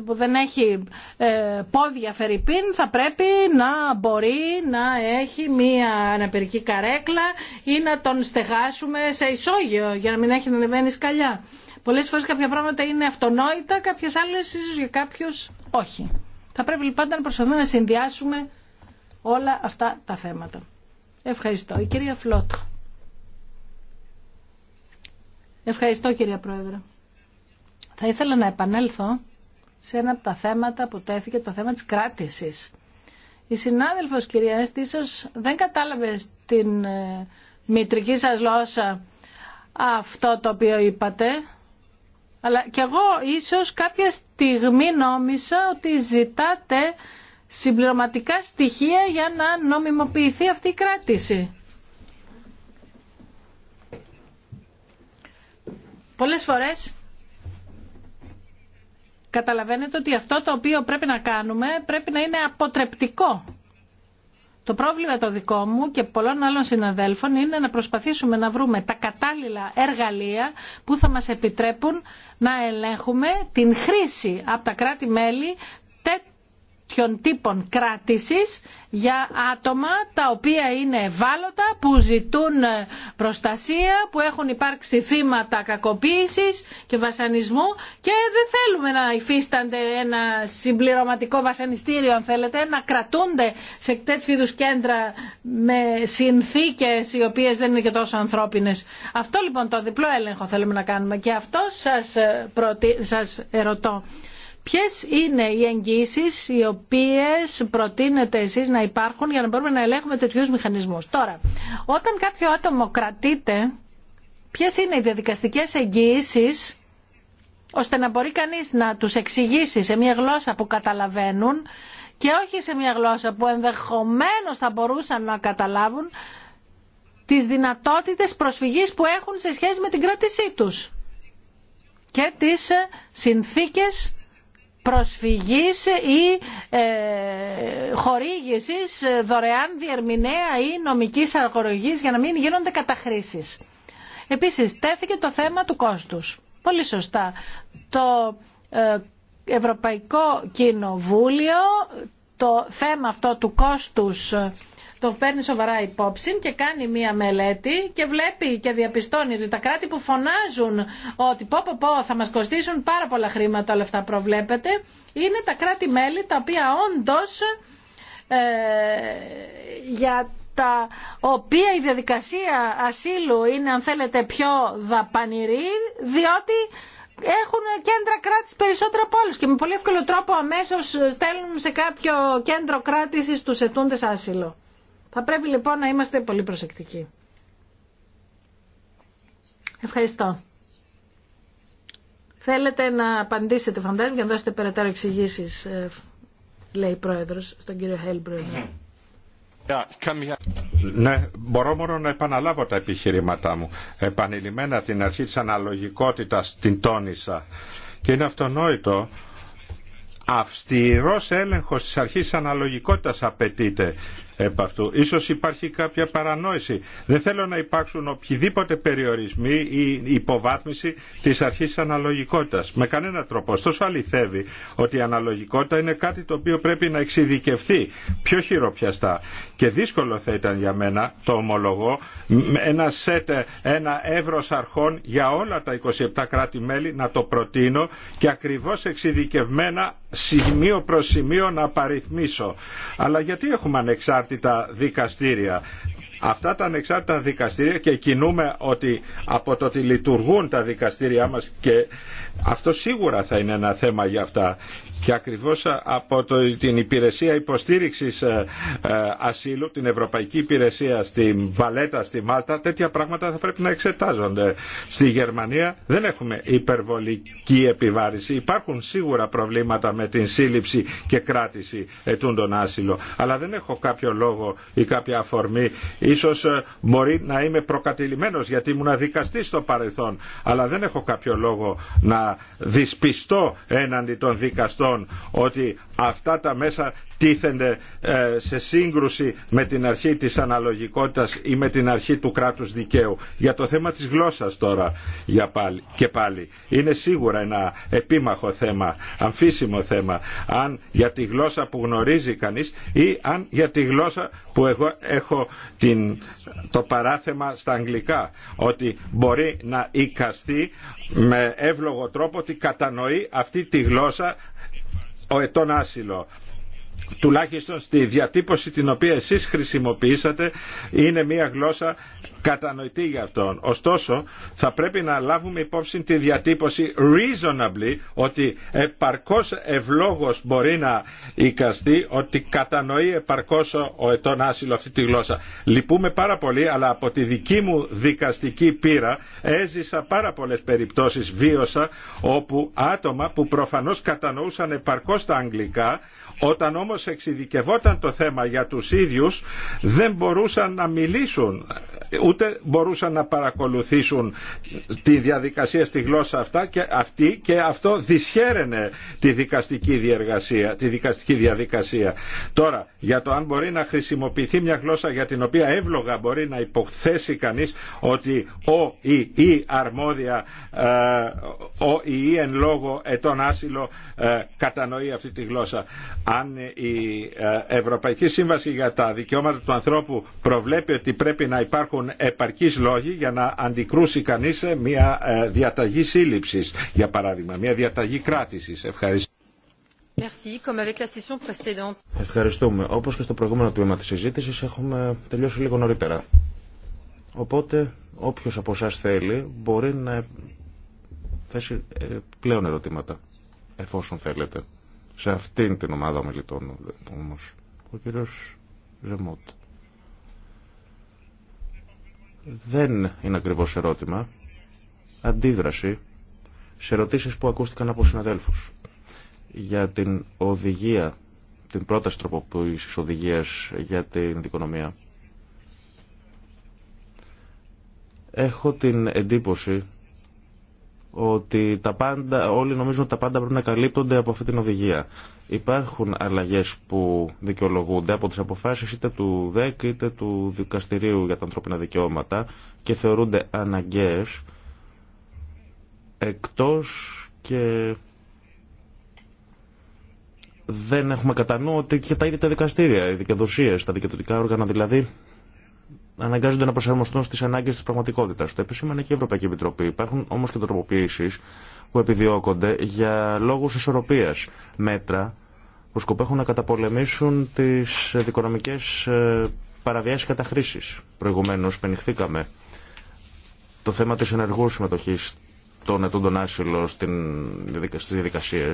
που δεν έχει ε, πόδια φερρυπίν θα πρέπει να μπορεί να έχει μία αναπηρική καρέκλα ή να τον στεγάσουμε σε ισόγειο για να μην έχει να ανεβαίνει σκαλιά. Πολλές φορές κάποια πράγματα είναι αυτονόητα, κάποιες άλλες ίσως για κάποιους όχι. Θα πρέπει λοιπόν να προσπαθούμε να συνδυάσουμε όλα αυτά τα θέματα. Ευχαριστώ. Η κυρία Φλότ. Ευχαριστώ κυρία Πρόεδρε. Θα ήθελα να επανέλθω σε ένα από τα θέματα που τέθηκε το θέμα της κράτησης. Η συνάδελφος κυρία Έστη ίσως δεν κατάλαβε στην ε, μητρική σας γλώσσα αυτό το οποίο είπατε, αλλά κι εγώ ίσως κάποια στιγμή νόμισα ότι ζητάτε συμπληρωματικά στοιχεία για να νομιμοποιηθεί αυτή η κράτηση. Πολλές φορές Καταλαβαίνετε ότι αυτό το οποίο πρέπει να κάνουμε πρέπει να είναι αποτρεπτικό. Το πρόβλημα το δικό μου και πολλών άλλων συναδέλφων είναι να προσπαθήσουμε να βρούμε τα κατάλληλα εργαλεία που θα μας επιτρέπουν να ελέγχουμε την χρήση από τα κράτη-μέλη τέτοιων τύπων κράτησης για άτομα τα οποία είναι ευάλωτα, που ζητούν ε, προστασία, που έχουν υπάρξει θύματα κακοποίησης και βασανισμού και δεν θέλουμε να υφίστανται ένα συμπληρωματικό βασανιστήριο αν θέλετε, να κρατούνται σε τέτοιου είδους κέντρα με συνθήκες οι οποίες δεν είναι και τόσο ανθρώπινες. Αυτό λοιπόν το διπλό έλεγχο θέλουμε να κάνουμε και αυτό σας, ε, σας ερωτώ. Ποιες είναι οι εγγύσεις οι οποίες προτείνετε εσείς να υπάρχουν για να μπορούμε να ελέγχουμε τέτοιου μηχανισμούς. Τώρα, όταν κάποιο άτομο κρατείται, ποιες είναι οι διαδικαστικές εγγύσεις ώστε να μπορεί κανείς να τους εξηγήσει σε μια γλώσσα που καταλαβαίνουν και όχι σε μια γλώσσα που ενδεχομένως θα μπορούσαν να καταλάβουν τις δυνατότητες προσφυγής που έχουν σε σχέση με την κράτησή τους και τις συνθήκες προσφυγής ή ε, χορήγησης δωρεάν διερμηνέα ή νομικής αγορογής για να μην γίνονται καταχρήσεις. Επίσης, τέθηκε το θέμα του κόστους. Πολύ σωστά. Το ε, Ευρωπαϊκό Κοινοβούλιο το θέμα αυτό του κόστους το παίρνει σοβαρά υπόψη και κάνει μία μελέτη και βλέπει και διαπιστώνει ότι τα κράτη που φωνάζουν ότι πω πω θα μας κοστίσουν πάρα πολλά χρήματα όλα αυτά προβλέπετε είναι τα κράτη-μέλη τα οποία όντως ε, για τα οποία η διαδικασία ασύλου είναι αν θέλετε πιο δαπανηρή διότι έχουν κέντρα κράτηση περισσότερο από όλου και με πολύ εύκολο τρόπο αμέσως στέλνουν σε κάποιο κέντρο κράτηση του ετούντες άσυλο. Θα πρέπει λοιπόν να είμαστε πολύ προσεκτικοί. Ευχαριστώ. Θέλετε να απαντήσετε, φαντάζομαι, για να δώσετε περαιτέρω εξηγήσει, ε, λέει η Πρόεδρο, στον κύριο Χέλμπρου. Ναι, μπορώ μόνο να επαναλάβω τα επιχειρήματά μου. Επανειλημμένα την αρχή της αναλογικότητας την τόνισα. Και είναι αυτονόητο αυστηρός έλεγχος της αρχής της αναλογικότητας απαιτείται επ' αυτού. Ίσως υπάρχει κάποια παρανόηση. Δεν θέλω να υπάρξουν οποιοδήποτε περιορισμοί ή υποβάθμιση της αρχής της αναλογικότητας. Με κανένα τρόπο. Ωστόσο αληθεύει ότι η αναλογικότητα είναι κάτι το οποίο πρέπει να εξειδικευθεί πιο χειροπιαστά. Και δύσκολο θα ήταν για μένα, το ομολογώ, ένα σετ, ένα εύρος αρχών για όλα τα 27 κράτη-μέλη να το προτείνω και ακριβώς εξειδικευμένα σημείο προς σημείο να παριθμίσω. Αλλά γιατί έχουμε ανεξάρτητα ανεξάρτητα δικαστήρια. Αυτά τα ανεξάρτητα δικαστήρια και κινούμε ότι από το ότι λειτουργούν τα δικαστήριά μας και αυτό σίγουρα θα είναι ένα θέμα για αυτά. Και ακριβώς από το, την υπηρεσία υποστήριξης ε, ε, ασύλου, την Ευρωπαϊκή Υπηρεσία στη Βαλέτα, στη Μάλτα, τέτοια πράγματα θα πρέπει να εξετάζονται. Στη Γερμανία δεν έχουμε υπερβολική επιβάρηση. Υπάρχουν σίγουρα προβλήματα με την σύλληψη και κράτηση ετούντων άσυλο. Αλλά δεν έχω κάποιο λόγο ή κάποια αφορμή. Ίσως ε, μπορεί να είμαι προκατηλημένος γιατί ήμουν δικαστή στο παρελθόν. Αλλά δεν έχω κάποιο λόγο να δυσπιστώ έναντι των δικαστών ότι αυτά τα μέσα τίθενται ε, σε σύγκρουση με την αρχή της αναλογικότητας ή με την αρχή του κράτους δικαίου. Για το θέμα της γλώσσας τώρα για πάλι, και πάλι είναι σίγουρα ένα επίμαχο θέμα, αμφίσιμο θέμα αν για τη γλώσσα που γνωρίζει κανείς ή αν για τη γλώσσα που εγώ έχω την, το παράθεμα στα αγγλικά ότι μπορεί να οικαστεί με εύλογο τρόπο ότι κατανοεί αυτή τη γλώσσα ο ετών άσυλο τουλάχιστον στη διατύπωση την οποία εσείς χρησιμοποιήσατε είναι μια γλώσσα κατανοητή για αυτόν. Ωστόσο θα πρέπει να λάβουμε υπόψη τη διατύπωση reasonably ότι επαρκώς ευλόγως μπορεί να εικαστεί ότι κατανοεί επαρκώς ο ετών άσυλο αυτή τη γλώσσα. Λυπούμε πάρα πολύ αλλά από τη δική μου δικαστική πείρα έζησα πάρα πολλές περιπτώσεις βίωσα όπου άτομα που προφανώς κατανοούσαν επαρκώς τα αγγλικά όταν όμως εξειδικευόταν το θέμα για τους ίδιους δεν μπορούσαν να μιλήσουν ούτε μπορούσαν να παρακολουθήσουν τη διαδικασία στη γλώσσα αυτά και αυτή και αυτό δυσχέραινε τη δικαστική, διεργασία, τη δικαστική διαδικασία. Τώρα, για το αν μπορεί να χρησιμοποιηθεί μια γλώσσα για την οποία εύλογα μπορεί να υποθέσει κανείς ότι ο ή η αρμόδια ε, ο ή η εν λόγω ετών άσυλο ε, κατανοεί αυτή τη γλώσσα. Αν η ε, Ευρωπαϊκή Σύμβαση για τα Δικαιώματα του Ανθρώπου προβλέπει ότι πρέπει να υπάρχουν υπάρχουν επαρκείς λόγοι για να αντικρούσει κανείς μια ε, διαταγή σύλληψης, για παράδειγμα, μια διαταγή κράτησης. Ευχαριστώ. Ευχαριστούμε. Όπως και στο προηγούμενο τμήμα της συζήτησης έχουμε τελειώσει λίγο νωρίτερα. Οπότε όποιος από εσά θέλει μπορεί να θέσει ε, πλέον ερωτήματα εφόσον θέλετε. Σε αυτήν την ομάδα ομιλητών όμως. Ο κύριος Ζεμότ δεν είναι ακριβώς ερώτημα, αντίδραση σε ερωτήσεις που ακούστηκαν από συναδέλφους για την οδηγία, την πρόταση τροποποίηση οδηγίας για την δικονομία. Έχω την εντύπωση ότι τα πάντα, όλοι νομίζουν ότι τα πάντα πρέπει να καλύπτονται από αυτή την οδηγία. Υπάρχουν αλλαγές που δικαιολογούνται από τις αποφάσεις είτε του ΔΕΚ είτε του Δικαστηρίου για τα ανθρώπινα δικαιώματα και θεωρούνται αναγκαίε εκτός και δεν έχουμε κατά νου ότι και τα ίδια τα δικαστήρια, οι δικαιοδοσίε, τα δικαιωτικά όργανα δηλαδή αναγκάζονται να προσαρμοστούν στι ανάγκε τη πραγματικότητα. Το επισήμανε και η Ευρωπαϊκή Επιτροπή. Υπάρχουν όμω και τροποποιήσει που επιδιώκονται για λόγου ισορροπία. Μέτρα που σκοπεύουν να καταπολεμήσουν τι δικονομικέ ε, παραβιάσει καταχρήσει. Προηγουμένω, πενιχθήκαμε το θέμα τη ενεργού συμμετοχή των ετούντων άσυλο στι διαδικασίε.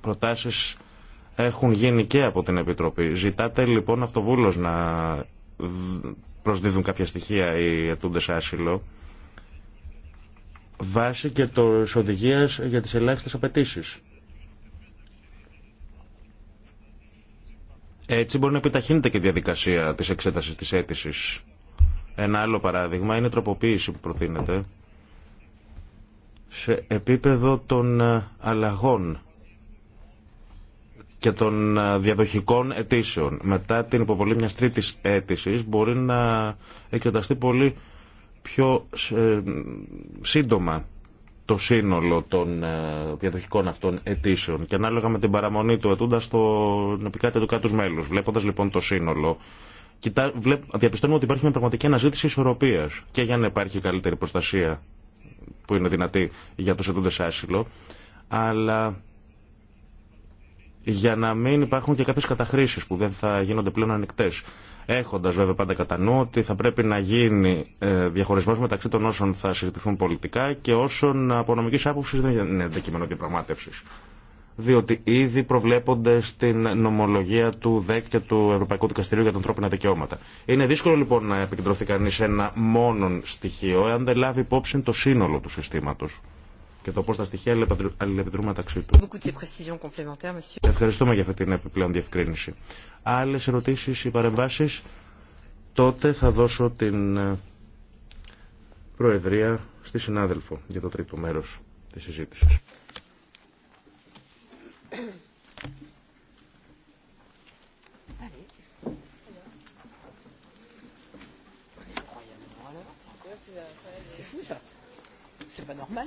Προτάσεις έχουν γίνει και από την Επιτροπή. Ζητάτε λοιπόν αυτοβούλως να προσδίδουν κάποια στοιχεία οι ετούντε άσυλο βάσει και το οδηγία για τις ελάχιστες απαιτήσει. Έτσι μπορεί να επιταχύνεται και η διαδικασία της εξέτασης της αίτηση. Ένα άλλο παράδειγμα είναι η τροποποίηση που προτείνεται σε επίπεδο των ε, αλλαγών και των ε, διαδοχικών αιτήσεων. Μετά την υποβολή μια τρίτη αίτηση μπορεί να εξεταστεί πολύ πιο ε, σύντομα το σύνολο των ε, διαδοχικών αυτών αιτήσεων και ανάλογα με την παραμονή του αιτούντα στον επικράτη του κάτω μέλους. Βλέποντας λοιπόν το σύνολο, κοιτά, βλέπ, διαπιστώνουμε ότι υπάρχει μια πραγματική αναζήτηση ισορροπίας και για να υπάρχει καλύτερη προστασία που είναι δυνατή για τους αιτούντες άσυλο, αλλά για να μην υπάρχουν και κάποιε καταχρήσει που δεν θα γίνονται πλέον ανοιχτέ, έχοντα βέβαια πάντα κατά νου ότι θα πρέπει να γίνει ε, διαχωρισμό μεταξύ των όσων θα συζητηθούν πολιτικά και όσων από νομική άποψης δεν είναι αντικείμενο διαπραγματεύση. διότι ήδη προβλέπονται στην νομολογία του ΔΕΚ και του Ευρωπαϊκού Δικαστηρίου για τα ανθρώπινα δικαιώματα. Είναι δύσκολο λοιπόν να επικεντρωθεί κανεί σε ένα μόνο στοιχείο, εάν δεν λάβει υπόψη το σύνολο του συστήματο και το πώ τα στοιχεία αλληλεπιδρούν μεταξύ του. Ευχαριστούμε για αυτή την επιπλέον διευκρίνηση. Άλλε ερωτήσει ή παρεμβάσει τότε θα δώσω την ε, Προεδρία στη συνάδελφο για το τρίτο μέρο τη συζήτηση. C'est pas normal.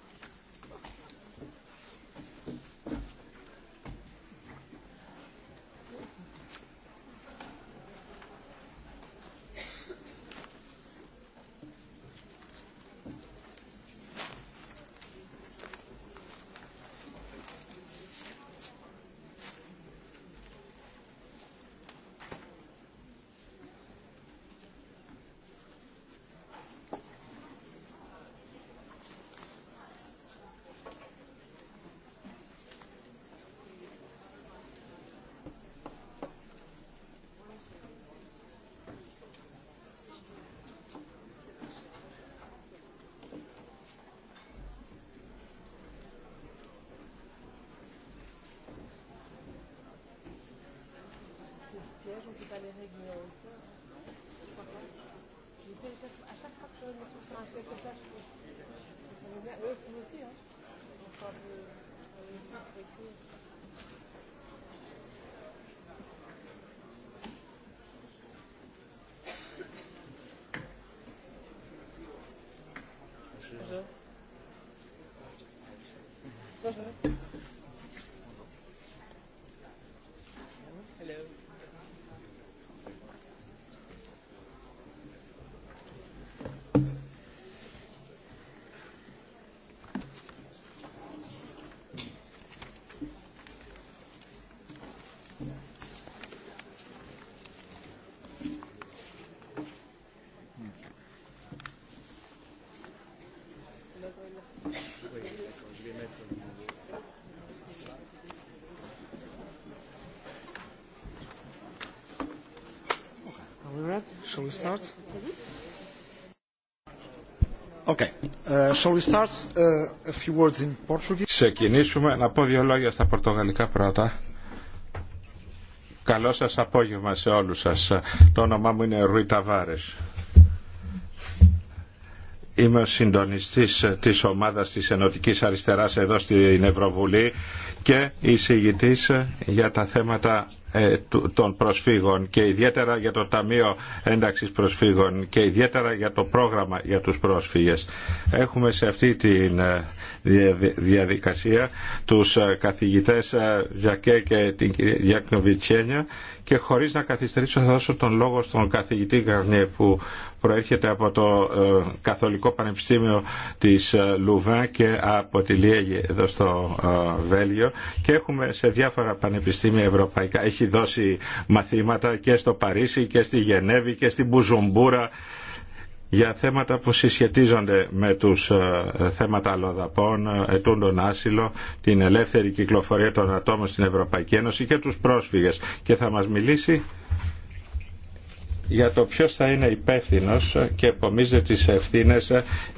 Hello. Shall we start? Okay. Uh, shall we start? Uh, a few words in Portuguese. Ξεκινήσουμε. Να πω δύο λόγια στα πορτογαλικά πρώτα. Καλό σας απόγευμα σε όλους σας. Το όνομά μου είναι Ρουί Ταβάρες. Είμαι ο συντονιστής της ομάδας της Ενωτικής Αριστεράς εδώ στην Ευρωβουλή και εισηγητής για τα θέματα ε, των προσφύγων και ιδιαίτερα για το Ταμείο Ένταξης Προσφύγων και ιδιαίτερα για το πρόγραμμα για τους πρόσφυγες. Έχουμε σε αυτή τη ε, διαδικασία τους ε, καθηγητές Ζακέ και την κυρία Γιακνοβιτσένια και χωρίς να καθυστερήσω θα δώσω τον λόγο στον καθηγητή Γαρνιέ που προέρχεται από το ε, Καθολικό Πανεπιστήμιο της ε, Λουβά και από τη Λιέγη εδώ στο ε, Βέλγιο και έχουμε σε διάφορα πανεπιστήμια ευρωπαϊκά. Έχει δώσει μαθήματα και στο Παρίσι και στη Γενέβη και στην Μπουζουμπούρα για θέματα που συσχετίζονται με τους θέματα αλλοδαπών, τον άσυλο, την ελεύθερη κυκλοφορία των ατόμων στην Ευρωπαϊκή Ένωση και τους πρόσφυγες. Και θα μας μιλήσει για το ποιος θα είναι υπεύθυνο και επομίζεται τις ευθύνες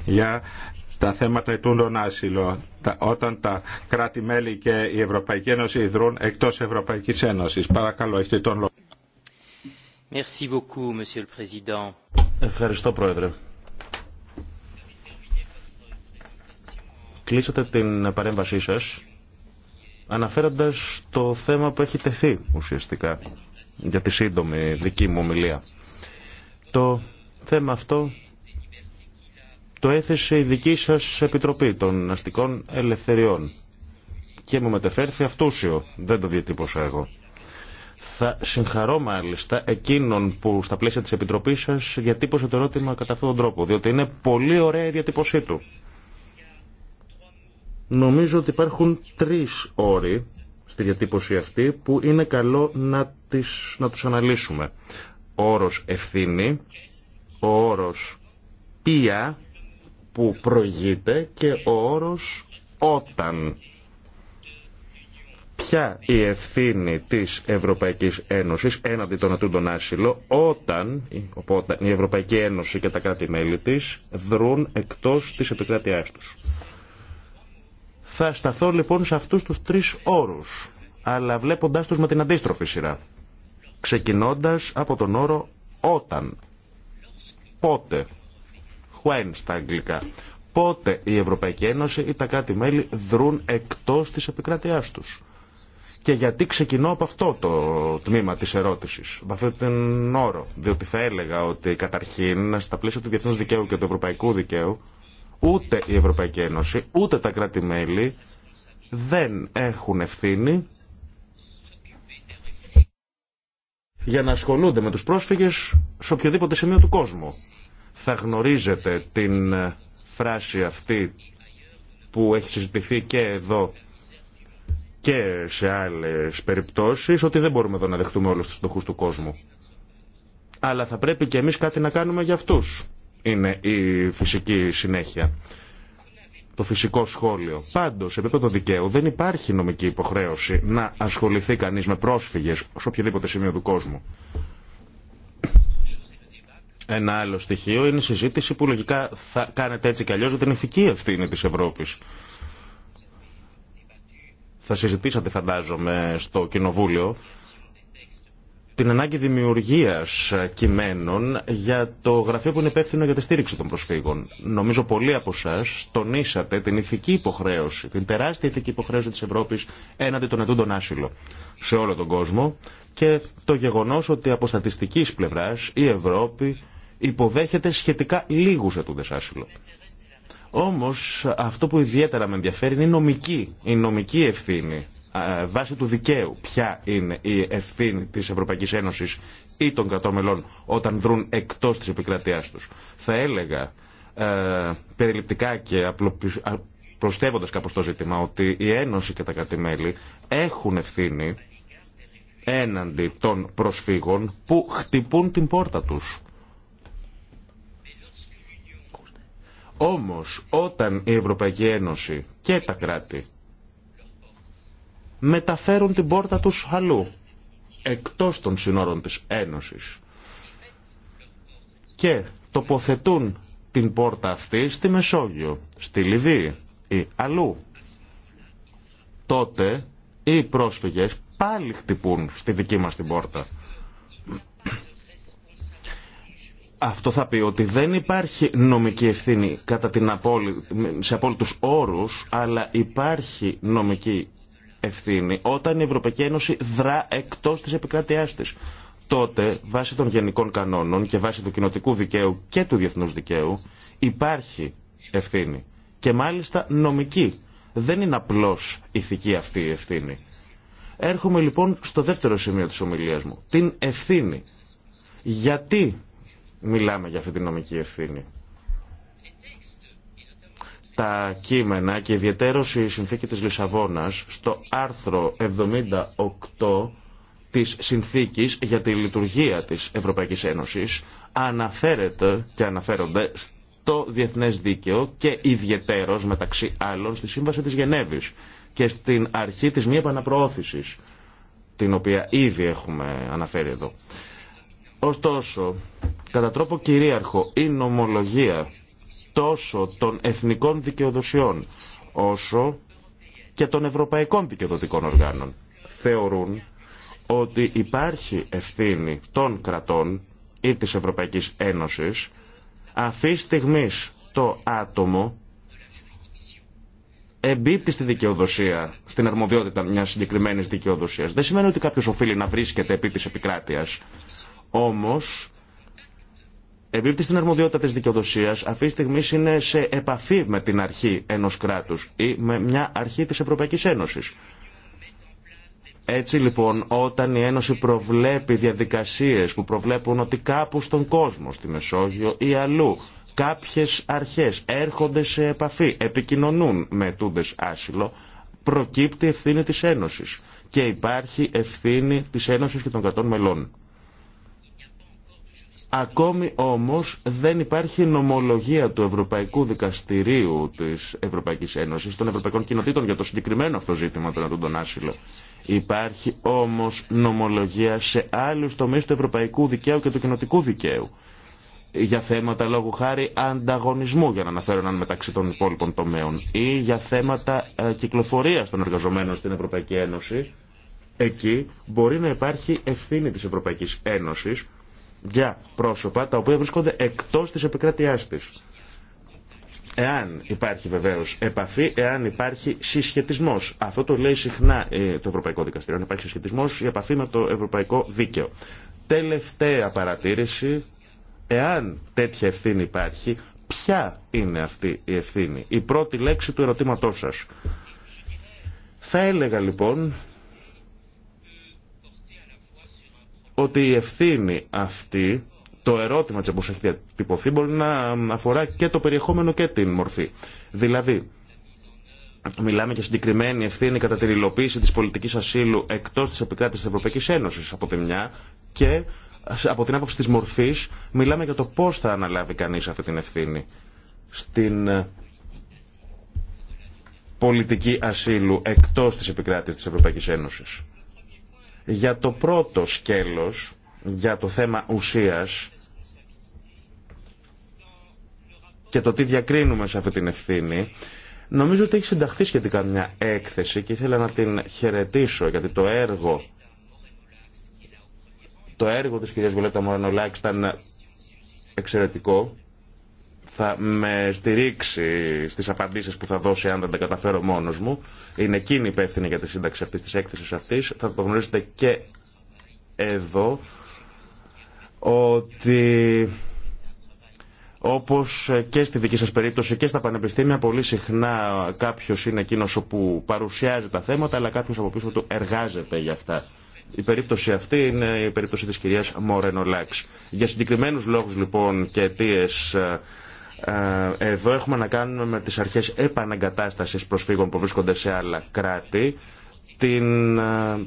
για τα θέματα ετούντων άσυλο όταν τα κράτη-μέλη και η Ευρωπαϊκή Ένωση ιδρούν εκτός Ευρωπαϊκής Ένωσης. Παρακαλώ, έχετε τον λόγο. Ευχαριστώ, Πρόεδρε. Κλείσατε την παρέμβασή σας αναφέροντας το θέμα που έχει τεθεί ουσιαστικά για τη σύντομη δική μου ομιλία. Το θέμα αυτό το έθεσε η δική σας Επιτροπή των Αστικών Ελευθεριών και μου μετεφέρθη αυτούσιο, δεν το διατύπωσα εγώ. Θα συγχαρώ μάλιστα εκείνον που στα πλαίσια της Επιτροπής σας διατύπωσε το ερώτημα κατά αυτόν τον τρόπο, διότι είναι πολύ ωραία η διατύπωσή του. Νομίζω ότι υπάρχουν τρεις όροι στη διατύπωση αυτή που είναι καλό να, τις, να τους αναλύσουμε. Ο όρος ευθύνη, ο όρος ποια που προηγείται και ο όρος όταν. Ποια η ευθύνη της Ευρωπαϊκής Ένωσης έναντι των ατούντων άσυλο όταν οπότε, η Ευρωπαϊκή Ένωση και τα κράτη-μέλη της δρούν εκτός της επικράτειάς τους. Θα σταθώ λοιπόν σε αυτούς τους τρεις όρους, αλλά βλέποντάς τους με την αντίστροφη σειρά. Ξεκινώντας από τον όρο «όταν». Πότε. When στα αγγλικά. Πότε η Ευρωπαϊκή Ένωση ή τα κράτη-μέλη δρούν εκτός της επικράτειάς τους. Και γιατί ξεκινώ από αυτό το τμήμα της ερώτησης, από αυτόν τον όρο. Διότι θα έλεγα ότι καταρχήν στα πλαίσια του διεθνούς δικαίου και του ευρωπαϊκού δικαίου Ούτε η Ευρωπαϊκή Ένωση, ούτε τα κράτη-μέλη δεν έχουν ευθύνη για να ασχολούνται με τους πρόσφυγες σε οποιοδήποτε σημείο του κόσμου. Θα γνωρίζετε την φράση αυτή που έχει συζητηθεί και εδώ και σε άλλες περιπτώσεις ότι δεν μπορούμε εδώ να δεχτούμε όλους τους φτωχούς του κόσμου. Αλλά θα πρέπει και εμείς κάτι να κάνουμε για αυτούς είναι η φυσική συνέχεια, το φυσικό σχόλιο. Πάντω, σε επίπεδο δικαίου δεν υπάρχει νομική υποχρέωση να ασχοληθεί κανείς με πρόσφυγες σε οποιοδήποτε σημείο του κόσμου. Ένα άλλο στοιχείο είναι η συζήτηση που λογικά θα κάνετε έτσι κι αλλιώ για την ηθική ευθύνη τη Ευρώπη. Θα συζητήσατε φαντάζομαι στο Κοινοβούλιο την ανάγκη δημιουργία κειμένων για το γραφείο που είναι υπεύθυνο για τη στήριξη των προσφύγων. Νομίζω πολλοί από εσά τονίσατε την ηθική υποχρέωση, την τεράστια ηθική υποχρέωση τη Ευρώπη έναντι των ετούντων άσυλο σε όλο τον κόσμο και το γεγονό ότι από στατιστική πλευρά η Ευρώπη υποδέχεται σχετικά λίγου ετούντε άσυλο. Όμω αυτό που ιδιαίτερα με ενδιαφέρει είναι νομική, η νομική ευθύνη ε, βάσει του δικαίου ποια είναι η ευθύνη της Ευρωπαϊκής Ένωσης ή των κρατών όταν δρούν εκτός της επικρατείας τους. Θα έλεγα ε, περιληπτικά και προστεύοντα προστεύοντας κάπως το ζήτημα ότι η Ένωση και τα κρατημέλη έχουν ευθύνη έναντι των προσφύγων που χτυπούν την πόρτα τους. Όμως όταν η Ευρωπαϊκή Ένωση και τα κράτη μεταφέρουν την πόρτα τους αλλού, εκτός των συνόρων της Ένωσης. Και τοποθετούν την πόρτα αυτή στη Μεσόγειο, στη Λιβύη ή αλλού. Τότε οι πρόσφυγες πάλι χτυπούν στη δική μας την πόρτα. Αυτό θα πει ότι δεν υπάρχει νομική ευθύνη κατά την απόλυ... σε απόλυτους όρους, αλλά υπάρχει νομική ευθύνη όταν η Ευρωπαϊκή Ένωση δρά εκτός της επικράτειάς της. Τότε, βάσει των γενικών κανόνων και βάσει του κοινοτικού δικαίου και του διεθνού δικαίου, υπάρχει ευθύνη. Και μάλιστα νομική. Δεν είναι απλώς ηθική αυτή η ευθύνη. Έρχομαι λοιπόν στο δεύτερο σημείο της ομιλίας μου. Την ευθύνη. Γιατί μιλάμε για αυτή την νομική ευθύνη τα κείμενα και ιδιαίτερω η συνθήκη της Λισαβόνας στο άρθρο 78 της συνθήκης για τη λειτουργία της Ευρωπαϊκής Ένωσης αναφέρεται και αναφέρονται στο διεθνές δίκαιο και ιδιαίτερος μεταξύ άλλων στη Σύμβαση της Γενέβης και στην αρχή της μη επαναπροώθησης την οποία ήδη έχουμε αναφέρει εδώ. Ωστόσο, κατά τρόπο κυρίαρχο, η νομολογία τόσο των εθνικών δικαιοδοσιών όσο και των ευρωπαϊκών δικαιοδοτικών οργάνων. Θεωρούν ότι υπάρχει ευθύνη των κρατών ή της Ευρωπαϊκής Ένωσης αφή στιγμή το άτομο εμπίπτει στη δικαιοδοσία, στην αρμοδιότητα μιας συγκεκριμένης δικαιοδοσίας. Δεν σημαίνει ότι κάποιος οφείλει να βρίσκεται επί της επικράτειας. Όμως, εμπίπτει στην αρμοδιότητα της δικαιοδοσίας αυτή τη στιγμή είναι σε επαφή με την αρχή ενός κράτους ή με μια αρχή της Ευρωπαϊκής Ένωσης. Έτσι λοιπόν όταν η Ένωση προβλέπει διαδικασίες που προβλέπουν ότι κάπου στον κόσμο, στη Μεσόγειο ή αλλού κάποιες αρχές έρχονται σε επαφή, επικοινωνούν με τούντες άσυλο, προκύπτει ευθύνη της Ένωσης και υπάρχει ευθύνη της Ένωσης και των κρατών μελών. Ακόμη όμως δεν υπάρχει νομολογία του Ευρωπαϊκού Δικαστηρίου της Ευρωπαϊκής Ένωσης, των Ευρωπαϊκών Κοινοτήτων για το συγκεκριμένο αυτό ζήτημα του Ανατούν Άσυλο. Υπάρχει όμως νομολογία σε άλλους τομείς του Ευρωπαϊκού Δικαίου και του Κοινοτικού Δικαίου για θέματα λόγου χάρη ανταγωνισμού, για να αναφέρω έναν μεταξύ των υπόλοιπων τομέων, ή για θέματα ε, κυκλοφορίας των εργαζομένων στην Ευρωπαϊκή Ένωση, εκεί μπορεί να υπάρχει ευθύνη της Ευρωπαϊκής Ένωσης για πρόσωπα τα οποία βρίσκονται εκτός της επικράτειάς της. Εάν υπάρχει βεβαίως επαφή, εάν υπάρχει συσχετισμός. Αυτό το λέει συχνά ε, το Ευρωπαϊκό Δικαστήριο. Αν υπάρχει συσχετισμός, η επαφή με το Ευρωπαϊκό Δίκαιο. Τελευταία παρατήρηση, εάν τέτοια ευθύνη υπάρχει, ποια είναι αυτή η ευθύνη. Η πρώτη λέξη του ερωτήματός σας. Θα έλεγα λοιπόν ότι η ευθύνη αυτή, το ερώτημα της όπως έχει διατυπωθεί, μπορεί να αφορά και το περιεχόμενο και την μορφή. Δηλαδή, μιλάμε για συγκεκριμένη ευθύνη κατά την υλοποίηση της πολιτικής ασύλου εκτός της επικράτησης της Ευρωπαϊκής Ένωσης από τη μια και από την άποψη της μορφής μιλάμε για το πώς θα αναλάβει κανείς αυτή την ευθύνη στην ε, πολιτική ασύλου εκτός της επικράτησης της Ευρωπαϊκής Ένωσης. Για το πρώτο σκέλος, για το θέμα ουσίας και το τι διακρίνουμε σε αυτή την ευθύνη, νομίζω ότι έχει συνταχθεί σχετικά μια έκθεση και ήθελα να την χαιρετήσω γιατί το έργο το έργο της κυρίας Βουλέτα Μορανολάκη ήταν εξαιρετικό θα με στηρίξει στις απαντήσεις που θα δώσει αν δεν τα καταφέρω μόνος μου. Είναι εκείνη υπεύθυνη για τη σύνταξη αυτή τη έκθεση αυτή. Θα το γνωρίζετε και εδώ ότι όπως και στη δική σας περίπτωση και στα πανεπιστήμια πολύ συχνά κάποιος είναι εκείνος που παρουσιάζει τα θέματα αλλά κάποιος από πίσω του εργάζεται για αυτά. Η περίπτωση αυτή είναι η περίπτωση της κυρίας Μορενολάξ. Για συγκεκριμένους λόγους λοιπόν και αιτίες... Εδώ έχουμε να κάνουμε με τις αρχές επαναγκατάστασης προσφύγων που βρίσκονται σε άλλα κράτη, την,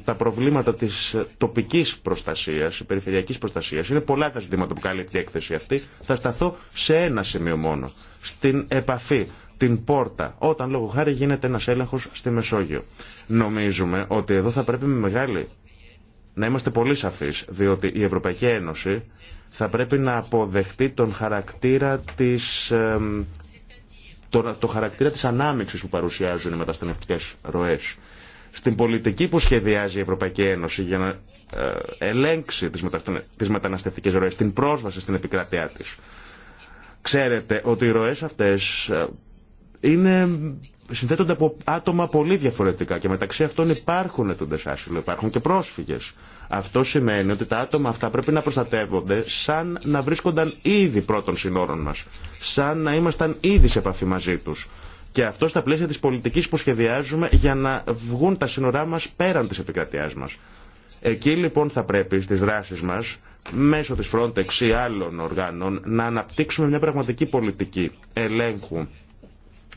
τα προβλήματα της τοπικής προστασίας, περιφερειακής προστασίας. Είναι πολλά τα ζητήματα που καλύπτει η έκθεση αυτή. Θα σταθώ σε ένα σημείο μόνο, στην επαφή την πόρτα, όταν λόγω χάρη γίνεται ένας έλεγχος στη Μεσόγειο. Νομίζουμε ότι εδώ θα πρέπει με μεγάλη να είμαστε πολύ σαφείς, διότι η Ευρωπαϊκή Ένωση θα πρέπει να αποδεχτεί τον χαρακτήρα της, το, το χαρακτήρα της ανάμειξης που παρουσιάζουν οι μεταστανευτικές ροές. Στην πολιτική που σχεδιάζει η Ευρωπαϊκή Ένωση για να ε, ελέγξει τις, μεταναστευτικέ τις μεταναστευτικές ροές, την πρόσβαση στην επικράτειά της. Ξέρετε ότι οι ροές αυτές ε, είναι συνθέτονται από άτομα πολύ διαφορετικά και μεταξύ αυτών υπάρχουν ετούντες άσυλο, υπάρχουν και πρόσφυγε. Αυτό σημαίνει ότι τα άτομα αυτά πρέπει να προστατεύονται σαν να βρίσκονταν ήδη πρώτων συνόρων μα, σαν να ήμασταν ήδη σε επαφή μαζί του. Και αυτό στα πλαίσια τη πολιτική που σχεδιάζουμε για να βγουν τα σύνορά μα πέραν τη επικρατεία μα. Εκεί λοιπόν θα πρέπει στι δράσει μα μέσω τη Frontex ή άλλων οργάνων να αναπτύξουμε μια πραγματική πολιτική ελέγχου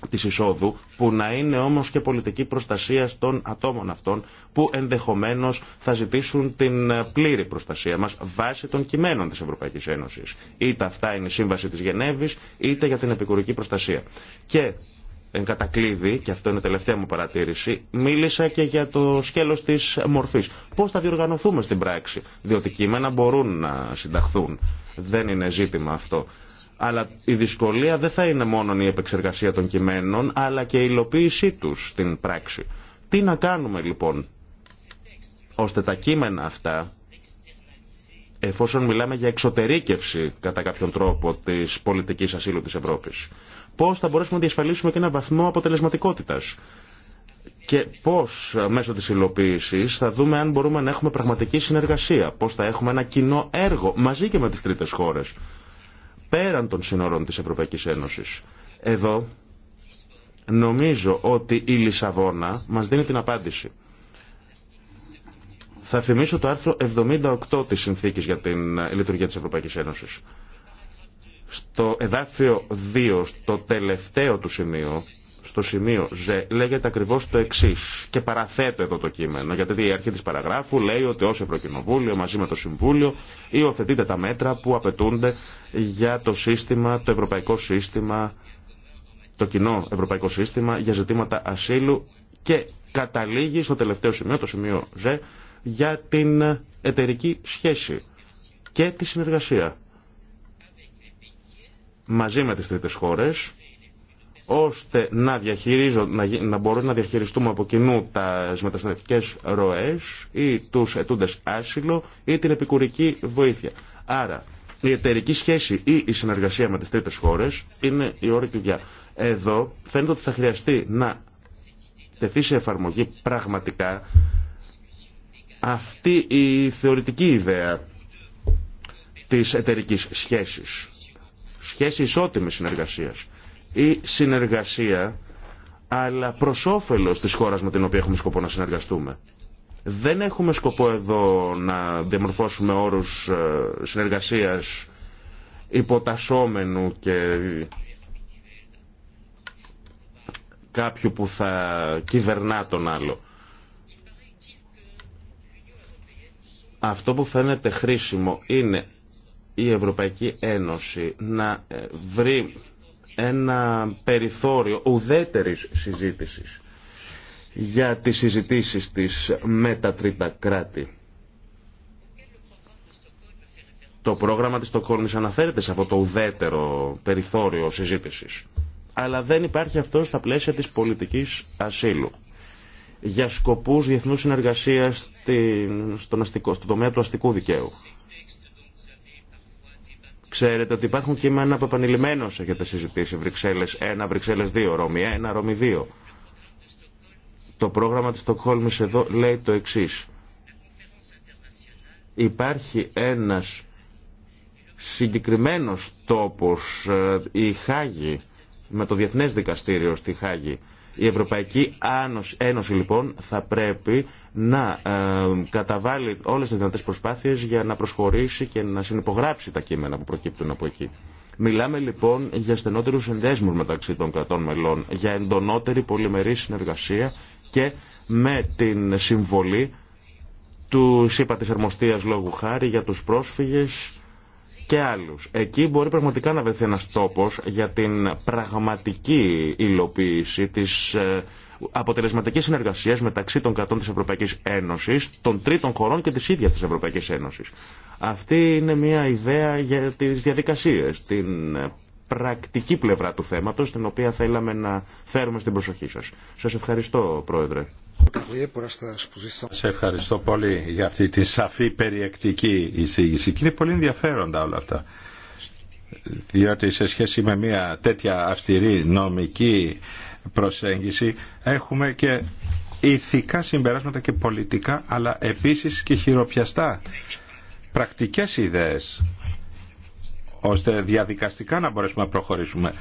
της εισόδου που να είναι όμως και πολιτική προστασία των ατόμων αυτών που ενδεχομένως θα ζητήσουν την ε, πλήρη προστασία μας βάσει των κειμένων της Ευρωπαϊκής Ένωσης. Είτε αυτά είναι η Σύμβαση της Γενέβης είτε για την επικουρική προστασία. Και εν κατακλείδη, και αυτό είναι η τελευταία μου παρατήρηση, μίλησα και για το σκέλο τη μορφή πώ θα διοργανωθούμε στην πράξη, διότι κείμενα μπορούν να συνταχθούν. Δεν είναι ζήτημα αυτό. Αλλά η δυσκολία δεν θα είναι μόνο η επεξεργασία των κειμένων, αλλά και η υλοποίησή τους στην πράξη. Τι να κάνουμε λοιπόν, ώστε τα κείμενα αυτά, εφόσον μιλάμε για εξωτερήκευση κατά κάποιον τρόπο τη πολιτική ασύλου τη Ευρώπη. Πώ θα μπορέσουμε να διασφαλίσουμε και ένα βαθμό αποτελεσματικότητα. και πώ μέσω τη υλοποίηση θα δούμε αν μπορούμε να έχουμε πραγματική συνεργασία, πώ θα έχουμε ένα κοινό έργο μαζί και με τι τρίτε χώρε πέραν των σύνορων της Ευρωπαϊκής Ένωσης. Εδώ νομίζω ότι η Λισαβόνα μας δίνει την απάντηση. Θα θυμίσω το άρθρο 78 της Συνθήκης για την λειτουργία της Ευρωπαϊκής Ένωσης. Στο εδάφιο 2, στο τελευταίο του σημείο, στο σημείο Ζ λέγεται ακριβώ το εξή. Και παραθέτω εδώ το κείμενο, γιατί η αρχή τη παραγράφου λέει ότι ω Ευρωκοινοβούλιο μαζί με το Συμβούλιο υιοθετείτε τα μέτρα που απαιτούνται για το σύστημα, το ευρωπαϊκό σύστημα, το κοινό ευρωπαϊκό σύστημα για ζητήματα ασύλου και καταλήγει στο τελευταίο σημείο, το σημείο Ζ, για την εταιρική σχέση και τη συνεργασία μαζί με τις τρίτες χώρες ώστε να, να, να μπορούμε να διαχειριστούμε από κοινού τα μεταστατικές ροές ή τους ετούντες άσυλο ή την επικουρική βοήθεια. Άρα, η εταιρική σχέση ή η συνεργασία με τι τρίτε χώρες είναι η όρη κλειδιά. Εδώ φαίνεται ότι θα χρειαστεί να τεθεί σε εφαρμογή πραγματικά αυτή η θεωρητική ιδέα της εταιρικής σχέσης. Σχέση ισότιμης συνεργασίας ή συνεργασία, αλλά προ όφελο τη χώρα με την οποία έχουμε σκοπό να συνεργαστούμε. Δεν έχουμε σκοπό εδώ να διαμορφώσουμε όρου ε, συνεργασία υποτασσόμενου και κάποιου που θα κυβερνά τον άλλο. Αυτό που φαίνεται χρήσιμο είναι η Ευρωπαϊκή Ένωση να ε, βρει ένα περιθώριο ουδέτερης συζήτησης για τις συζητήσεις της με τα τρίτα κράτη. Το πρόγραμμα της Στοκόλμης αναφέρεται σε αυτό το ουδέτερο περιθώριο συζήτησης. Αλλά δεν υπάρχει αυτό στα πλαίσια της πολιτικής ασύλου. Για σκοπούς διεθνούς συνεργασίας αστικό, στον τομέα του αστικού δικαίου. Ξέρετε ότι υπάρχουν κείμενα που επανειλημμένω έχετε συζητήσει Βρυξέλλε 1, Βρυξέλλε 2, Ρώμη 1, Ρώμη 2. Το πρόγραμμα τη Στοκχόλμη εδώ λέει το εξή. Υπάρχει ένα συγκεκριμένο τόπο, ε, η Χάγη, με το Διεθνέ Δικαστήριο στη Χάγη. Η Ευρωπαϊκή Ένωση λοιπόν θα πρέπει να ε, καταβάλει όλες τις δυνατές προσπάθειες για να προσχωρήσει και να συνυπογράψει τα κείμενα που προκύπτουν από εκεί. Μιλάμε λοιπόν για στενότερους ενδέσμους μεταξύ των κρατών μελών, για εντονότερη πολυμερή συνεργασία και με την συμβολή του ΣΥΠΑ της Αρμοστίας Λόγου Χάρη για τους πρόσφυγες και άλλους. Εκεί μπορεί πραγματικά να βρεθεί ένας τόπος για την πραγματική υλοποίηση της ε, αποτελεσματικές συνεργασίες μεταξύ των κρατών τη Ευρωπαϊκή Ένωση, των τρίτων χωρών και τη ίδια τη Ευρωπαϊκή Ένωση. Αυτή είναι μια ιδέα για τι διαδικασίε, την πρακτική πλευρά του θέματος, την οποία θέλαμε να φέρουμε στην προσοχή σας. Σας ευχαριστώ, Πρόεδρε. Σε ευχαριστώ πολύ για αυτή τη σαφή περιεκτική εισήγηση. Και είναι πολύ ενδιαφέροντα όλα αυτά. Διότι σε σχέση με μια τέτοια αυστηρή νομική προσέγγιση έχουμε και ηθικά συμπεράσματα και πολιτικά αλλά επίσης και χειροπιαστά πρακτικές ιδέες ώστε διαδικαστικά να μπορέσουμε να προχωρήσουμε.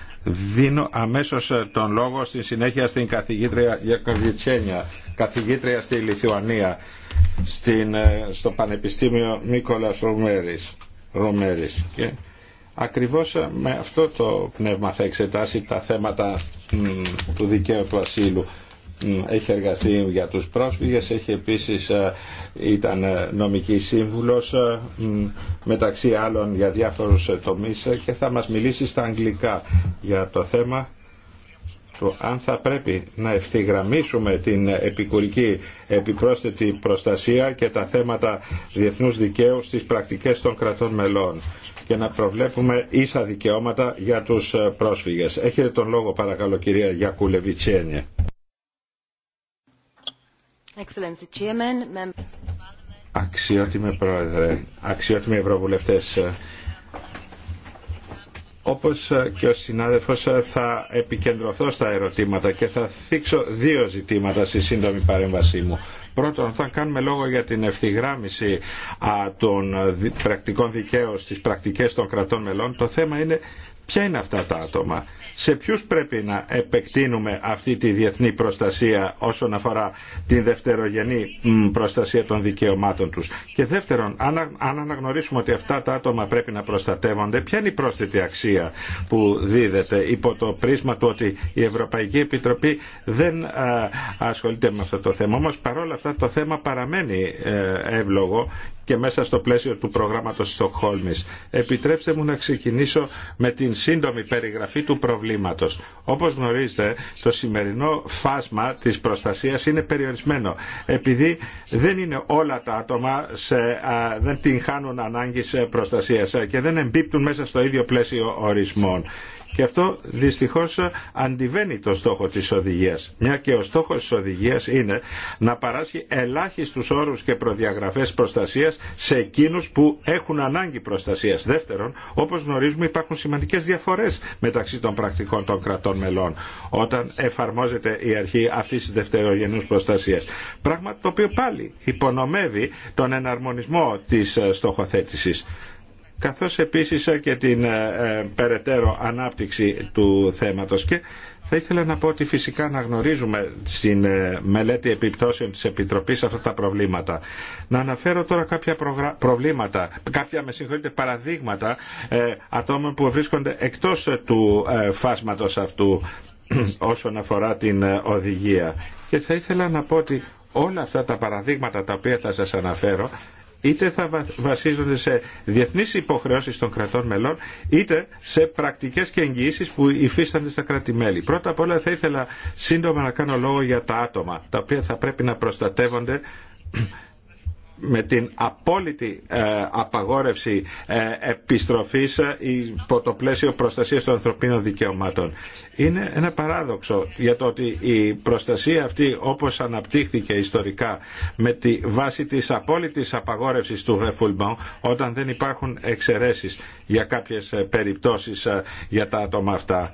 Δίνω αμέσως τον λόγο στη συνέχεια στην καθηγήτρια Γιακοβιτσένια, καθηγήτρια στη Λιθουανία, στην, στο Πανεπιστήμιο Μίκολας Ρομέρης. Ρομέρης. Ακριβώς ε, με αυτό το πνεύμα θα εξετάσει τα θέματα του δικαίου του ασύλου. Έχει εργαστεί για τους πρόσφυγες, έχει επίσης ε, ήταν ε, νομική σύμβουλος μεταξύ άλλων για διάφορους τομείς και θα μας μιλήσει στα αγγλικά για το θέμα του αν θα πρέπει να ευθυγραμμίσουμε την επικουρική επιπρόσθετη προστασία και τα θέματα διεθνούς δικαίου στις πρακτικές των κρατών μελών και να προβλέπουμε ίσα δικαιώματα για τους ε, πρόσφυγες. Έχετε τον λόγο παρακαλώ κυρία Γιακούλεβιτσένια. Αξιότιμε Πρόεδρε, αξιότιμοι Ευρωβουλευτές, ε, όπως ε, και ο συνάδελφος θα επικεντρωθώ στα ερωτήματα και θα θίξω δύο ζητήματα στη σύντομη παρέμβασή μου. Πρώτον, όταν κάνουμε λόγο για την ευθυγράμμιση των πρακτικών δικαίων στις πρακτικές των κρατών μελών, το θέμα είναι ποια είναι αυτά τα άτομα σε ποιους πρέπει να επεκτείνουμε αυτή τη διεθνή προστασία όσον αφορά την δευτερογενή προστασία των δικαιωμάτων τους. Και δεύτερον, αν αναγνωρίσουμε ότι αυτά τα άτομα πρέπει να προστατεύονται, ποια είναι η πρόσθετη αξία που δίδεται υπό το πρίσμα του ότι η Ευρωπαϊκή Επιτροπή δεν ασχολείται με αυτό το θέμα. Όμως παρόλα αυτά το θέμα παραμένει ε, εύλογο και μέσα στο πλαίσιο του προγράμματος Στοκχόλμης. Επιτρέψτε μου να ξεκινήσω με την σύντομη περιγραφή του προβλήματος προβλήματος. Όπως γνωρίζετε, το σημερινό φάσμα της προστασίας είναι περιορισμένο, επειδή δεν είναι όλα τα άτομα, δεν την χάνουν σε προστασίας και δεν εμπίπτουν μέσα στο ίδιο πλαίσιο ορισμών. Και αυτό δυστυχώς αντιβαίνει το στόχο της οδηγίας. Μια και ο στόχος της οδηγίας είναι να παράσχει ελάχιστους όρους και προδιαγραφές προστασίας σε εκείνους που έχουν ανάγκη προστασίας. Δεύτερον, όπως γνωρίζουμε υπάρχουν σημαντικές διαφορές μεταξύ των πρακτικών των κρατών μελών όταν εφαρμόζεται η αρχή αυτή τη δευτερογενούς προστασίας. Πράγμα το οποίο πάλι υπονομεύει τον εναρμονισμό της ε, στοχοθέτησης καθώς επίσης και την ε, ε, περαιτέρω ανάπτυξη του θέματος. Και θα ήθελα να πω ότι φυσικά να γνωρίζουμε στην ε, μελέτη επιπτώσεων της Επιτροπής αυτά τα προβλήματα. Να αναφέρω τώρα κάποια προβλήματα, κάποια με παραδείγματα ατόμων που βρίσκονται εκτός του φάσματος αυτού όσον αφορά την οδηγία. Και θα ήθελα να πω ότι όλα αυτά τα παραδείγματα τα οποία θα σας αναφέρω είτε θα βασίζονται σε διεθνείς υποχρεώσεις των κρατών μελών, είτε σε πρακτικές και εγγυήσεις που υφίστανται στα κράτη-μέλη. Πρώτα απ' όλα θα ήθελα σύντομα να κάνω λόγο για τα άτομα, τα οποία θα πρέπει να προστατεύονται με την απόλυτη ε, απαγόρευση ε, επιστροφής ε, υπό το πλαίσιο προστασίας των ανθρωπίνων δικαιωμάτων. Είναι ένα παράδοξο για το ότι η προστασία αυτή όπως αναπτύχθηκε ιστορικά με τη βάση της απόλυτης απαγόρευσης του refoulement όταν δεν υπάρχουν εξαιρέσεις για κάποιες περιπτώσεις για τα άτομα αυτά.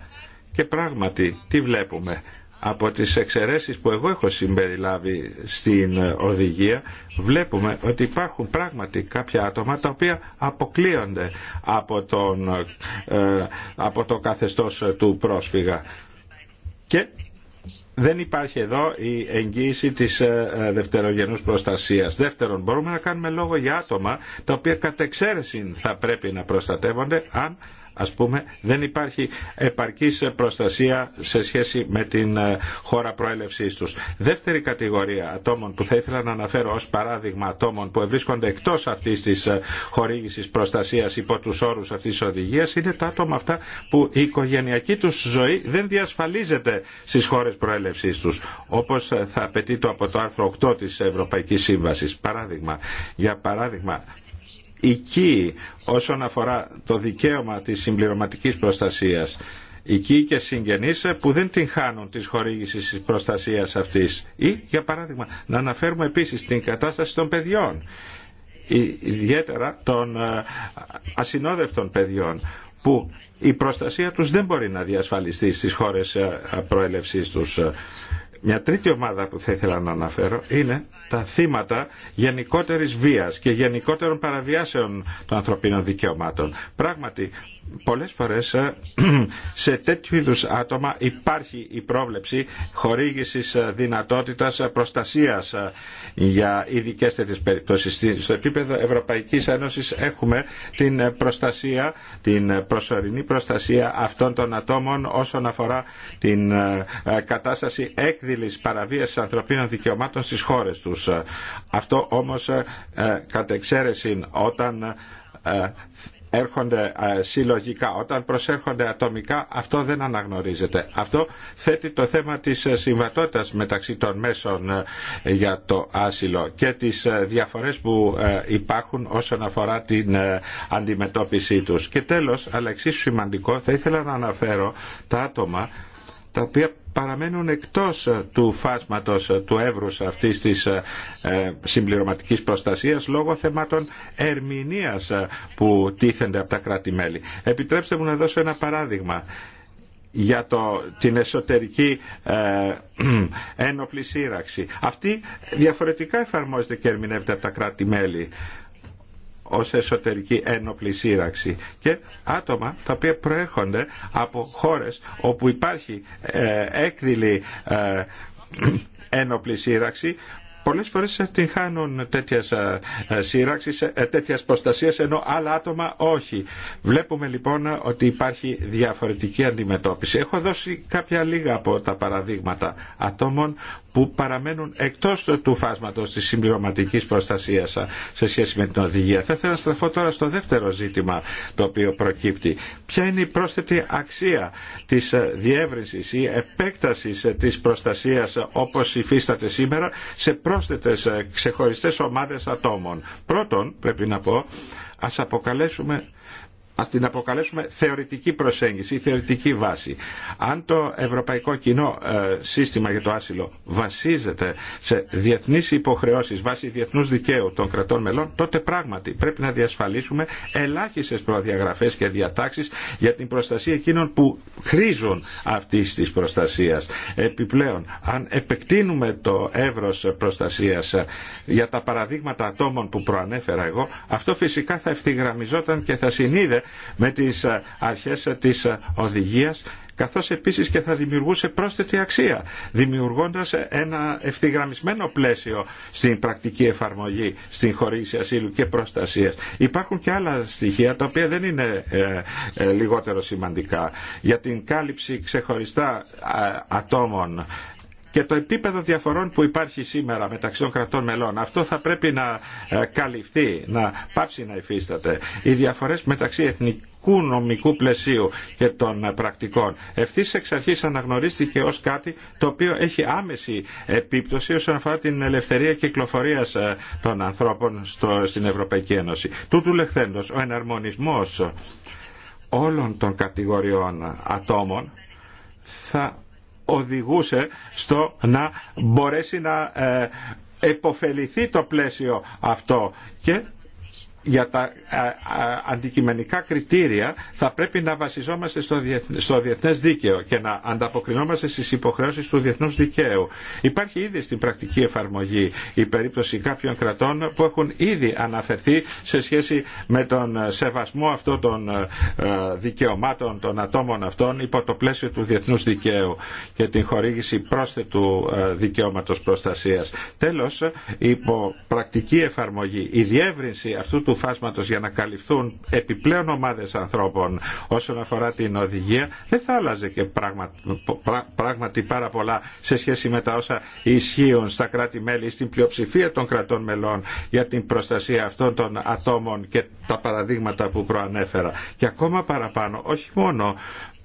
Και πράγματι, τι βλέπουμε από τις εξαιρέσεις που εγώ έχω συμπεριλάβει στην οδηγία βλέπουμε ότι υπάρχουν πράγματι κάποια άτομα τα οποία αποκλείονται από, τον, ε, από το καθεστώς του πρόσφυγα. Και δεν υπάρχει εδώ η εγγύηση της ε, δευτερογενούς προστασίας. Δεύτερον, μπορούμε να κάνουμε λόγο για άτομα τα οποία κατ' εξαίρεση θα πρέπει να προστατεύονται αν ας πούμε, δεν υπάρχει επαρκής προστασία σε σχέση με την ε, χώρα προέλευσής τους. Δεύτερη κατηγορία ατόμων που θα ήθελα να αναφέρω ως παράδειγμα ατόμων που βρίσκονται εκτός αυτής της ε, χορήγησης προστασίας υπό τους όρους αυτής της οδηγίας είναι τα άτομα αυτά που η οικογενειακή τους ζωή δεν διασφαλίζεται στις χώρες προέλευσής τους όπως ε, θα απαιτεί το από το άρθρο 8 της Ευρωπαϊκής Σύμβασης. Παράδειγμα, για παράδειγμα οικοί όσον αφορά το δικαίωμα της συμπληρωματικής προστασίας οικοί και συγγενείς που δεν την χάνουν της χορήγησης της προστασίας αυτής. Ή, για παράδειγμα, να αναφέρουμε επίσης την κατάσταση των παιδιών, ιδιαίτερα των ε, ασυνόδευτων παιδιών, που η προστασία τους δεν μπορεί να διασφαλιστεί στις χώρες ε, προέλευσής τους. Μια τρίτη ομάδα που θα ήθελα να αναφέρω είναι τα θύματα γενικότερης βίας και γενικότερων παραβιάσεων των ανθρωπίνων δικαιωμάτων. Πράγματι, πολλές φορές ε, σε τέτοιου είδους άτομα υπάρχει η πρόβλεψη χορήγησης ε, δυνατότητας ε, προστασίας για ειδικέ τέτοιες περιπτώσεις. Στο επίπεδο Ευρωπαϊκής Ένωσης έχουμε την προστασία, την προσωρινή προστασία αυτών των ατόμων όσον αφορά την κατάσταση έκδηλης παραβίασης ανθρωπίνων δικαιωμάτων στις χώρες τους. Αυτό όμως κατ' όταν έρχονται ε, συλλογικά, όταν προσέρχονται ατομικά, αυτό δεν αναγνωρίζεται. Αυτό θέτει το θέμα της ε, συμβατότητας μεταξύ των μέσων ε, για το άσυλο και τις διαφορές που υπάρχουν όσον αφορά την αντιμετώπιση τους. Και τέλος, αλλά εξίσου σημαντικό, θα ήθελα να αναφέρω τα άτομα τα οποία παραμένουν εκτός του φάσματος του εύρους αυτής της ε, συμπληρωματικής προστασίας λόγω θεμάτων ερμηνείας ε, που τίθενται από τα κράτη-μέλη. Επιτρέψτε μου να δώσω ένα παράδειγμα για το, την εσωτερική ε, ένοπλη σύραξη. Αυτή διαφορετικά εφαρμόζεται και ερμηνεύεται από τα κράτη-μέλη ως εσωτερική ένοπλη σύραξη και άτομα τα οποία προέρχονται από χώρες όπου υπάρχει ε, έκδηλη ε, ένοπλη σύραξη πολλές φορές την χάνουν τέτοιας ε, σύραξης, ε, τέτοιας προστασίας, ενώ άλλα άτομα όχι. Βλέπουμε λοιπόν ότι υπάρχει διαφορετική αντιμετώπιση. Έχω δώσει κάποια λίγα από τα παραδείγματα ατόμων που παραμένουν εκτός του φάσματος της συμπληρωματικής προστασίας σε σχέση με την οδηγία. Θα ήθελα να στραφώ τώρα στο δεύτερο ζήτημα το οποίο προκύπτει. Ποια είναι η πρόσθετη αξία της διεύρυνσης ή επέκτασης της προστασίας όπως υφίσταται σήμερα σε πρόσθετες ξεχωριστές ομάδες ατόμων. Πρώτον, πρέπει να πω, ας αποκαλέσουμε ας την αποκαλέσουμε θεωρητική προσέγγιση ή θεωρητική βάση. Αν το ευρωπαϊκό κοινό ε, σύστημα για το άσυλο βασίζεται σε διεθνείς υποχρεώσεις βάσει διεθνούς δικαίου των κρατών μελών, τότε πράγματι πρέπει να διασφαλίσουμε ελάχιστες προδιαγραφές και διατάξεις για την προστασία εκείνων που χρήζουν αυτή τη προστασία. Επιπλέον, αν επεκτείνουμε το εύρος προστασίας ε, για τα παραδείγματα ατόμων που προανέφερα εγώ, αυτό φυσικά θα ευθυγραμμιζόταν και θα συνείδε με τις ε, αρχές ε, της ε, οδηγίας καθώς επίσης και θα δημιουργούσε πρόσθετη αξία, δημιουργώντας ένα ευθυγραμμισμένο πλαίσιο στην πρακτική εφαρμογή, στην χορήγηση ασύλου και προστασίας. Υπάρχουν και άλλα στοιχεία τα οποία δεν είναι λιγότερο σημαντικά. Για την κάλυψη ξεχωριστά ατόμων και το επίπεδο διαφορών που υπάρχει σήμερα μεταξύ των κρατών μελών. Αυτό θα πρέπει να ε, καλυφθεί, να πάψει να υφίσταται. Οι διαφορές μεταξύ εθνικού νομικού πλαισίου και των ε, πρακτικών. Ευθύ εξ αρχή αναγνωρίστηκε ω κάτι το οποίο έχει άμεση επίπτωση όσον αφορά την ελευθερία κυκλοφορία ε, των ανθρώπων στην Ευρωπαϊκή Ένωση. Τούτου λεχθέντο, ο εναρμονισμό όλων των κατηγοριών ατόμων θα οδηγούσε στο να μπορέσει να ε, εποφεληθεί το πλαίσιο αυτό και για τα αντικειμενικά κριτήρια θα πρέπει να βασιζόμαστε στο διεθνές δίκαιο και να ανταποκρινόμαστε στις υποχρεώσεις του διεθνούς δικαίου. Υπάρχει ήδη στην πρακτική εφαρμογή η περίπτωση κάποιων κρατών που έχουν ήδη αναφερθεί σε σχέση με τον σεβασμό αυτών των ε, δικαιωμάτων των ατόμων αυτών υπό το πλαίσιο του διεθνούς δικαίου και την χορήγηση πρόσθετου ε, δικαιώματος προστασίας. Τέλος, υπό πρακτική εφαρμογή η διεύρυνση αυτού του φάσματος για να καλυφθούν επιπλέον ομάδες ανθρώπων όσον αφορά την οδηγία δεν θα άλλαζε και πράγματι πάρα πολλά σε σχέση με τα όσα ισχύουν στα κράτη-μέλη στην πλειοψηφία των κρατών μελών για την προστασία αυτών των ατόμων και τα παραδείγματα που προανέφερα. Και ακόμα παραπάνω, όχι μόνο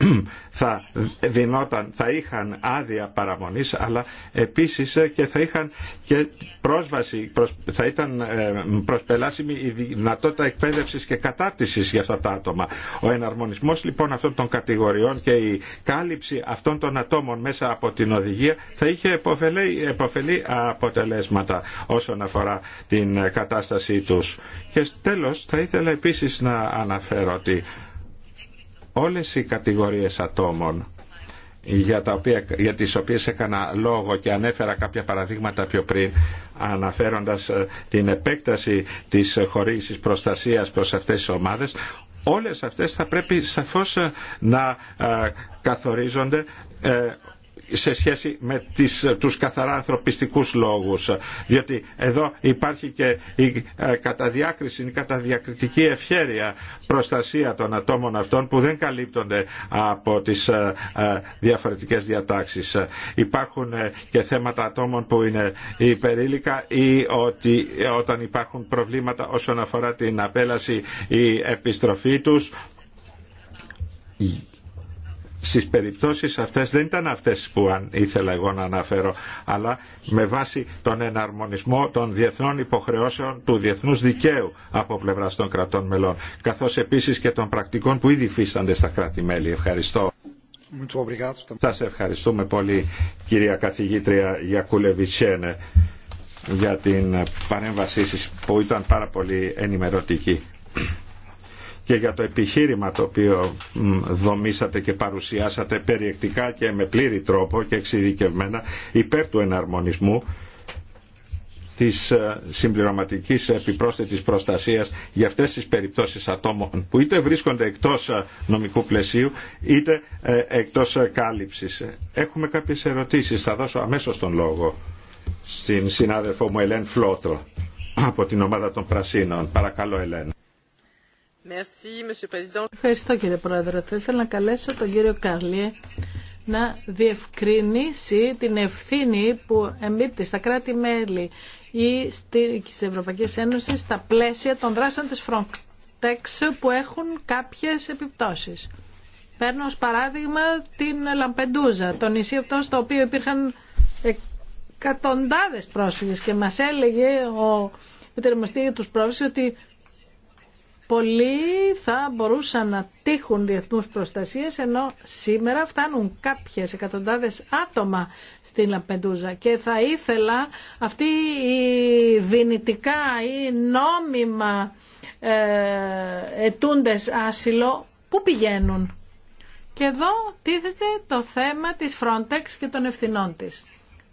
θα δινόταν, θα είχαν άδεια παραμονής αλλά επίσης και θα είχαν και πρόσβαση, θα ήταν ε, προσπελάσιμη η δυνατότητα εκπαίδευσης και κατάρτισης για αυτά τα άτομα. Ο εναρμονισμός λοιπόν αυτών των κατηγοριών και η κάλυψη αυτών των ατόμων μέσα από την οδηγία θα είχε επωφελή αποτελέσματα όσον αφορά την κατάστασή τους. Και τέλος θα ήθελα επίσης να αναφέρω ότι όλες οι κατηγορίες ατόμων για, τα οποία, για τις οποίες έκανα λόγο και ανέφερα κάποια παραδείγματα πιο πριν αναφέροντας ε, την επέκταση της χορήγησης προστασίας προς αυτές τις ομάδες όλες αυτές θα πρέπει σαφώς ε, να ε, καθορίζονται σε σχέση με τις, τους καθαρά ανθρωπιστικούς λόγους. Διότι εδώ υπάρχει και η ε, καταδιάκριση, η καταδιακριτική ευχέρεια προστασία των ατόμων αυτών που δεν καλύπτονται από τις ε, ε, διαφορετικές διατάξεις. Υπάρχουν και θέματα ατόμων που είναι υπερήλικα ή ότι όταν υπάρχουν προβλήματα όσον αφορά την απέλαση ή επιστροφή τους στις περιπτώσεις αυτές δεν ήταν αυτές που ήθελα εγώ να αναφέρω αλλά με βάση τον εναρμονισμό των διεθνών υποχρεώσεων του διεθνούς δικαίου από πλευρά των κρατών μελών καθώς επίσης και των πρακτικών που ήδη φύστανται στα κράτη-μέλη. Ευχαριστώ. Σας ευχαριστούμε πολύ κυρία καθηγήτρια Γιακούλεβιτσένε για την παρέμβασή σας που ήταν πάρα πολύ ενημερωτική και για το επιχείρημα το οποίο δομήσατε και παρουσιάσατε περιεκτικά και με πλήρη τρόπο και εξειδικευμένα υπέρ του εναρμονισμού της ε, συμπληρωματικής επιπρόσθετης προστασίας για αυτές τις περιπτώσεις ατόμων που είτε βρίσκονται εκτός ε, νομικού πλαισίου είτε ε, εκτός κάλυψης. Έχουμε κάποιες ερωτήσεις. Θα δώσω αμέσως τον λόγο στην συνάδελφό μου Ελέν Φλότρο από την ομάδα των Πρασίνων. Παρακαλώ Ελέν. Ευχαριστώ κύριε Πρόεδρε. Θα ήθελα να καλέσω τον κύριο Καρλίε να διευκρινίσει την ευθύνη που εμπίπτει στα κράτη-μέλη ή της Ευρωπαϊκή Ένωση στα πλαίσια των δράσεων της Frontex που έχουν κάποιες επιπτώσεις. Παίρνω ως παράδειγμα την Λαμπεντούζα, το νησί αυτό στο οποίο υπήρχαν εκατοντάδες πρόσφυγες και μας έλεγε ο για τους πρόσφυγες ότι πολλοί θα μπορούσαν να τύχουν διεθνούς προστασίες ενώ σήμερα φτάνουν κάποιες εκατοντάδες άτομα στην Λαπεντούζα και θα ήθελα αυτή η δυνητικά ή νόμιμα ε, άσυλο που πηγαίνουν. Και εδώ τίθεται το θέμα της Frontex και των ευθυνών της.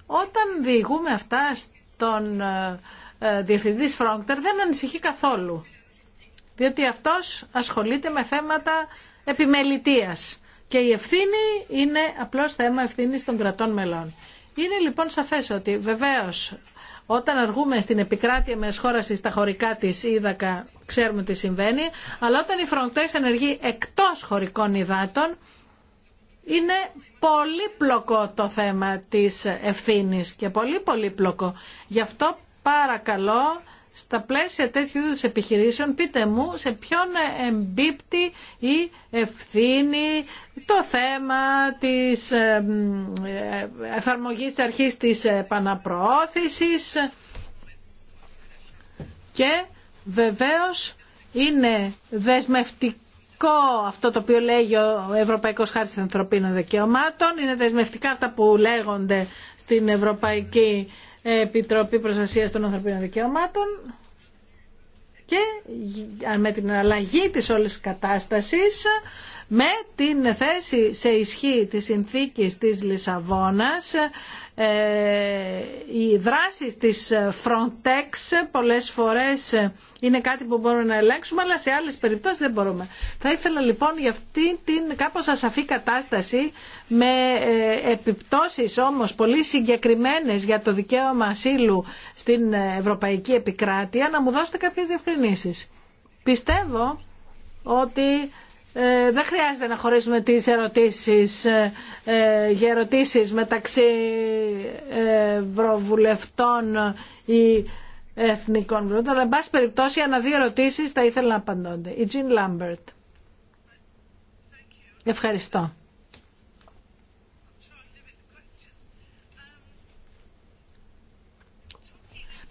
Όταν διηγούμε αυτά στον ε, ε διευθυντή Frontex δεν ανησυχεί καθόλου διότι αυτός ασχολείται με θέματα επιμελητίας και η ευθύνη είναι απλώς θέμα ευθύνης των κρατών μελών. Είναι λοιπόν σαφές ότι βεβαίως όταν αργούμε στην επικράτεια με σχόραση στα χωρικά της Ήδακα ξέρουμε τι συμβαίνει, αλλά όταν η Frontex ενεργεί εκτός χωρικών υδάτων είναι πολύπλοκο το θέμα της ευθύνης και πολύ πολύπλοκο. Γι' αυτό παρακαλώ στα πλαίσια τέτοιου είδους επιχειρήσεων, πείτε μου σε ποιον εμπίπτει η ευθύνει το θέμα της ε, ε, εφαρμογής της αρχής της επαναπροώθησης και βεβαίως είναι δεσμευτικό αυτό το οποίο λέγει ο Ευρωπαϊκός Χάρτης Ανθρωπίνων Δικαιωμάτων, είναι δεσμευτικά αυτά που λέγονται στην Ευρωπαϊκή Επιτροπή Προστασία των Ανθρωπίνων Δικαιωμάτων και με την αλλαγή της όλης κατάστασης με την θέση σε ισχύ της συνθήκης της Λισαβόνας, ε, οι δράσεις της Frontex πολλές φορές είναι κάτι που μπορούμε να ελέγξουμε, αλλά σε άλλες περιπτώσεις δεν μπορούμε. Θα ήθελα λοιπόν για αυτή την κάπως ασαφή κατάσταση, με ε, επιπτώσεις όμως πολύ συγκεκριμένες για το δικαίωμα ασύλου στην Ευρωπαϊκή Επικράτεια, να μου δώσετε κάποιες διευκρινήσεις. Πιστεύω ότι ε, δεν χρειάζεται να χωρίσουμε τις ερωτήσεις ε, ε, για ερωτήσεις μεταξύ ευρωβουλευτών ή εθνικών βουλευτών. Αλλά, εν πάση περιπτώσει, ανά δύο ερωτήσεις θα ήθελα να απαντώνται. Η Τζιν Λάμπερτ. Ευχαριστώ.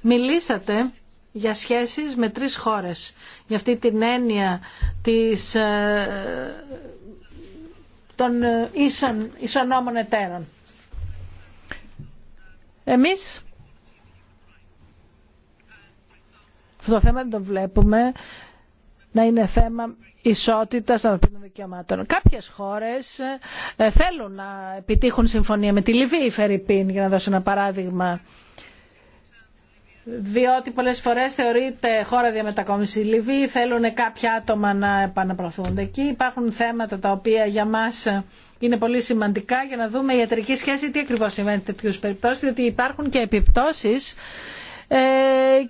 Μιλήσατε για σχέσεις με τρεις χώρες. Για αυτή την έννοια της, ε, των ε, ίσων, ισονόμων εταίρων. Εμείς αυτό το θέμα δεν το βλέπουμε να είναι θέμα ισότητας ανθρωπίνων δικαιωμάτων. Κάποιες χώρες ε, θέλουν να επιτύχουν συμφωνία με τη Λιβύη, Φερρυπίν, για να δώσω ένα παράδειγμα διότι πολλές φορές θεωρείται χώρα διαμετακόμιση Λιβύη, θέλουν κάποια άτομα να επαναπροωθούνται εκεί. Υπάρχουν θέματα τα οποία για μας είναι πολύ σημαντικά για να δούμε η ιατρική σχέση τι ακριβώς σημαίνει σε τέτοιους περιπτώσεις, διότι υπάρχουν και επιπτώσεις ε,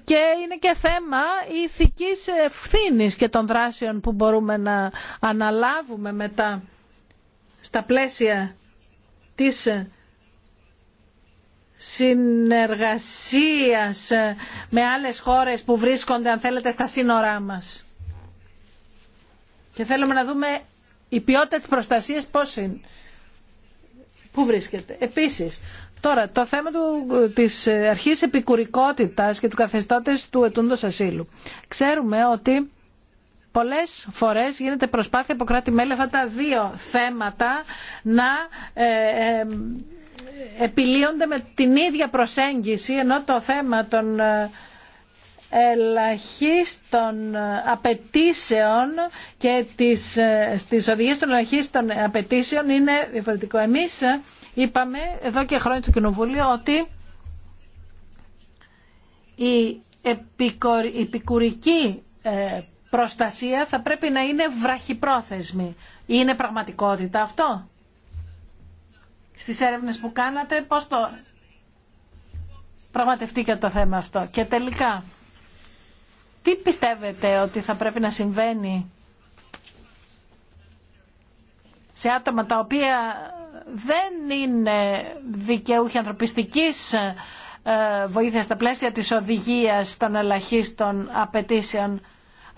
και είναι και θέμα ηθικής ευθύνη και των δράσεων που μπορούμε να αναλάβουμε μετά στα πλαίσια της συνεργασίας με άλλες χώρες που βρίσκονται αν θέλετε στα σύνορά μας. Και θέλουμε να δούμε η ποιότητα της προστασίας πώς είναι. Πού βρίσκεται. Επίσης, τώρα το θέμα του, της αρχής επικουρικότητας και του καθεστώτες του ετούντος ασύλου. Ξέρουμε ότι πολλές φορές γίνεται προσπάθεια από κράτη-μέλη αυτά τα δύο θέματα να ε, ε, επιλύονται με την ίδια προσέγγιση ενώ το θέμα των ε, ελαχίστων ε, απαιτήσεων και τις, ε, στις οδηγίες των ελαχίστων απαιτήσεων είναι διαφορετικό. Εμείς είπαμε εδώ και χρόνια του Κοινοβούλιο ότι η επικουρική προστασία θα πρέπει να είναι βραχυπρόθεσμη. Είναι πραγματικότητα αυτό στις έρευνες που κάνατε, πώς το και το θέμα αυτό. Και τελικά, τι πιστεύετε ότι θα πρέπει να συμβαίνει σε άτομα τα οποία δεν είναι δικαιούχοι ανθρωπιστικής ε, βοήθεια στα πλαίσια της οδηγίας των ελαχίστων απαιτήσεων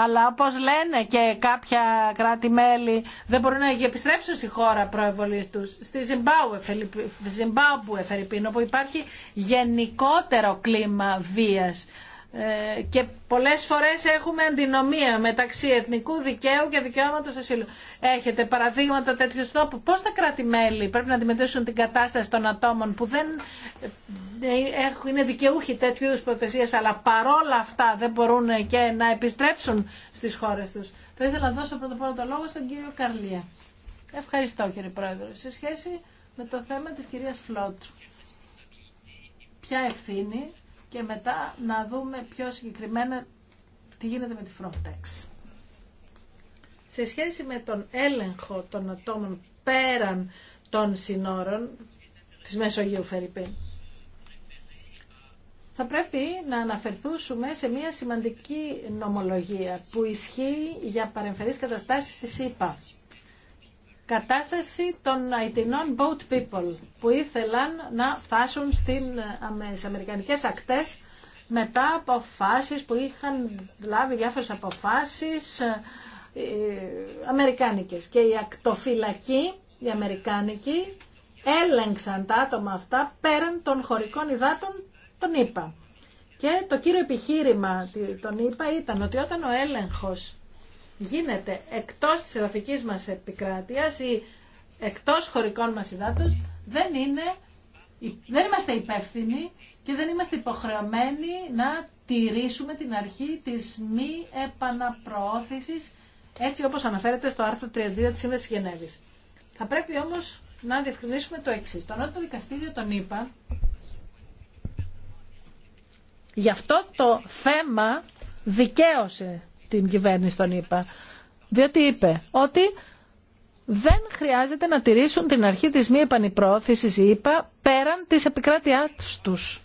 αλλά όπω λένε και κάποια κράτη-μέλη δεν μπορούν να επιστρέψουν στη χώρα προεβολή τους. Στη Ζιμπάουε, Φερρυπίνο, που υπάρχει γενικότερο κλίμα βία. Ε, και πολλές φορές έχουμε αντινομία μεταξύ εθνικού δικαίου και δικαιώματος ασύλου. Έχετε παραδείγματα τέτοιου τόπου. Πώς τα κράτη-μέλη πρέπει να αντιμετωπίσουν την κατάσταση των ατόμων που δεν ε, είναι δικαιούχοι τέτοιου είδους προτεσίες αλλά παρόλα αυτά δεν μπορούν και να επιστρέψουν στις χώρες τους. Θα ήθελα να δώσω πρώτα το λόγο στον κύριο Καρλία. Ευχαριστώ κύριε Πρόεδρο. Σε σχέση με το θέμα της κυρίας Φλότρου. Ποια ευθύνη και μετά να δούμε πιο συγκεκριμένα τι γίνεται με τη Frontex. Σε σχέση με τον έλεγχο των ατόμων πέραν των συνόρων της Μεσογείου Φερρυπή, θα πρέπει να αναφερθούσουμε σε μια σημαντική νομολογία που ισχύει για παρεμφερείς καταστάσεις της ΕΠΑ κατάσταση των Αιτινών boat people που ήθελαν να φτάσουν στις ε, Αμερικανικές ακτές μετά από αποφάσεις που είχαν λάβει διάφορες αποφάσεις ε, ε, αμερικάνικες και οι ακτοφυλακοί οι αμερικάνικοι έλεγξαν τα άτομα αυτά πέραν των χωρικών υδάτων των ΙΠΑ. Και το κύριο επιχείρημα των ΙΠΑ ήταν ότι όταν ο έλεγχος γίνεται εκτός της εδαφικής μας επικράτειας ή εκτός χωρικών μας υδάτων δεν, είναι, δεν είμαστε υπεύθυνοι και δεν είμαστε υποχρεωμένοι να τηρήσουμε την αρχή της μη επαναπροώθησης έτσι όπως αναφέρεται στο άρθρο 32 της Σύνδεσης Γενέβης. Θα πρέπει όμως να διευκρινίσουμε το εξής. Το νότο δικαστήριο τον είπα γι' αυτό το θέμα δικαίωσε την κυβέρνηση των ΗΠΑ. Διότι είπε ότι δεν χρειάζεται να τηρήσουν την αρχή της μη επανυπρόθεσης, είπα, πέραν της επικράτειάς τους.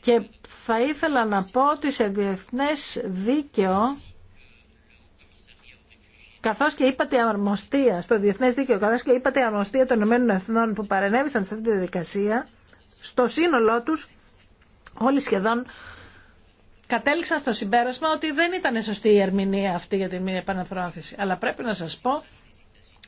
Και θα ήθελα να πω ότι σε διεθνές δίκαιο, καθώς και είπατε αρμοστία, στο διεθνέ δίκαιο, καθώ και είπατε αρμοστία των εθνών που παρενέβησαν σε αυτή τη διαδικασία, στο σύνολό του όλοι σχεδόν κατέληξα στο συμπέρασμα ότι δεν ήταν σωστή η ερμηνεία αυτή για την μη επαναπρόθεση. Αλλά πρέπει να σας πω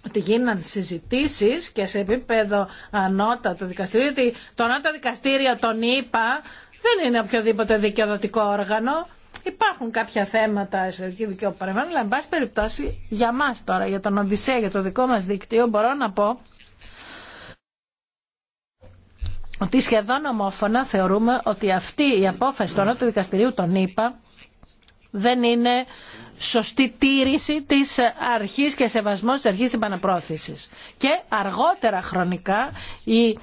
ότι γίναν συζητήσει και σε επίπεδο ανώτατο δικαστήριο, ότι το ανώτατο δικαστήριο τον είπα, δεν είναι οποιοδήποτε δικαιοδοτικό όργανο. Υπάρχουν κάποια θέματα εσωτερική δικαιοπαρεμβάνω, αλλά εν πάση περιπτώσει για μας τώρα, για τον Οδυσσέα, για το δικό μας δίκτυο, μπορώ να πω ότι σχεδόν ομόφωνα θεωρούμε ότι αυτή η απόφαση του Ανώτου Δικαστηρίου των ΗΠΑ δεν είναι σωστή τήρηση της αρχής και σεβασμός της αρχής επαναπρόθεσης. Και αργότερα χρονικά η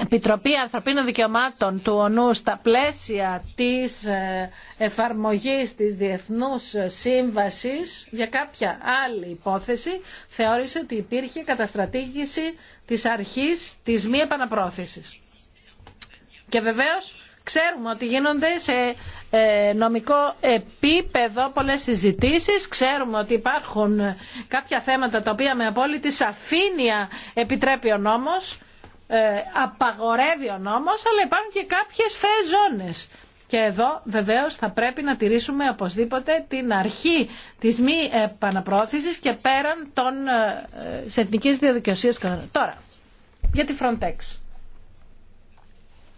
Επιτροπή Ανθρωπίνων Δικαιωμάτων του ΟΝΟΥ στα πλαίσια της ε, εφαρμογής της Διεθνούς Σύμβασης για κάποια άλλη υπόθεση θεώρησε ότι υπήρχε καταστρατήγηση της αρχής της μη επαναπρόθεσης. Και βεβαίω, ξέρουμε ότι γίνονται σε ε, νομικό επίπεδο πολλές συζητήσεις, ξέρουμε ότι υπάρχουν ε, κάποια θέματα τα οποία με απόλυτη σαφήνεια επιτρέπει ο νόμος, ε, απαγορεύει ο νόμος, αλλά υπάρχουν και κάποιες φεζόνες. Και εδώ βεβαίως θα πρέπει να τηρήσουμε οπωσδήποτε την αρχή της μη επαναπρόθεσης και πέραν των ε, εθνικής Τώρα, για τη Frontex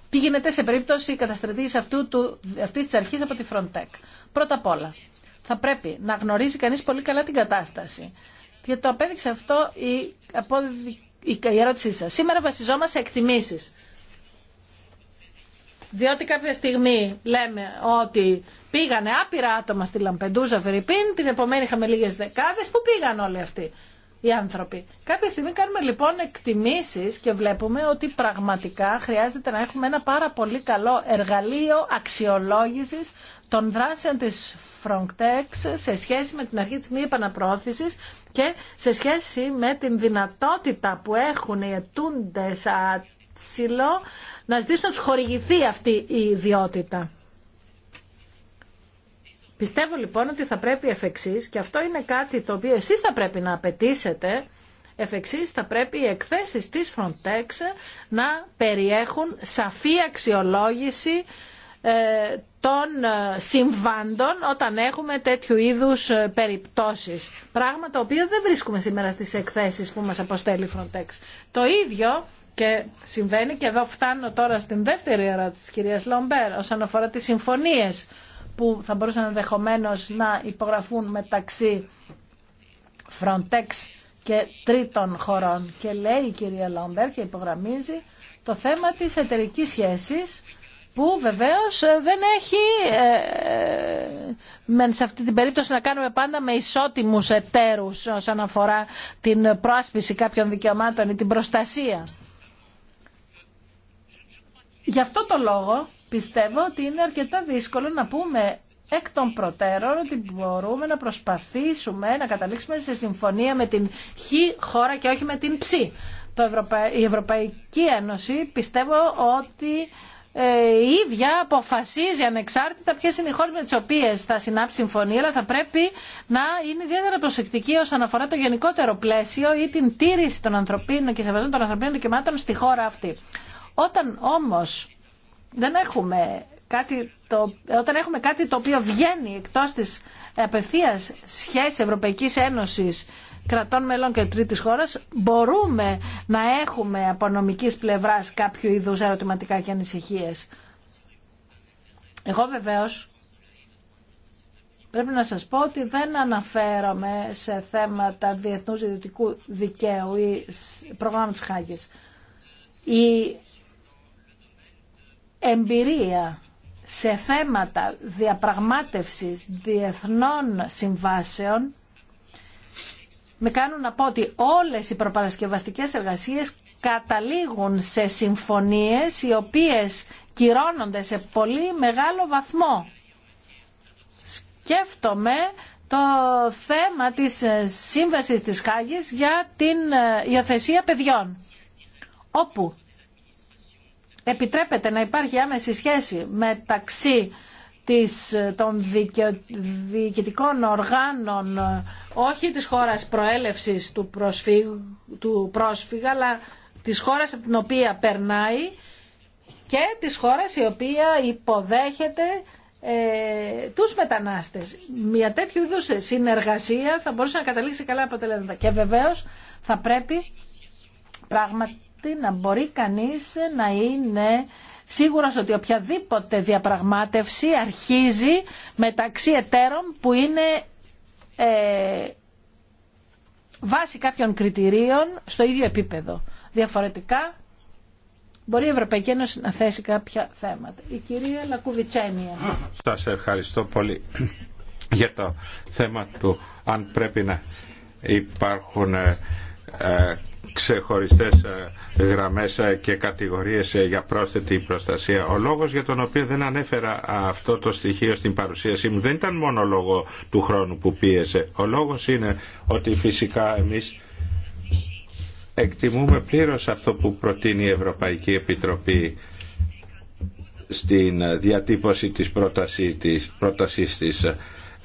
τι γίνεται σε περίπτωση καταστρατήγης αυτού του, αυτής της αρχής από τη Frontec. Πρώτα απ' όλα, θα πρέπει να γνωρίζει κανείς πολύ καλά την κατάσταση. Γιατί το απέδειξε αυτό η, η ερώτησή σας. Σήμερα βασιζόμαστε σε εκτιμήσεις. Διότι κάποια στιγμή λέμε ότι πήγανε άπειρα άτομα στη Λαμπεντούζα Φερρυπίν, την επομένη είχαμε λίγες δεκάδες, που πήγαν όλοι αυτοί οι άνθρωποι. Κάποια στιγμή κάνουμε λοιπόν εκτιμήσεις και βλέπουμε ότι πραγματικά χρειάζεται να έχουμε ένα πάρα πολύ καλό εργαλείο αξιολόγησης των δράσεων της Frontex σε σχέση με την αρχή της μη επαναπρόθεσης και σε σχέση με την δυνατότητα που έχουν οι ετούντες ατσιλό να ζητήσουν να τους χορηγηθεί αυτή η ιδιότητα. Πιστεύω λοιπόν ότι θα πρέπει εφ' εξής, και αυτό είναι κάτι το οποίο εσείς θα πρέπει να απαιτήσετε, εφ' εξής θα πρέπει οι εκθέσεις της Frontex να περιέχουν σαφή αξιολόγηση ε, των ε, συμβάντων όταν έχουμε τέτοιου είδους ε, περιπτώσεις. Πράγμα το οποίο δεν βρίσκουμε σήμερα στις εκθέσεις που μας αποστέλει Frontex. Το ίδιο και συμβαίνει και εδώ φτάνω τώρα στην δεύτερη ερώτηση της κυρίας Λομπέρ όσον αφορά τις συμφωνίες που θα μπορούσαν ενδεχομένω να υπογραφούν μεταξύ Frontex και τρίτων χωρών. Και λέει η κυρία Λόμπερ και υπογραμμίζει το θέμα της εταιρική σχέσης που βεβαίως ε, δεν έχει ε, ε σε αυτή την περίπτωση να κάνουμε πάντα με ισότιμους εταίρους όσον αφορά την πρόσπιση κάποιων δικαιωμάτων ή την προστασία. Γι' αυτό το λόγο Πιστεύω ότι είναι αρκετά δύσκολο να πούμε εκ των προτέρων ότι μπορούμε να προσπαθήσουμε να καταλήξουμε σε συμφωνία με την χ χώρα και όχι με την ψ. Η Ευρωπαϊκή Ένωση πιστεύω ότι ε, η ίδια αποφασίζει ανεξάρτητα ποιε είναι οι χώρε με τι οποίε θα συνάψει συμφωνία, αλλά θα πρέπει να είναι ιδιαίτερα προσεκτική όσον αφορά το γενικότερο πλαίσιο ή την τήρηση των ανθρωπίνων και σεβασμού των ανθρωπίνων δικαιωμάτων στη χώρα αυτή. Όταν όμω δεν έχουμε κάτι το, όταν έχουμε κάτι το οποίο βγαίνει εκτός της απευθείας σχέσης Ευρωπαϊκής Ένωσης κρατών μελών και τρίτης χώρας μπορούμε να έχουμε από νομικής πλευράς κάποιο είδους ερωτηματικά και ανησυχίες. Εγώ βεβαίως πρέπει να σας πω ότι δεν αναφέρομαι σε θέματα διεθνούς ιδιωτικού δικαίου ή προγράμματος Χάγης. Η εμπειρία σε θέματα διαπραγμάτευσης διεθνών συμβάσεων με κάνουν να πω ότι όλες οι προπαρασκευαστικές εργασίες καταλήγουν σε συμφωνίες οι οποίες κυρώνονται σε πολύ μεγάλο βαθμό. Σκέφτομαι το θέμα της ε, σύμβασης της Χάγης για την ε, υιοθεσία παιδιών, όπου επιτρέπεται να υπάρχει άμεση σχέση μεταξύ της, των διοικητικών οργάνων όχι της χώρας προέλευσης του, του πρόσφυγα αλλά της χώρας από την οποία περνάει και της χώρας η οποία υποδέχεται ε, τους μετανάστες. Μια τέτοιου είδου συνεργασία θα μπορούσε να καταλήξει καλά αποτελέσματα. Και βεβαίως θα πρέπει πράγματι να μπορεί κανείς να είναι σίγουρος ότι οποιαδήποτε διαπραγμάτευση αρχίζει μεταξύ εταίρων που είναι ε, βάσει κάποιων κριτηρίων στο ίδιο επίπεδο. Διαφορετικά μπορεί η Ευρωπαϊκή Ένωση να θέσει κάποια θέματα. Η κυρία Λακουβιτσένια. Σας ευχαριστώ πολύ για το θέμα του αν πρέπει να υπάρχουν ε, ε, ξεχωριστές ε, γραμμές ε, και κατηγορίες για πρόσθετη προστασία. Ο λόγος για τον οποίο δεν ανέφερα αυτό το στοιχείο στην παρουσίασή μου δεν ήταν μόνο λόγο του χρόνου που πίεσε. Ο λόγος είναι ότι φυσικά εμείς εκτιμούμε πλήρως αυτό που προτείνει η Ευρωπαϊκή Επιτροπή στην διατύπωση της πρότασής της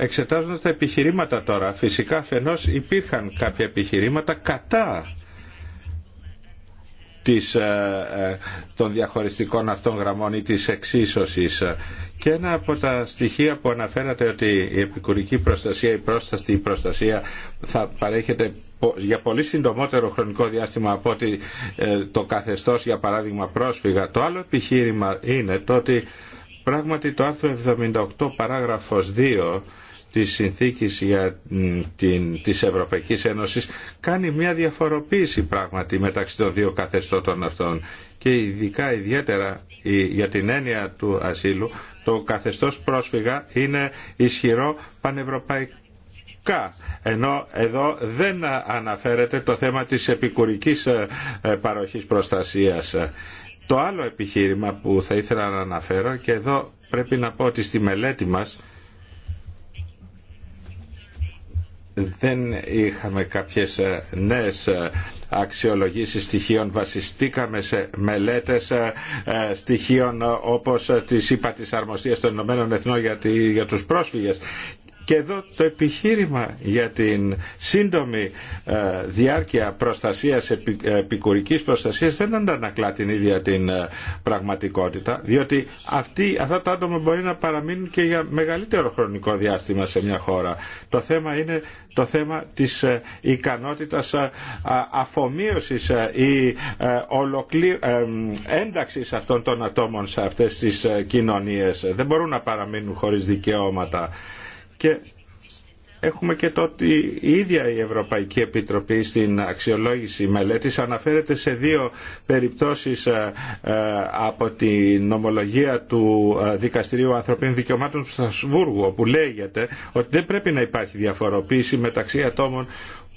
Εξετάζοντα τα επιχειρήματα τώρα, φυσικά αφενό υπήρχαν κάποια επιχειρήματα κατά της, ε, ε, των διαχωριστικών αυτών γραμμών ή της εξίσωσης. Και ένα από τα στοιχεία που αναφέρατε ότι η επικουρική προστασία, η πρόσταστη η προσταστη προστασια θα παρέχεται για πολύ συντομότερο χρονικό διάστημα από ότι ε, το καθεστώς για παράδειγμα πρόσφυγα. Το άλλο επιχείρημα είναι το ότι πράγματι το άρθρο 78 παράγραφος 2 της συνθήκης για την, της Ευρωπαϊκής Ένωσης κάνει μια διαφοροποίηση πράγματι μεταξύ των δύο καθεστώτων αυτών και ειδικά ιδιαίτερα για την έννοια του ασύλου το καθεστώς πρόσφυγα είναι ισχυρό πανευρωπαϊκά ενώ εδώ δεν αναφέρεται το θέμα της επικουρικής ε, ε, παροχής προστασίας. Το άλλο επιχείρημα που θα ήθελα να αναφέρω και εδώ πρέπει να πω ότι στη μελέτη μας δεν είχαμε κάποιες ε, νέες ε, αξιολογήσεις στοιχείων. Βασιστήκαμε σε μελέτες ε, στοιχείων όπως της είπα της Αρμοστίας των Ηνωμένων Εθνών για τους πρόσφυγες και εδώ το επιχείρημα για την σύντομη ε, διάρκεια προστασίας, ε, επικουρικής προστασίας δεν αντανακλά την ίδια την ε, πραγματικότητα, διότι αυτοί, αυτά τα άτομα μπορεί να παραμείνουν και για μεγαλύτερο χρονικό διάστημα σε μια χώρα. Το θέμα είναι το θέμα της ικανότητας αφομοίωσης ή ολοκλή... ένταξης αυτών των ατόμων σε αυτές τις κοινωνίες. Δεν μπορούν να παραμείνουν χωρίς δικαιώματα. Και έχουμε και το ότι η ίδια η Ευρωπαϊκή Επιτροπή στην αξιολόγηση μελέτης αναφέρεται σε δύο περιπτώσεις ε, ε, από την νομολογία του ε, Δικαστηρίου Ανθρωπίνων Δικαιωμάτων του Στασβούργου όπου λέγεται ότι δεν πρέπει να υπάρχει διαφοροποίηση μεταξύ ατόμων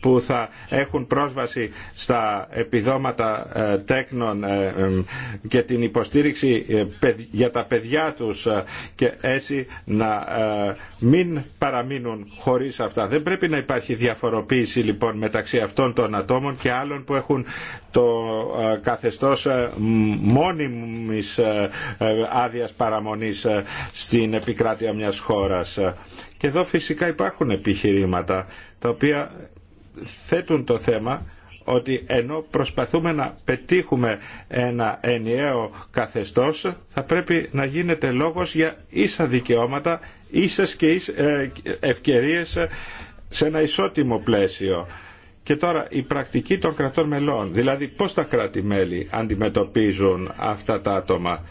που θα έχουν πρόσβαση στα επιδόματα ε, τέκνων ε, και την υποστήριξη ε, για τα παιδιά τους και έτσι να μην παραμείνουν χωρίς αυτά. Δεν πρέπει να υπάρχει διαφοροποίηση λοιπόν μεταξύ αυτών των ατόμων και άλλων που έχουν το καθεστώς μόνιμης άδειας παραμονής στην επικράτεια μιας χώρας. Και εδώ φυσικά υπάρχουν επιχειρήματα τα οποία θέτουν το θέμα ότι ενώ προσπαθούμε να πετύχουμε ένα ενιαίο καθεστώς θα πρέπει να γίνεται λόγος για ίσα δικαιώματα, ίσες και ε, ευκαιρίες σε ένα ισότιμο πλαίσιο. Και τώρα η πρακτική των κρατών μελών, δηλαδή πώς τα κράτη-μέλη αντιμετωπίζουν αυτά τα άτομα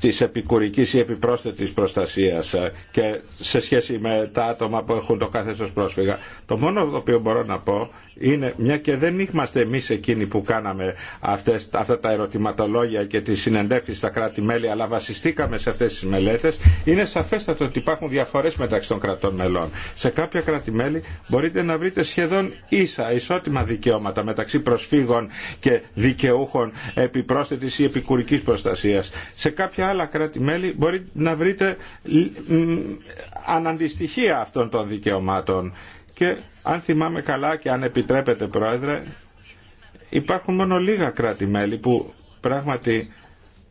της επικουρικής ή επιπρόσθετης προστασίας ε, και σε σχέση με τα άτομα που έχουν το καθεστώς πρόσφυγα. Το μόνο το οποίο μπορώ να πω είναι, μια και δεν είμαστε εμείς εκείνοι που κάναμε αυτές, αυτά τα ερωτηματολόγια και τις συνεντεύξεις στα κράτη-μέλη, αλλά βασιστήκαμε σε αυτές τις μελέτες, είναι σαφέστατο ότι υπάρχουν διαφορές μεταξύ των κρατών μελών. Σε κάποια κράτη-μέλη μπορείτε να βρείτε σχεδόν ίσα, ισότιμα δικαιώματα μεταξύ προσφύγων και δικαιούχων επιπρόσθετης ή επικουρικής προστασίας. Σε κάποια άλλα κράτη-μέλη μπορείτε να βρείτε αναντιστοιχεία αυτών των δικαιωμάτων και αν θυμάμαι καλά και αν επιτρέπετε πρόεδρε υπάρχουν μόνο λίγα κράτη-μέλη που πράγματι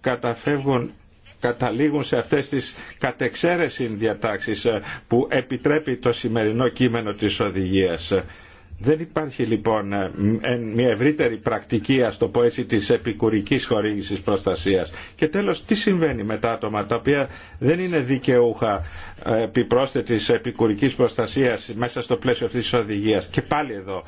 καταφεύγουν καταλήγουν σε αυτές τις κατεξαίρεσιν διατάξεις ε, που επιτρέπει το σημερινό κείμενο της οδηγίας δεν υπάρχει λοιπόν ε, ε, μια ευρύτερη πρακτική, α το πω έτσι, τη επικουρική χορήγηση προστασία. Και τέλο, τι συμβαίνει με τα άτομα τα οποία δεν είναι δικαιούχα ε, επιπρόσθετη επικουρική προστασία μέσα στο πλαίσιο αυτή τη οδηγία. Και πάλι εδώ,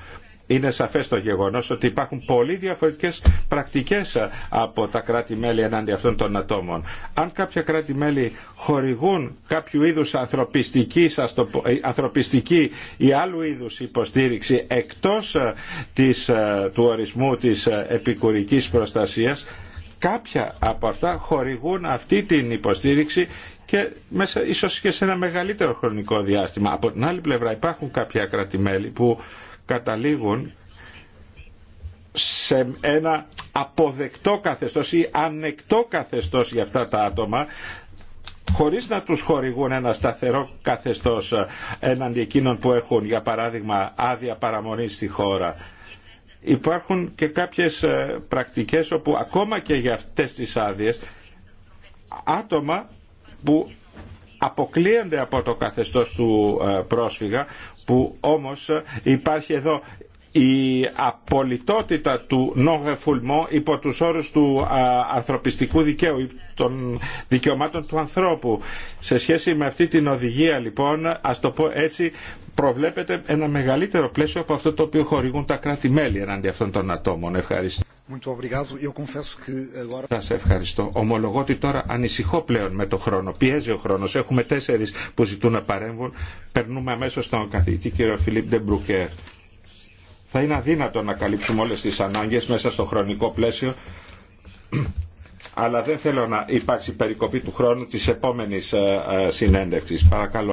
είναι σαφές το γεγονός ότι υπάρχουν πολύ διαφορετικές πρακτικές από τα κράτη-μέλη εναντί αυτών των ατόμων. Αν κάποια κράτη-μέλη χορηγούν κάποιου είδους ανθρωπιστική, ε, ανθρωπιστική ή άλλου είδους υποστήριξη εκτός ε, της, ε, του ορισμού της επικουρικής προστασίας, κάποια από αυτά χορηγούν αυτή την υποστήριξη και μέσα ίσως και σε ένα μεγαλύτερο χρονικό διάστημα. Από την άλλη πλευρά υπάρχουν κάποια κράτη-μέλη που καταλήγουν σε ένα αποδεκτό καθεστώς ή ανεκτό καθεστώς για αυτά τα άτομα χωρίς να τους χορηγούν ένα σταθερό καθεστώς έναντι ε, εκείνων που έχουν για παράδειγμα άδεια παραμονή στη χώρα. Υπάρχουν και κάποιες ε, πρακτικές όπου ακόμα και για αυτές τις άδειες άτομα που αποκλείονται από το καθεστώς του ε, πρόσφυγα που όμως υπάρχει εδώ η απολυτότητα του νογεφουλμό υπό τους όρους του ε, ανθρωπιστικού δικαίου των δικαιωμάτων του ανθρώπου. Σε σχέση με αυτή την οδηγία λοιπόν, ας το πω έτσι, προβλέπεται ένα μεγαλύτερο πλαίσιο από αυτό το οποίο χορηγούν τα κράτη-μέλη εναντί αυτών των ατόμων. Ευχαριστώ. Σα ευχαριστώ. Ομολογώ ότι τώρα ανησυχώ πλέον με το χρόνο. Πιέζει ο χρόνο. Έχουμε τέσσερι που ζητούν να παρέμβουν. Περνούμε αμέσω στον καθηγητή κύριο Φιλίπ Ντεμπρουκέρ. Θα είναι αδύνατο να καλύψουμε όλε τι ανάγκε μέσα στο χρονικό πλαίσιο. Αλλά δεν θέλω να υπάρξει περικοπή του χρόνου τη επόμενη ε, ε, συνέντευξη. Παρακαλώ.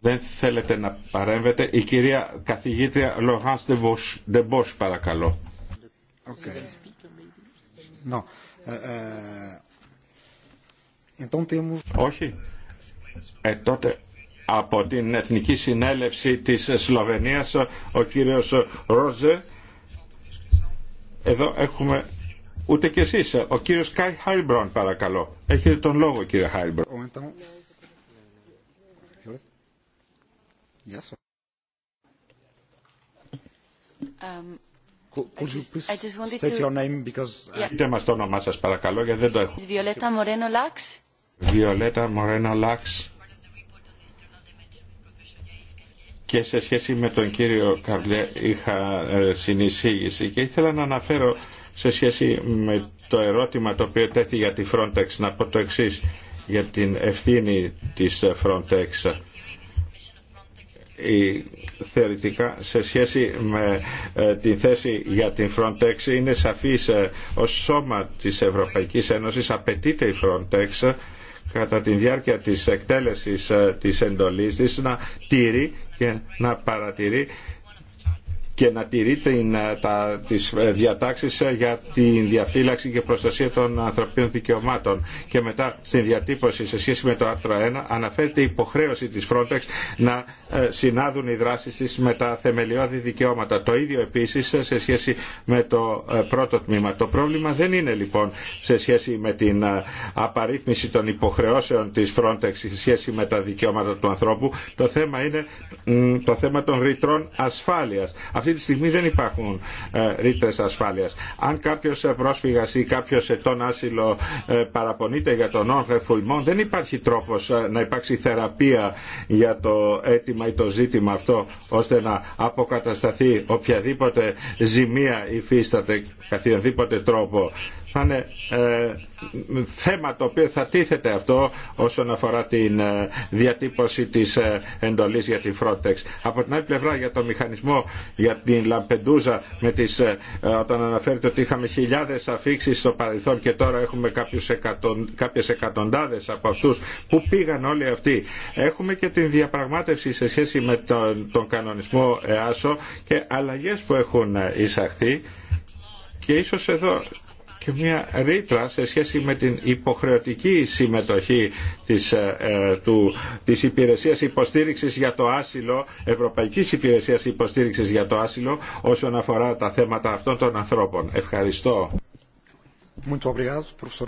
Δεν θέλετε να παρέμβετε. Η κυρία καθηγήτρια Λοράνς Ντεμπός, παρακαλώ. Ε, ε, Όχι. Ε, τότε από την Εθνική Συνέλευση της Σλοβενίας ο κύριος Ρόζε εδώ έχουμε ούτε κι εσείς ο κύριος Κάι Χάιλμπρον παρακαλώ έχετε τον λόγο κύριε Χάιλμπρον Um, could you please state your name because... Πείτε uh, μας το όνομά σας παρακαλώ γιατί δεν το έχω. Βιολέτα Μορένο Λάξ. Βιολέτα Μορένο Λάξ. Και σε σχέση με τον κύριο Καρλιέ είχα ε, συνεισήγηση και ήθελα να αναφέρω σε σχέση με το ερώτημα το οποίο τέθη για τη Frontex να πω το εξής για την ευθύνη της ε, Frontex θεωρητικά σε σχέση με ε, την θέση για την Frontex είναι σαφής ε, ως σώμα της Ευρωπαϊκής Ένωσης απαιτείται η Frontex κατά τη διάρκεια της εκτέλεσης ε, της εντολής της να τηρεί και να παρατηρεί και να τηρεί την, τα, τις ε, διατάξεις ε, για τη διαφύλαξη και προστασία των ανθρωπίνων δικαιωμάτων. Και μετά στην διατύπωση σε σχέση με το άρθρο 1 αναφέρεται η υποχρέωση της Frontex να ε, συνάδουν οι δράσεις της με τα θεμελιώδη δικαιώματα. Το ίδιο επίσης σε σχέση με το πρώτο τμήμα. Το πρόβλημα δεν είναι λοιπόν σε σχέση με την απαρίθμηση των υποχρεώσεων της Frontex σε σχέση με τα δικαιώματα του ανθρώπου. Το θέμα είναι το θέμα των ρητρών ασφάλειας. Αυτή αυτή τη στιγμή δεν υπάρχουν ε, ρήτρε ασφάλεια. Αν κάποιο ε, πρόσφυγα ή κάποιο ετών άσυλο ε, παραπονείται για τον non-refoulement, δεν υπάρχει τρόπο να υπάρξει θεραπεία για το αίτημα ή το ζήτημα αυτό, ώστε να αποκατασταθεί οποιαδήποτε ζημία υφίσταται καθιονδήποτε τρόπο θα είναι ε, θέμα το οποίο θα τίθεται αυτό όσον αφορά την ε, διατύπωση της ε, εντολής για την Frontex. Από την άλλη πλευρά για το μηχανισμό για την Λαμπεντούζα με τις, όταν αναφέρεται ότι είχαμε χιλιάδες αφήξεις στο παρελθόν και τώρα έχουμε κάποιους εκατον, κάποιες εκατοντάδες από αυτούς που πήγαν όλοι αυτοί. Έχουμε και την διαπραγμάτευση σε σχέση με τον, τον κανονισμό ΕΑΣΟ και αλλαγές που έχουν εισαχθεί και ίσως εδώ και μια ρήτρα σε σχέση με την υποχρεωτική συμμετοχή της, ε, του, της υπηρεσίας υποστήριξης για το άσυλο, Ευρωπαϊκής Υπηρεσίας Υποστήριξης για το Άσυλο όσον αφορά τα θέματα αυτών των ανθρώπων. Ευχαριστώ.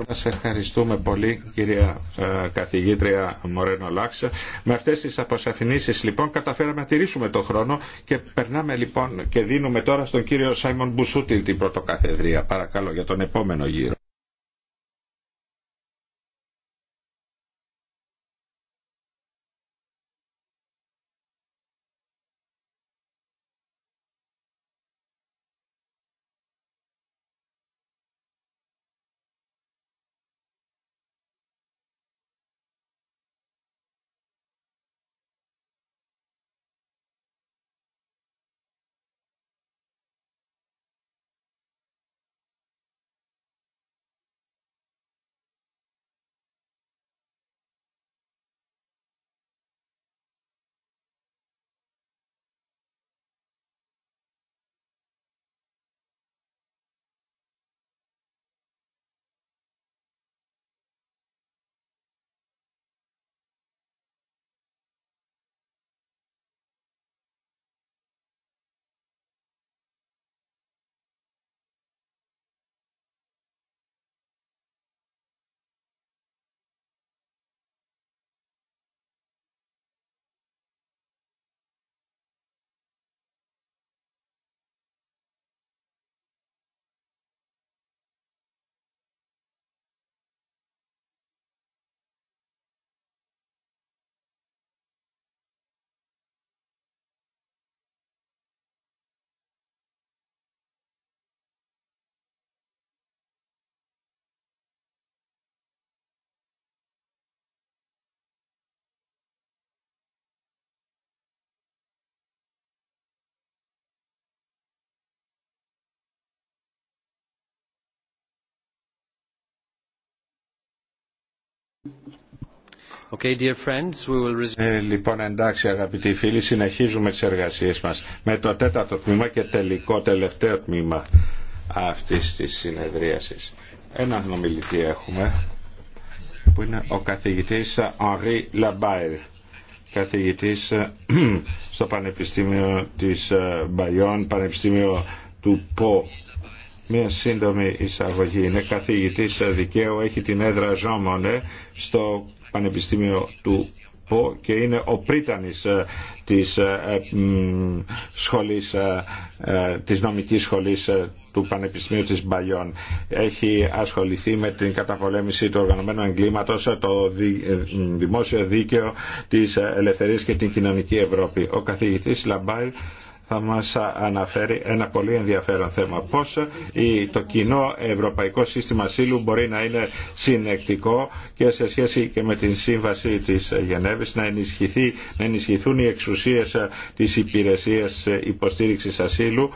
Σας ευχαριστούμε πολύ κυρία ε, καθηγήτρια Μορένο Λάξα. Με αυτές τις αποσαφηνήσεις λοιπόν καταφέραμε να τηρήσουμε τον χρόνο και περνάμε λοιπόν και δίνουμε τώρα στον κύριο Σάιμον Μπουσούτιλ την πρωτοκαθεδρία. Παρακαλώ για τον επόμενο γύρο. Ε, λοιπόν, εντάξει αγαπητοί φίλοι, συνεχίζουμε τις εργασίες μας με το τέταρτο τμήμα και τελικό τελευταίο τμήμα αυτής της συνεδρίασης. Έναν ομιλητή έχουμε, που είναι ο καθηγητής Henri Λαμπάιλ, καθηγητής στο Πανεπιστήμιο της Μπαϊόν, ε, Πανεπιστήμιο του ΠΟ μια σύντομη εισαγωγή. Είναι καθηγητής ε, δικαίου, έχει την έδρα Ζόμονε στο Πανεπιστήμιο του ΠΟ και είναι ο πρίτανης ε, της ε, ε, σχολής, της νομικής σχολής του Πανεπιστημίου της Μπαγιών. Έχει ασχοληθεί με την καταπολέμηση του οργανωμένου εγκλήματος, το δημόσιο δίκαιο της ελευθερίας και την κοινωνική Ευρώπη. Ο καθηγητής Λαμπάιλ θα μας αναφέρει ένα πολύ ενδιαφέρον θέμα. Πώς το κοινό ευρωπαϊκό σύστημα ασύλου μπορεί να είναι συνεκτικό και σε σχέση και με την σύμβαση της Γενέβης να, ενισχυθεί, να ενισχυθούν οι εξουσίες της υπηρεσίας υποστήριξης ασύλου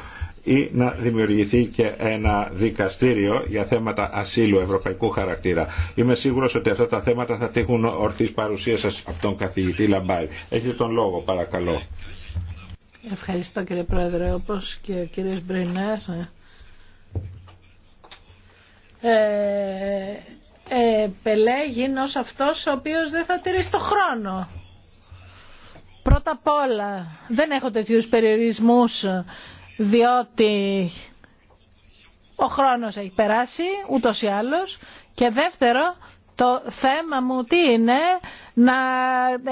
ή να δημιουργηθεί και ένα δικαστήριο για θέματα ασύλου ευρωπαϊκού χαρακτήρα. Είμαι σίγουρος ότι αυτά τα θέματα θα τύχουν ορθής παρουσίας σας από τον καθηγητή Λαμπάη. Έχετε τον λόγο παρακαλώ. Ευχαριστώ κύριε Πρόεδρε, όπως και ο κύριος Μπρινέρ. Ε, ε, επελέγει ως αυτός ο οποίος δεν θα τηρήσει το χρόνο. Πρώτα απ' όλα δεν έχω τέτοιους περιορισμούς διότι ο χρόνος έχει περάσει ούτως ή άλλως και δεύτερο το θέμα μου τι είναι να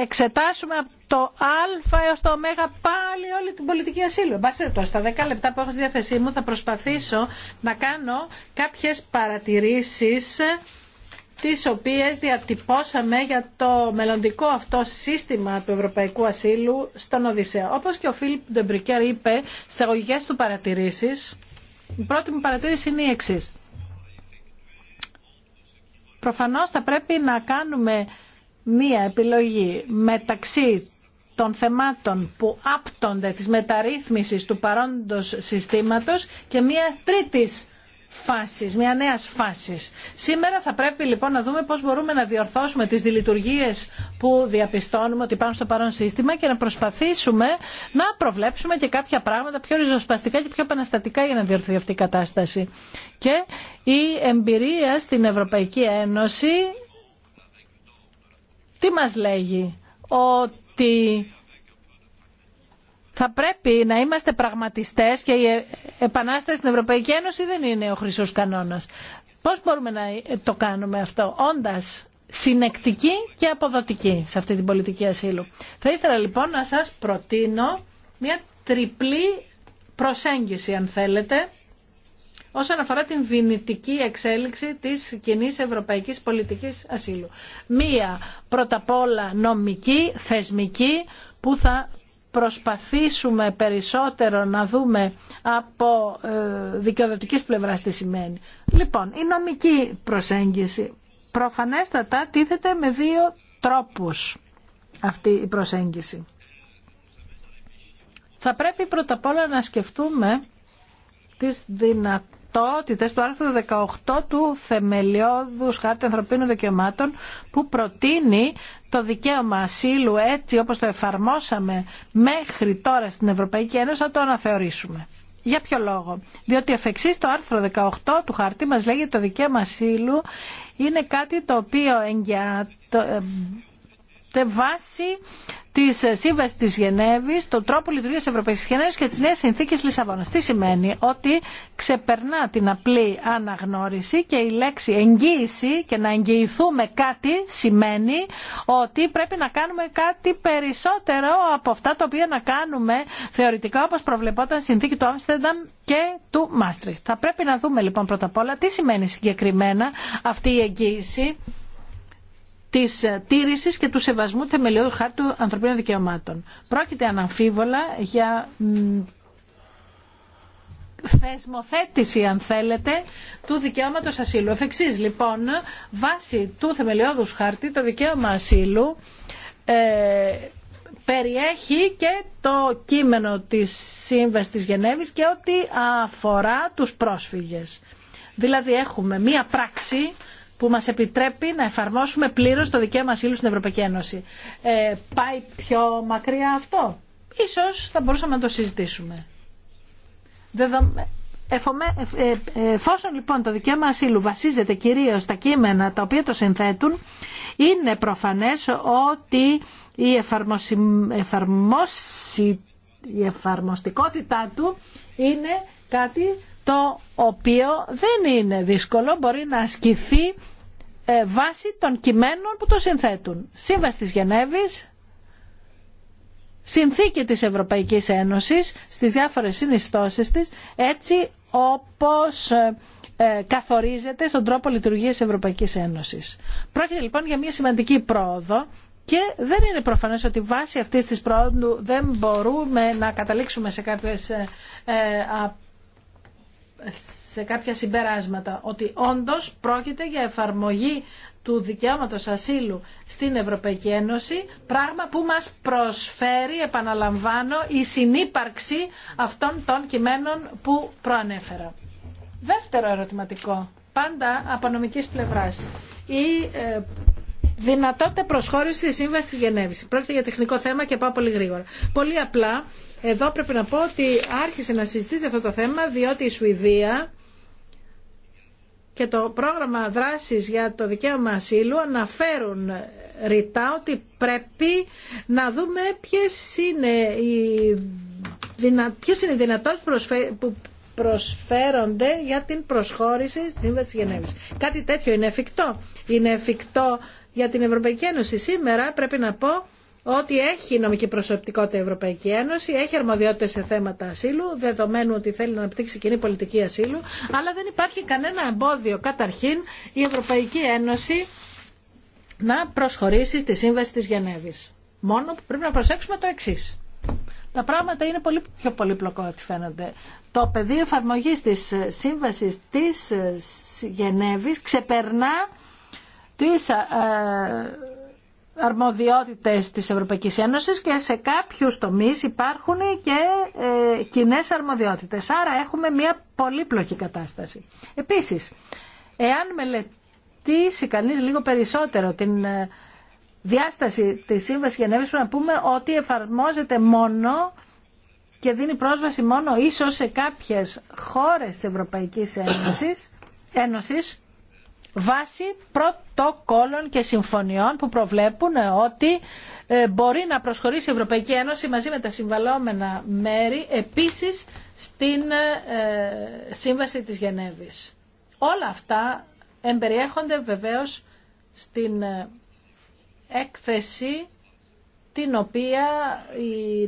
εξετάσουμε το α έως το ω πάλι όλη την πολιτική ασύλου. Εν πάση περιπτώσει, στα 10 λεπτά που έχω στη διάθεσή μου θα προσπαθήσω να κάνω κάποιες παρατηρήσεις τις οποίες διατυπώσαμε για το μελλοντικό αυτό σύστημα του Ευρωπαϊκού Ασύλου στον Οδυσσέα. Όπως και ο Φίλιπ Ντεμπρικέρ είπε στι αγωγικές του παρατηρήσεις, η πρώτη μου παρατήρηση είναι η εξή. Προφανώς θα πρέπει να κάνουμε μία επιλογή μεταξύ των θεμάτων που άπτονται της μεταρρύθμισης του παρόντος συστήματος και μια τρίτης φάσης, μια νέας φάσης. Σήμερα θα πρέπει λοιπόν να δούμε πώς μπορούμε να διορθώσουμε τις δηλειτουργίες που διαπιστώνουμε ότι πάνω στο παρόν σύστημα και να προσπαθήσουμε να προβλέψουμε και κάποια πράγματα πιο ριζοσπαστικά και πιο επαναστατικά για να διορθεί αυτή η κατάσταση. Και η εμπειρία στην Ευρωπαϊκή Ένωση τι μας λέγει ότι ότι θα πρέπει να είμαστε πραγματιστές και η επανάσταση στην Ευρωπαϊκή Ένωση δεν είναι ο χρυσός κανόνας. Πώς μπορούμε να το κάνουμε αυτό, όντας συνεκτική και αποδοτική σε αυτή την πολιτική ασύλου. Θα ήθελα λοιπόν να σας προτείνω μια τριπλή προσέγγιση αν θέλετε όσον αφορά την δυνητική εξέλιξη της κοινή ευρωπαϊκής πολιτικής ασύλου. Μία πρώτα απ' όλα νομική, θεσμική, που θα προσπαθήσουμε περισσότερο να δούμε από ε, δικαιοδοτικής πλευράς τι σημαίνει. Λοιπόν, η νομική προσέγγιση προφανέστατα τίθεται με δύο τρόπους αυτή η προσέγγιση. Θα πρέπει πρώτα απ' όλα να σκεφτούμε τις δυνατότητες του άρθρου 18 του Θεμελιώδους Χάρτη Ανθρωπίνων Δικαιωμάτων που προτείνει το δικαίωμα ασύλου έτσι όπως το εφαρμόσαμε μέχρι τώρα στην Ευρωπαϊκή Ένωση να το αναθεωρήσουμε. Για ποιο λόγο. Διότι εφ' το άρθρο 18 του χάρτη μας λέγει το δικαίωμα ασύλου είναι κάτι το οποίο εγγυάται βάσει τη Σύμβαση τη Γενέβη, τον τρόπο λειτουργία τη Ευρωπαϊκή Γενέβη και τη Νέα Συνθήκη Λισαβόνα. Τι σημαίνει ότι ξεπερνά την απλή αναγνώριση και η λέξη εγγύηση και να εγγυηθούμε κάτι σημαίνει ότι πρέπει να κάνουμε κάτι περισσότερο από αυτά τα οποία να κάνουμε θεωρητικά όπω προβλεπόταν συνθήκη του Άμστερνταμ και του Μάστριχτ. Θα πρέπει να δούμε λοιπόν πρώτα απ' όλα τι σημαίνει συγκεκριμένα αυτή η εγγύηση Τη τήρηση και του σεβασμού θεμελιώδου χάρτου ανθρωπίνων δικαιωμάτων. Πρόκειται αναμφίβολα για θεσμοθέτηση, αν θέλετε, του δικαιώματο ασύλου. Εφ' εξής, λοιπόν, βάσει του θεμελιώδους χάρτη, το δικαίωμα ασύλου ε, περιέχει και το κείμενο της Σύμβασης της Γενέβης και ό,τι αφορά τους πρόσφυγες. Δηλαδή έχουμε μία πράξη που μας επιτρέπει να εφαρμόσουμε πλήρως το δικαίωμα ασύλου στην Ευρωπαϊκή Ένωση. Ε, πάει πιο μακριά αυτό. Ίσως θα μπορούσαμε να το συζητήσουμε. Ε, εφόσον λοιπόν το δικαίωμα ασύλου βασίζεται κυρίως στα κείμενα τα οποία το συνθέτουν, είναι προφανές ότι η, εφαρμοσι... η εφαρμοστικότητά του είναι κάτι το οποίο δεν είναι δύσκολο, μπορεί να ασκηθεί ε, βάσει των κειμένων που το συνθέτουν. Σύμβαση της Γενέβης, συνθήκη της Ευρωπαϊκής Ένωσης, στις διάφορες συνιστώσεις της, έτσι όπως ε, ε, καθορίζεται στον τρόπο λειτουργίας της Ευρωπαϊκής Ένωσης. Πρόκειται λοιπόν για μια σημαντική πρόοδο και δεν είναι προφανές ότι βάσει αυτής της πρόοδου δεν μπορούμε να καταλήξουμε σε κάποιες σε κάποια συμπεράσματα ότι όντως πρόκειται για εφαρμογή του δικαιώματος ασύλου στην Ευρωπαϊκή Ένωση, πράγμα που μας προσφέρει, επαναλαμβάνω, η συνύπαρξη αυτών των κειμένων που προανέφερα. Δεύτερο ερωτηματικό, πάντα από νομικής πλευράς. Η ε, δυνατότητα προσχώρηση τη Σύμβαση τη Γενέβη. Πρόκειται για τεχνικό θέμα και πάω πολύ γρήγορα. Πολύ απλά, εδώ πρέπει να πω ότι άρχισε να συζητείται αυτό το θέμα διότι η Σουηδία και το πρόγραμμα δράσης για το δικαίωμα ασύλου αναφέρουν ρητά ότι πρέπει να δούμε ποιες είναι οι, δυνα... είναι οι δυνατότητες που προσφέρονται για την προσχώρηση στη Σύμβαση της Γενέβης. Κάτι τέτοιο είναι εφικτό. Είναι εφικτό για την Ευρωπαϊκή Ένωση. Σήμερα πρέπει να πω ότι έχει νομική προσωπικότητα η Ευρωπαϊκή Ένωση, έχει αρμοδιότητε σε θέματα ασύλου, δεδομένου ότι θέλει να αναπτύξει κοινή πολιτική ασύλου, αλλά δεν υπάρχει κανένα εμπόδιο καταρχήν η Ευρωπαϊκή Ένωση να προσχωρήσει στη Σύμβαση της Γενέβης. Μόνο που πρέπει να προσέξουμε το εξή. Τα πράγματα είναι πολύ πιο πολύπλοκο ότι φαίνονται. Το πεδίο εφαρμογή της Σύμβασης της Γενέβης ξεπερνά τις ε, αρμοδιότητες της Ευρωπαϊκής Ένωσης και σε κάποιους τομείς υπάρχουν και ε, κοινέ αρμοδιότητες. Άρα έχουμε μια πολύπλοκη κατάσταση. Επίσης, εάν μελετήσει κανείς λίγο περισσότερο την ε, διάσταση της Σύμβασης Γενέβης, πρέπει να πούμε ότι εφαρμόζεται μόνο και δίνει πρόσβαση μόνο ίσως σε κάποιες χώρες της Ευρωπαϊκής Ένωσης, Ένωσης βάσει πρωτοκόλων και συμφωνιών που προβλέπουν ότι ε, μπορεί να προσχωρήσει η Ευρωπαϊκή Ένωση μαζί με τα συμβαλόμενα μέρη επίσης στην ε, Σύμβαση της Γενέβης. Όλα αυτά εμπεριέχονται βεβαίως στην ε, έκθεση την οποία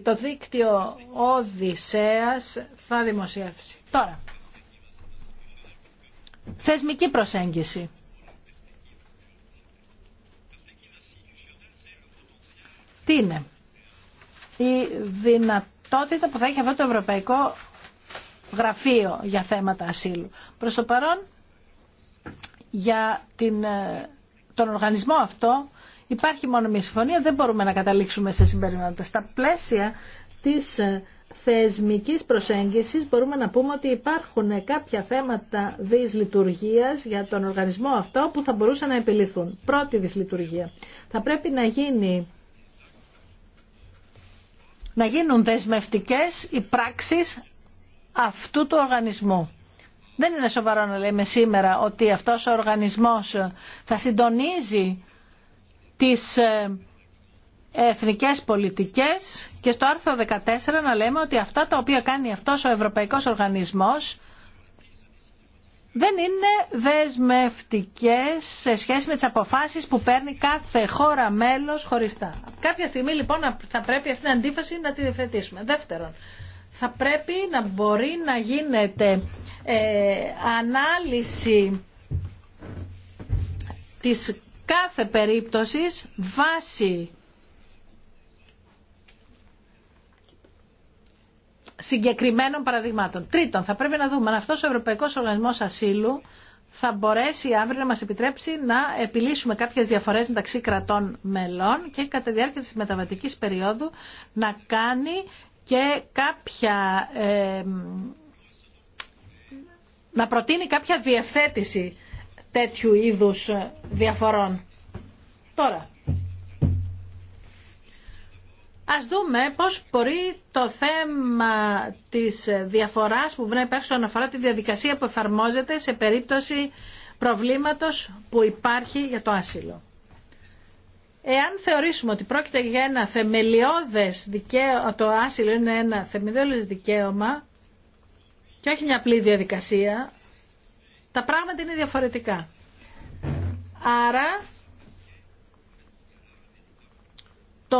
το δίκτυο Οδυσσέας θα δημοσιεύσει. Τώρα, θεσμική προσέγγιση. τι είναι η δυνατότητα που θα έχει αυτό το Ευρωπαϊκό Γραφείο για θέματα ασύλου. Προς το παρόν, για την, ε, τον οργανισμό αυτό υπάρχει μόνο μια συμφωνία, δεν μπορούμε να καταλήξουμε σε συμπεριμένοντα. Στα πλαίσια της ε, θεσμικής προσέγγισης μπορούμε να πούμε ότι υπάρχουν κάποια θέματα δυσλειτουργίας για τον οργανισμό αυτό που θα μπορούσαν να επιληθούν. Πρώτη δυσλειτουργία. Θα πρέπει να γίνει να γίνουν δεσμευτικές οι πράξεις αυτού του οργανισμού. Δεν είναι σοβαρό να λέμε σήμερα ότι αυτός ο οργανισμός θα συντονίζει τις ε, εθνικές πολιτικές και στο άρθρο 14 να λέμε ότι αυτά τα οποία κάνει αυτός ο Ευρωπαϊκός Οργανισμός δεν είναι δεσμευτικές σε σχέση με τις αποφάσεις που παίρνει κάθε χώρα μέλος χωριστά. Κάποια στιγμή λοιπόν θα πρέπει αυτή την αντίφαση να τη διευθετήσουμε. Δεύτερον, θα πρέπει να μπορεί να γίνεται ε, ανάλυση της κάθε περίπτωσης βάση συγκεκριμένων παραδειγμάτων. Τρίτον, θα πρέπει να δούμε αν αυτός ο Ευρωπαϊκός Οργανισμό Ασύλου θα μπορέσει αύριο να μας επιτρέψει να επιλύσουμε κάποιες διαφορέ μεταξύ κρατών μελών και κατά τη διάρκεια τη μεταβατική περίοδου να κάνει και κάποια... να προτείνει κάποια διευθέτηση τέτοιου είδους διαφορών. Τώρα, Ας δούμε πώς μπορεί το θέμα της διαφοράς που μπορεί να υπάρξει αφορά τη διαδικασία που εφαρμόζεται σε περίπτωση προβλήματος που υπάρχει για το άσυλο. Εάν θεωρήσουμε ότι πρόκειται για ένα θεμελιώδες δικαίωμα, το άσυλο είναι ένα θεμελιώδες δικαίωμα και όχι μια απλή διαδικασία, τα πράγματα είναι διαφορετικά. Άρα το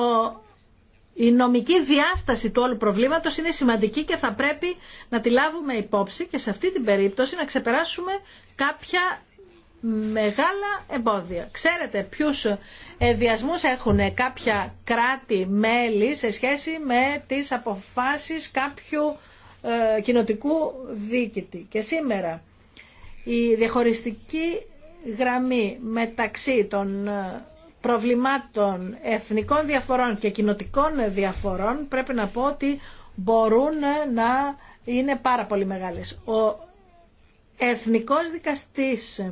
η νομική διάσταση του όλου προβλήματος είναι σημαντική και θα πρέπει να τη λάβουμε υπόψη και σε αυτή την περίπτωση να ξεπεράσουμε κάποια μεγάλα εμπόδια. Ξέρετε ποιους εδιασμους εχουν έχουν κάποια κράτη-μέλη σε σχέση με τις αποφάσεις κάποιου ε, κοινοτικού δίκητη. Και σήμερα η διαχωριστική γραμμή μεταξύ των ε, προβλημάτων εθνικών διαφορών και κοινοτικών διαφορών πρέπει να πω ότι μπορούν να είναι πάρα πολύ μεγάλες. Ο εθνικός δικαστής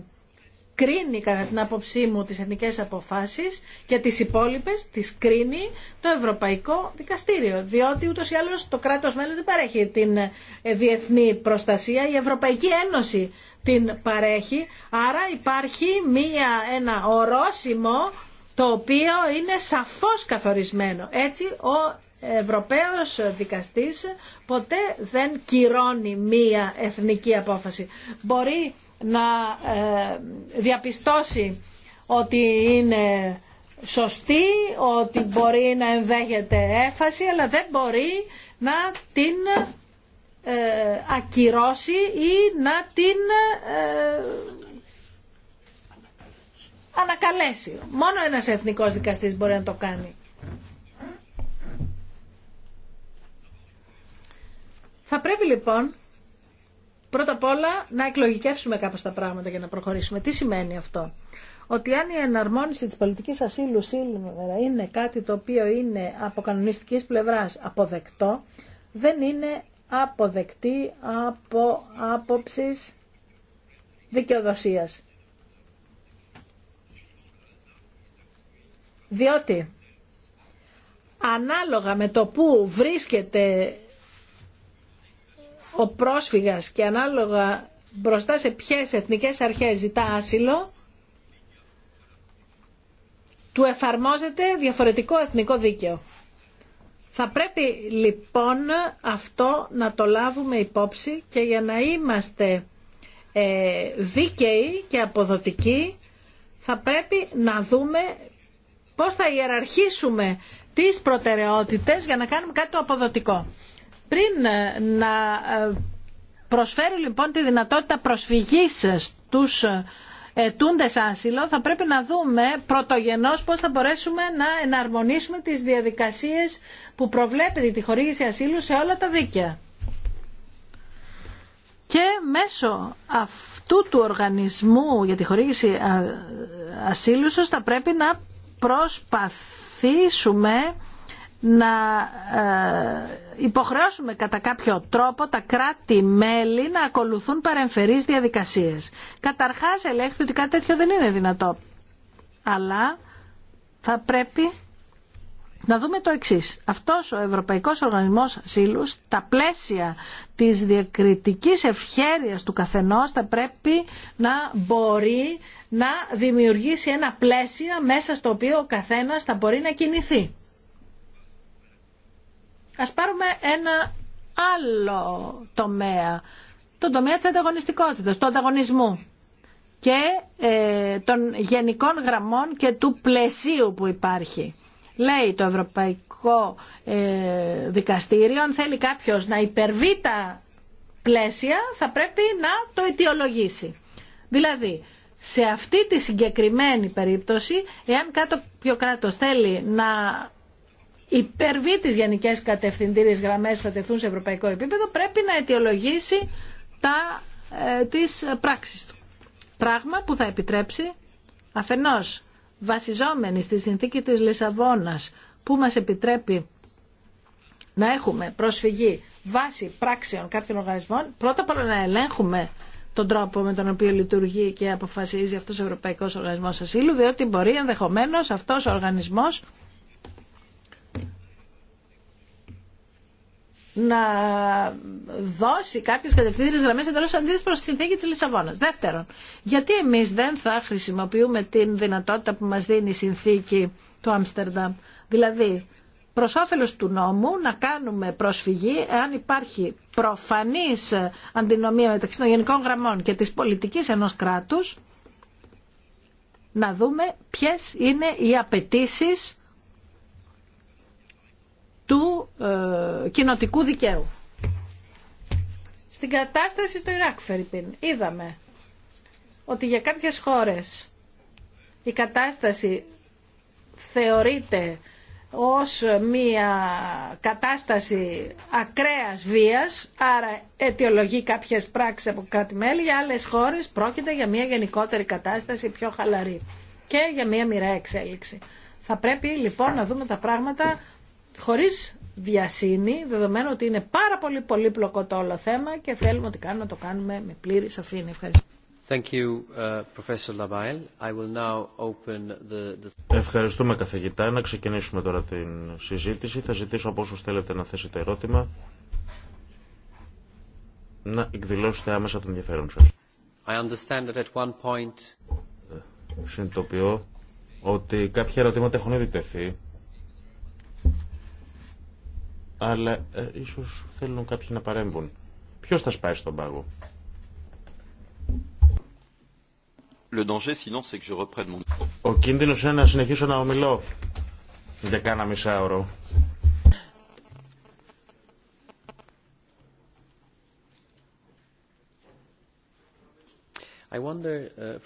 κρίνει κατά την άποψή μου τις εθνικές αποφάσεις και τις υπόλοιπες τις κρίνει το Ευρωπαϊκό Δικαστήριο. Διότι ούτως ή άλλως το κράτος μέλος δεν παρέχει την ε, διεθνή προστασία, η Ευρωπαϊκή Ένωση την παρέχει. Άρα υπάρχει μία, ένα ορόσημο το οποίο είναι σαφώς καθορισμένο. Έτσι ο Ευρωπαίος δικαστής ποτέ δεν κυρώνει μία εθνική απόφαση. Μπορεί να ε, διαπιστώσει ότι είναι σωστή, ότι μπορεί να ενδέχεται έφαση, αλλά δεν μπορεί να την ε, ακυρώσει ή να την ε, ανακαλέσει. Μόνο ένας εθνικός δικαστής μπορεί να το κάνει. Θα πρέπει λοιπόν πρώτα απ' όλα να εκλογικεύσουμε κάπως τα πράγματα για να προχωρήσουμε. Τι σημαίνει αυτό. Ότι αν η εναρμόνιση της πολιτικής ασύλου είναι κάτι το οποίο είναι από κανονιστικής πλευράς αποδεκτό, δεν είναι αποδεκτή από άποψης δικαιοδοσίας. διότι ανάλογα με το που βρίσκεται ο πρόσφυγας και ανάλογα μπροστά σε ποιες εθνικές αρχές ζητά άσυλο, του εφαρμόζεται διαφορετικό εθνικό δίκαιο. Θα πρέπει λοιπόν αυτό να το λάβουμε υπόψη και για να είμαστε ε, δίκαιοι και αποδοτικοί θα πρέπει να δούμε πώς θα ιεραρχήσουμε τις προτεραιότητες για να κάνουμε κάτι το αποδοτικό. Πριν ε, να ε, προσφέρει λοιπόν τη δυνατότητα προσφυγής στους ε, ετούντες άσυλο θα πρέπει να δούμε πρωτογενώς πώς θα μπορέσουμε να εναρμονίσουμε τις διαδικασίες που προβλέπεται τη χορήγηση ασύλου σε όλα τα δίκαια. Και μέσω αυτού του οργανισμού για τη χορήγηση ασύλου θα πρέπει να προσπαθήσουμε να ε, υποχρεώσουμε κατά κάποιο τρόπο τα κράτη-μέλη να ακολουθούν παρεμφερείς διαδικασίες. Καταρχάς ελέγχθη ότι κάτι τέτοιο δεν είναι δυνατό. Αλλά θα πρέπει να δούμε το εξή. Αυτός ο Ευρωπαϊκός Οργανισμός Σύλλου, τα πλαίσια της διακριτική ευχέρειας του καθενός θα πρέπει να μπορεί να δημιουργήσει ένα πλαίσιο μέσα στο οποίο ο καθένας θα μπορεί να κινηθεί. Α πάρουμε ένα άλλο τομέα, τον τομέα τη ανταγωνιστικότητα, του ανταγωνισμού και ε, των γενικών γραμμών και του πλαισίου που υπάρχει λέει το Ευρωπαϊκό ε, Δικαστήριο, αν θέλει κάποιος να υπερβεί τα πλαίσια, θα πρέπει να το αιτιολογήσει. Δηλαδή, σε αυτή τη συγκεκριμένη περίπτωση, εάν κάποιο κράτος θέλει να υπερβεί τις γενικές κατευθυντήριες γραμμές που θα τεθούν σε ευρωπαϊκό επίπεδο, πρέπει να αιτιολογήσει τα, ε, τις πράξεις του. Πράγμα που θα επιτρέψει αφενός βασιζόμενοι στη συνθήκη της Λισαβόνας που μας επιτρέπει να έχουμε προσφυγή βάση πράξεων κάποιων οργανισμών, πρώτα απ' όλα να ελέγχουμε τον τρόπο με τον οποίο λειτουργεί και αποφασίζει αυτός ο Ευρωπαϊκός Οργανισμός Ασύλου, διότι μπορεί ενδεχομένως αυτός ο οργανισμός να δώσει κάποιε κατευθύνσεις γραμμές εντελώ αντίθετε προ τη συνθήκη της Λισαβόνας. Δεύτερον, γιατί εμείς δεν θα χρησιμοποιούμε την δυνατότητα που μας δίνει η συνθήκη του Άμστερνταμ. Δηλαδή, προ όφελο του νόμου να κάνουμε προσφυγή εάν υπάρχει προφανής αντινομία μεταξύ των γενικών γραμμών και της πολιτική ενό κράτου, να δούμε ποιε είναι οι απαιτήσει του ε, κοινοτικού δικαίου. Στην κατάσταση στο Ιράκ, Φερρυπίν, είδαμε ότι για κάποιες χώρες η κατάσταση θεωρείται ως μία κατάσταση ακραίας βίας, άρα αιτιολογεί κάποιες πράξεις από κάτι μέλη, για άλλες χώρες πρόκειται για μία γενικότερη κατάσταση πιο χαλαρή και για μία μοιραία εξέλιξη. Θα πρέπει λοιπόν να δούμε τα πράγματα χωρίς διασύνη δεδομένου ότι είναι πάρα πολύ πολύπλοκο το όλο θέμα και θέλουμε ότι κάνουμε να το κάνουμε με πλήρη σαφήνεια. Ευχαριστώ. Thank you, uh, I will now open the... Ευχαριστούμε καθηγητά. Να ξεκινήσουμε τώρα την συζήτηση. Θα ζητήσω από όσους θέλετε να θέσετε ερώτημα να εκδηλώσετε άμεσα τον ενδιαφέρον σας. I understand that at one point... Ε, ότι κάποια ερωτήματα έχουν ήδη τεθεί αλλά ε, ίσως θέλουν κάποιοι να παρέμβουν. Ποιος θα σπάει στον πάγο. Ο κίνδυνος είναι να συνεχίσω να ομιλώ για κάνα μισάωρο. I ε,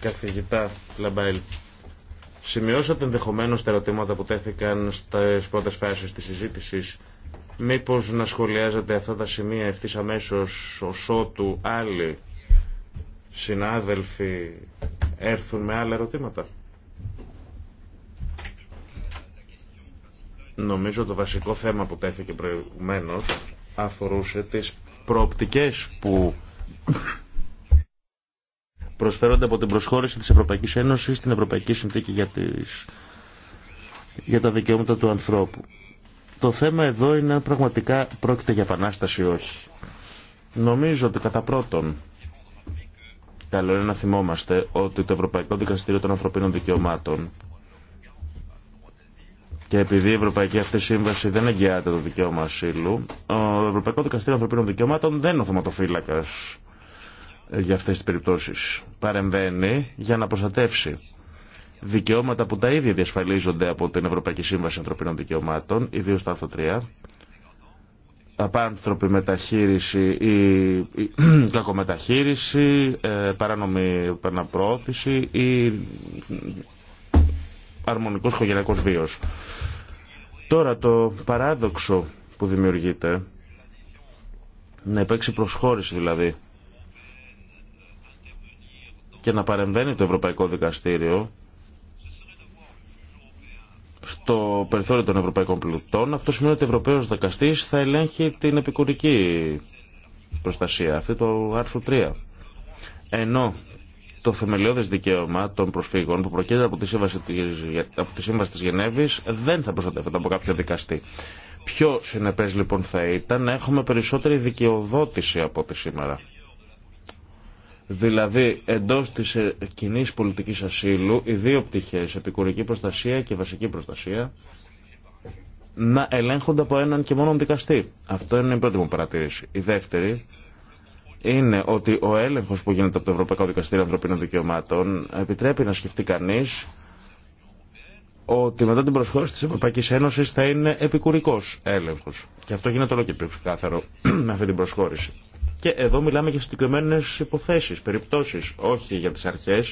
Καθηγητά Λαμπάιλ, Σημειώσατε ενδεχομένω τα ερωτήματα που τέθηκαν στι πρώτε φάσει τη συζήτηση. Μήπω να σχολιάζετε αυτά τα σημεία ευθύ αμέσω ότου άλλοι συνάδελφοι έρθουν με άλλα ερωτήματα. Νομίζω το βασικό θέμα που τέθηκε προηγουμένω αφορούσε τι προοπτικές που προσφέρονται από την προσχώρηση της Ευρωπαϊκής Ένωσης στην Ευρωπαϊκή Συνθήκη για, τις... για τα δικαιώματα του ανθρώπου. Το θέμα εδώ είναι αν πραγματικά πρόκειται για επανάσταση ή όχι. Νομίζω ότι κατά πρώτον καλό είναι να θυμόμαστε ότι το Ευρωπαϊκό Δικαστήριο των Ανθρωπίνων Δικαιωμάτων και επειδή η Ευρωπαϊκή αυτή σύμβαση δεν εγγυάται το δικαίωμα ασύλου, ο Ευρωπαϊκό Δικαστήριο Ανθρωπίνων Δικαιωμάτων δεν είναι ο ευρωπαικο δικαστηριο ανθρωπινων δικαιωματων δεν ειναι ο για αυτές τις περιπτώσεις. Παρεμβαίνει για να προστατεύσει δικαιώματα που τα ίδια διασφαλίζονται από την Ευρωπαϊκή Σύμβαση Ανθρωπίνων Δικαιωμάτων, ιδίως το άρθρο 3, απάνθρωπη μεταχείριση ή κακομεταχείριση, ε, παράνομη επαναπρόθεση ή αρμονικός οικογενειακός βίος. Τώρα το παράδοξο που δημιουργείται, να υπάρξει προσχώρηση δηλαδή και να παρεμβαίνει το Ευρωπαϊκό Δικαστήριο στο περιθώριο των Ευρωπαϊκών Πλουτών, αυτό σημαίνει ότι ο Ευρωπαίος Δικαστής θα ελέγχει την επικουρική προστασία, αυτή το άρθρο 3. Ενώ το θεμελιώδες δικαίωμα των προσφύγων που προκύπτει από τη Σύμβαση, από τη σύμβαση της Γενέβης δεν θα προστατεύεται από κάποιο δικαστή. Ποιο συνεπές λοιπόν θα ήταν να έχουμε περισσότερη δικαιοδότηση από ό,τι σήμερα. Δηλαδή, εντό τη ε, κοινή πολιτική ασύλου, οι δύο πτυχέ, επικουρική προστασία και βασική προστασία, να ελέγχονται από έναν και μόνο δικαστή. Αυτό είναι η πρώτη μου παρατήρηση. Η δεύτερη είναι ότι ο έλεγχο που γίνεται από το Ευρωπαϊκό Δικαστήριο Ανθρωπίνων Δικαιωμάτων επιτρέπει να σκεφτεί κανεί ότι μετά την προσχώρηση τη Ευρωπαϊκή Ένωση θα είναι επικουρικό έλεγχο. Και αυτό γίνεται όλο και πιο ξεκάθαρο με αυτή την προσχώρηση. Και εδώ μιλάμε για συγκεκριμένε υποθέσει, περιπτώσει, όχι για τι αρχέ.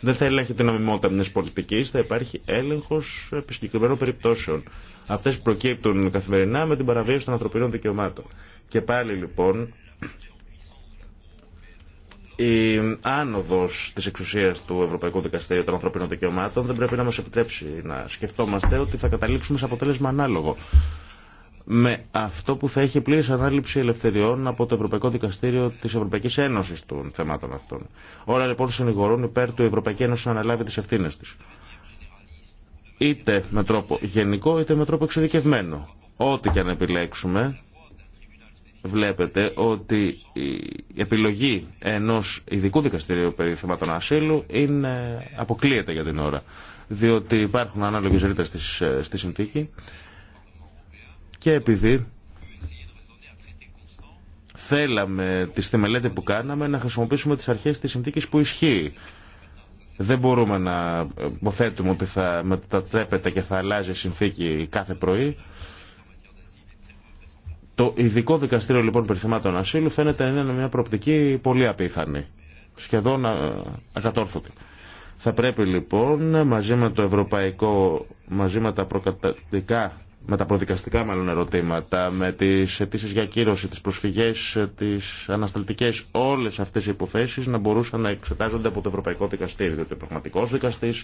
Δεν θα ελέγχει την νομιμότητα μια πολιτική, θα υπάρχει έλεγχο επί συγκεκριμένων περιπτώσεων. Αυτέ προκύπτουν καθημερινά με την παραβίαση των ανθρωπίνων δικαιωμάτων. Και πάλι λοιπόν, η άνοδο τη εξουσία του Ευρωπαϊκού Δικαστηρίου των Ανθρωπίνων Δικαιωμάτων δεν πρέπει να μα επιτρέψει να σκεφτόμαστε ότι θα καταλήξουμε σε αποτέλεσμα ανάλογο με αυτό που θα έχει πλήρη ανάληψη ελευθεριών από το Ευρωπαϊκό Δικαστήριο τη Ευρωπαϊκή Ένωση των θεμάτων αυτών. Όλα λοιπόν συνηγορούν υπέρ του Ευρωπαϊκή Ένωση να αναλάβει τι ευθύνε τη. Είτε με τρόπο γενικό είτε με τρόπο εξειδικευμένο. Ό,τι και αν επιλέξουμε βλέπετε ότι η επιλογή ενό ειδικού δικαστηρίου περί θεμάτων ασύλου είναι, αποκλείεται για την ώρα. Διότι υπάρχουν ανάλογες ρήτε στη συνθήκη και επειδή θέλαμε τις στη μελέτη που κάναμε να χρησιμοποιήσουμε τις αρχές της συνθήκης που ισχύει. Δεν μπορούμε να υποθέτουμε ότι θα μετατρέπεται και θα αλλάζει η συνθήκη κάθε πρωί. Το ειδικό δικαστήριο λοιπόν περιθυμάτων ασύλου φαίνεται να είναι μια προοπτική πολύ απίθανη, σχεδόν ακατόρθωτη. Θα πρέπει λοιπόν μαζί με το ευρωπαϊκό, μαζί με τα προκαταρτικά με τα προδικαστικά μάλλον ερωτήματα, με τις αιτήσει για κύρωση, τι προσφυγές, τις ανασταλτικέ, όλες αυτές οι υποθέσει να μπορούσαν να εξετάζονται από το Ευρωπαϊκό Δικαστήριο, διότι ο πραγματικό δικαστή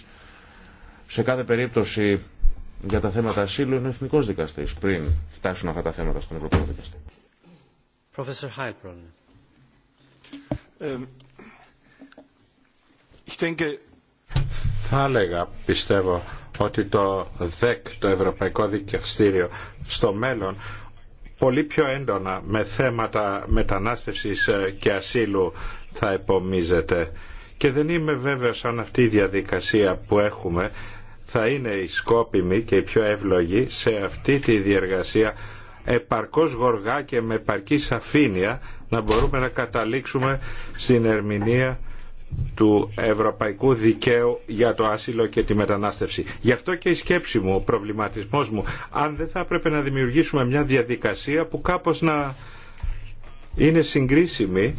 σε κάθε περίπτωση για τα θέματα ασύλου είναι ο εθνικό δικαστή πριν φτάσουν αυτά τα θέματα στον Ευρωπαϊκό Δικαστή. Θα έλεγα, πιστεύω, ότι το ΔΕΚ, το Ευρωπαϊκό Δικαστήριο, στο μέλλον πολύ πιο έντονα με θέματα μετανάστευσης ε, και ασύλου θα επομίζεται. Και δεν είμαι βέβαιος αν αυτή η διαδικασία που έχουμε θα είναι η σκόπιμη και η πιο εύλογη σε αυτή τη διεργασία επαρκώς γοργά και με επαρκή σαφήνεια να μπορούμε να καταλήξουμε στην ερμηνεία του ευρωπαϊκού δικαίου για το άσυλο και τη μετανάστευση. Γι' αυτό και η σκέψη μου, ο προβληματισμός μου, αν δεν θα έπρεπε να δημιουργήσουμε μια διαδικασία που κάπως να είναι συγκρίσιμη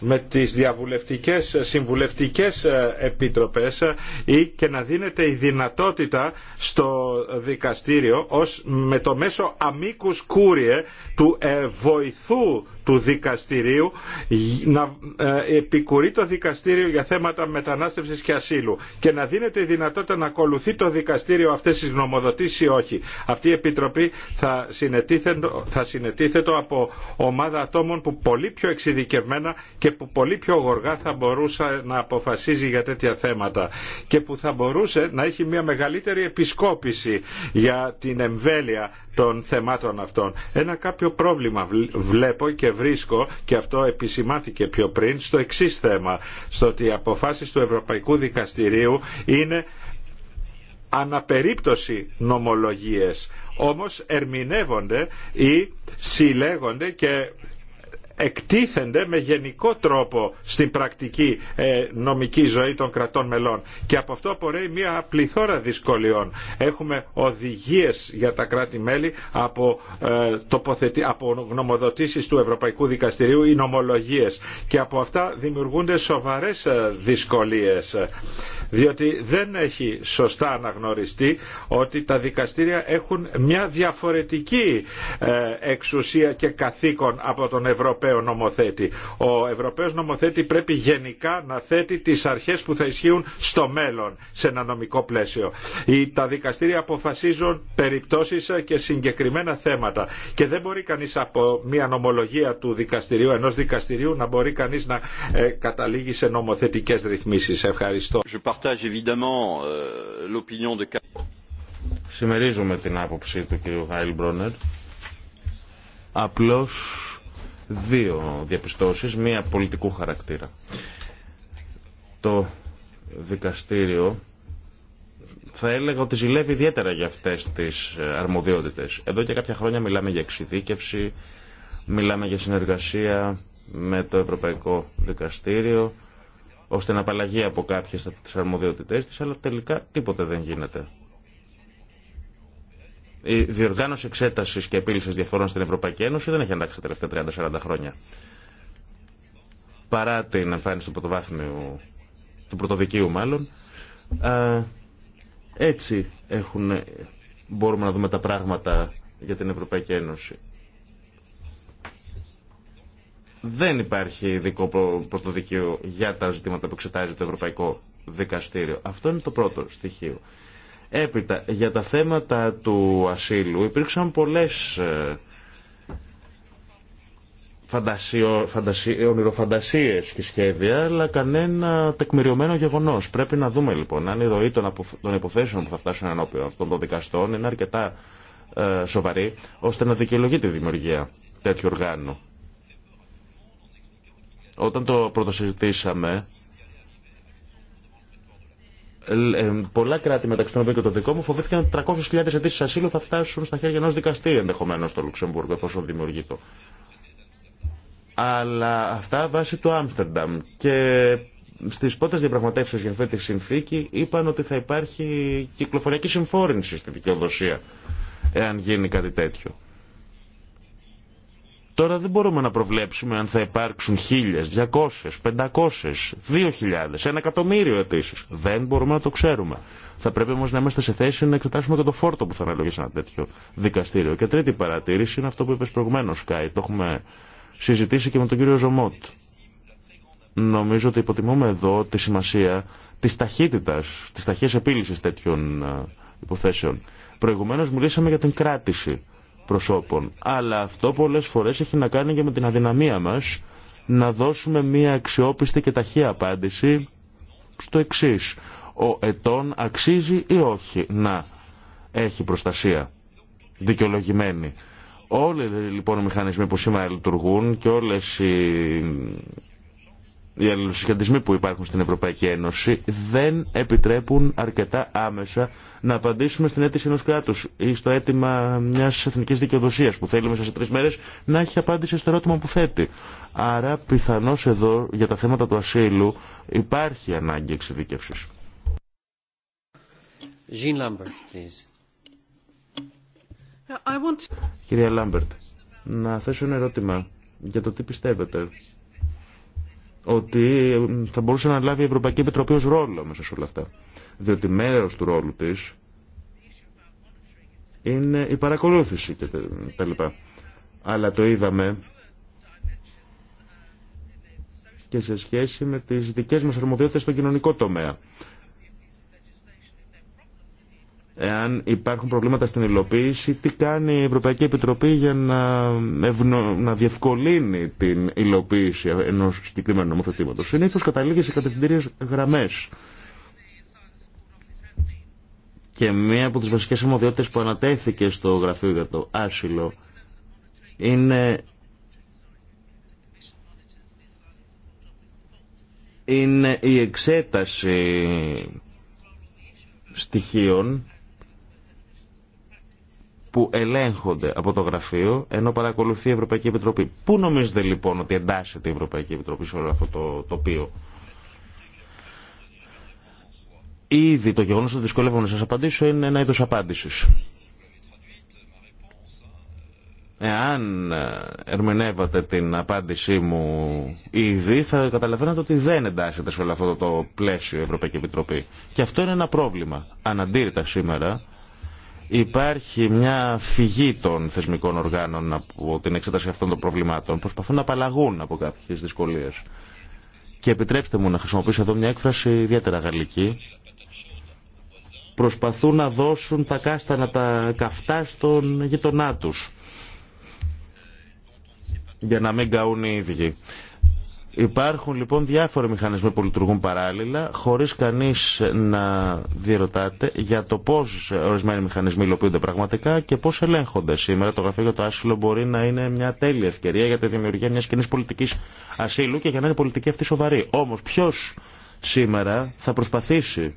με τις διαβουλευτικές συμβουλευτικές ε, επιτροπές ε, ή και να δίνεται η δυνατότητα στο δικαστήριο ως με το μέσο αμίκους κούριε του ε, βοηθού του δικαστηρίου να ε, επικουρεί το δικαστήριο για θέματα μετανάστευσης και ασύλου και να δίνεται η δυνατότητα να ακολουθεί το δικαστήριο αυτές τις γνωμοδοτήσεις ή όχι. Αυτή η Επιτροπή θα, θα συνετίθετο από ομάδα ατόμων που πολύ πιο εξειδικευμένα και που πολύ πιο γοργά θα μπορούσε να αποφασίζει για τέτοια θέματα και που θα μπορούσε να έχει μια μεγαλύτερη επισκόπηση για την εμβέλεια των θεμάτων αυτών. Ένα κάποιο πρόβλημα βλέπω και βρίσκω και αυτό επισημάθηκε πιο πριν στο εξή θέμα, στο ότι οι αποφάσεις του Ευρωπαϊκού Δικαστηρίου είναι αναπερίπτωση νομολογίες όμως ερμηνεύονται ή συλλέγονται και εκτίθενται με γενικό τρόπο στην πρακτική ε, νομική ζωή των κρατών μελών. Και από αυτό απορρέει μια πληθώρα δυσκολιών. Έχουμε οδηγίες για τα κράτη-μέλη από, ε, τοποθετη... από γνωμοδοτήσεις του Ευρωπαϊκού Δικαστηρίου ή νομολογίες. Και από αυτά δημιουργούνται σοβαρές ε, δυσκολίες διότι δεν έχει σωστά αναγνωριστεί ότι τα δικαστήρια έχουν μια διαφορετική ε, εξουσία και καθήκον από τον Ευρωπαίο νομοθέτη. Ο Ευρωπαίος νομοθέτη πρέπει γενικά να θέτει τις αρχές που θα ισχύουν στο μέλλον σε ένα νομικό πλαίσιο. Τα δικαστήρια αποφασίζουν περιπτώσεις και συγκεκριμένα θέματα και δεν μπορεί κανείς από μια νομολογία του δικαστηρίου, ενός δικαστηρίου να μπορεί κανείς να ε, καταλήγει σε νομοθετικές ρυθμίσεις. Ευχαριστώ partage évidemment euh, l'opinion de Συμμερίζουμε την άποψη του κ. Χάιλμπρονερ. Απλώς δύο διαπιστώσεις, μία πολιτικού χαρακτήρα. Το δικαστήριο θα έλεγα ότι ζηλεύει ιδιαίτερα για αυτές τις ε, αρμοδιότητες. Εδώ και κάποια χρόνια μιλάμε για εξειδίκευση, μιλάμε για συνεργασία με το Ευρωπαϊκό Δικαστήριο, ώστε να απαλλαγεί από κάποιες από τις αρμοδιότητές της, αλλά τελικά τίποτε δεν γίνεται. Η διοργάνωση εξέταση και επίλυση διαφορών στην Ευρωπαϊκή Ένωση δεν έχει αντάξει τα τελευταία 30-40 χρόνια. Παρά την εμφάνιση του πρωτοβάθμιου, του πρωτοδικίου μάλλον, έτσι έχουν, μπορούμε να δούμε τα πράγματα για την Ευρωπαϊκή Ένωση δεν υπάρχει ειδικό πρωτοδικείο για τα ζητήματα που εξετάζει το Ευρωπαϊκό Δικαστήριο. Αυτό είναι το πρώτο στοιχείο. Έπειτα, για τα θέματα του ασύλου υπήρξαν πολλές ε, φαντασιο, ονειροφαντασίες και σχέδια, αλλά κανένα τεκμηριωμένο γεγονός. Πρέπει να δούμε λοιπόν αν η ροή των, υποθέσεων που θα φτάσουν ενώπιον αυτών των δικαστών είναι αρκετά ε, σοβαρή, ώστε να δικαιολογεί τη δημιουργία τέτοιου οργάνου. Όταν το πρωτοσυζητήσαμε, ε, πολλά κράτη μεταξύ των οποίων και το δικό μου φοβήθηκαν ότι 300.000 αιτήσει ασύλου θα φτάσουν στα χέρια ενό δικαστή ενδεχομένω στο Λουξεμβούργο, εφόσον δημιουργεί το. Αλλά αυτά βάσει του Άμστερνταμ. Και στι πρώτε διαπραγματεύσει για αυτή τη συνθήκη είπαν ότι θα υπάρχει κυκλοφοριακή συμφόρηση στη δικαιοδοσία, εάν γίνει κάτι τέτοιο. Τώρα δεν μπορούμε να προβλέψουμε αν θα υπάρξουν δυακόσες, 200, δύο 2.000, ένα εκατομμύριο αιτήσει. Δεν μπορούμε να το ξέρουμε. Θα πρέπει όμω να είμαστε σε θέση να εξετάσουμε και το φόρτο που θα αναλογεί σε ένα τέτοιο δικαστήριο. Και τρίτη παρατήρηση είναι αυτό που είπε προηγουμένω, Σκάι. Το έχουμε συζητήσει και με τον κύριο Ζωμότ. Νομίζω ότι υποτιμούμε εδώ τη σημασία τη ταχύτητα, τη ταχύ επίλυση τέτοιων ε, υποθέσεων. Προηγουμένω μιλήσαμε για την κράτηση προσώπων. Αλλά αυτό πολλές φορές έχει να κάνει και με την αδυναμία μας να δώσουμε μια αξιόπιστη και ταχεία απάντηση στο εξή. Ο ετών αξίζει ή όχι να έχει προστασία δικαιολογημένη. Όλοι λοιπόν οι μηχανισμοί που σήμερα λειτουργούν και όλες οι οι αλληλοσυγχαντισμοί που υπάρχουν στην Ευρωπαϊκή Ένωση δεν επιτρέπουν αρκετά άμεσα να απαντήσουμε στην αίτηση ενό κράτου ή στο αίτημα μια εθνική δικαιοδοσία που θέλει μέσα σε τρει μέρε να έχει απάντηση στο ερώτημα που θέτει. Άρα πιθανώ εδώ για τα θέματα του ασύλου υπάρχει ανάγκη εξειδίκευση. Κυρία Λάμπερτ, να θέσω ένα ερώτημα για το τι πιστεύετε ότι θα μπορούσε να λάβει η Ευρωπαϊκή Επιτροπή ως ρόλο μέσα σε όλα αυτά. Διότι μέρος του ρόλου της είναι η παρακολούθηση και τα λοιπά. Αλλά το είδαμε και σε σχέση με τις δικές μας αρμοδιότητες στο κοινωνικό τομέα. Εάν υπάρχουν προβλήματα στην υλοποίηση, τι κάνει η Ευρωπαϊκή Επιτροπή για να, να διευκολύνει την υλοποίηση ενό συγκεκριμένου νομοθετήματο. Συνήθως καταλήγει σε κατευθυντήριε γραμμέ. Και μία από τι βασικέ αρμοδιότητε που ανατέθηκε στο γραφείο για το άσυλο είναι είναι η εξέταση στοιχείων που ελέγχονται από το γραφείο ενώ παρακολουθεί η Ευρωπαϊκή Επιτροπή. Πού νομίζετε λοιπόν ότι εντάσσεται η Ευρωπαϊκή Επιτροπή σε όλο αυτό το τοπίο. Ήδη το γεγονός ότι δυσκολεύομαι να σας απαντήσω είναι ένα είδος απάντησης. Εάν ε, ερμηνεύατε την απάντησή μου ήδη, θα καταλαβαίνετε ότι δεν εντάσσεται σε όλο αυτό το πλαίσιο η Ευρωπαϊκή Επιτροπή. Και αυτό είναι ένα πρόβλημα. Αναντήρητα σήμερα, Υπάρχει μια φυγή των θεσμικών οργάνων από την εξέταση αυτών των προβλημάτων. Προσπαθούν να απαλλαγούν από κάποιες δυσκολίες. Και επιτρέψτε μου να χρησιμοποιήσω εδώ μια έκφραση ιδιαίτερα γαλλική. Προσπαθούν να δώσουν τα κάστανα τα καυτά στον γειτονά του. Για να μην καούν οι ίδιοι. Υπάρχουν λοιπόν διάφοροι μηχανισμοί που λειτουργούν παράλληλα, χωρίς κανείς να διερωτάται για το πώς ορισμένοι μηχανισμοί υλοποιούνται πραγματικά και πώς ελέγχονται. Σήμερα το γραφείο για το άσυλο μπορεί να είναι μια τέλεια ευκαιρία για τη δημιουργία μιας κοινή πολιτικής ασύλου και για να είναι πολιτική αυτή σοβαρή. Όμως ποιο σήμερα θα προσπαθήσει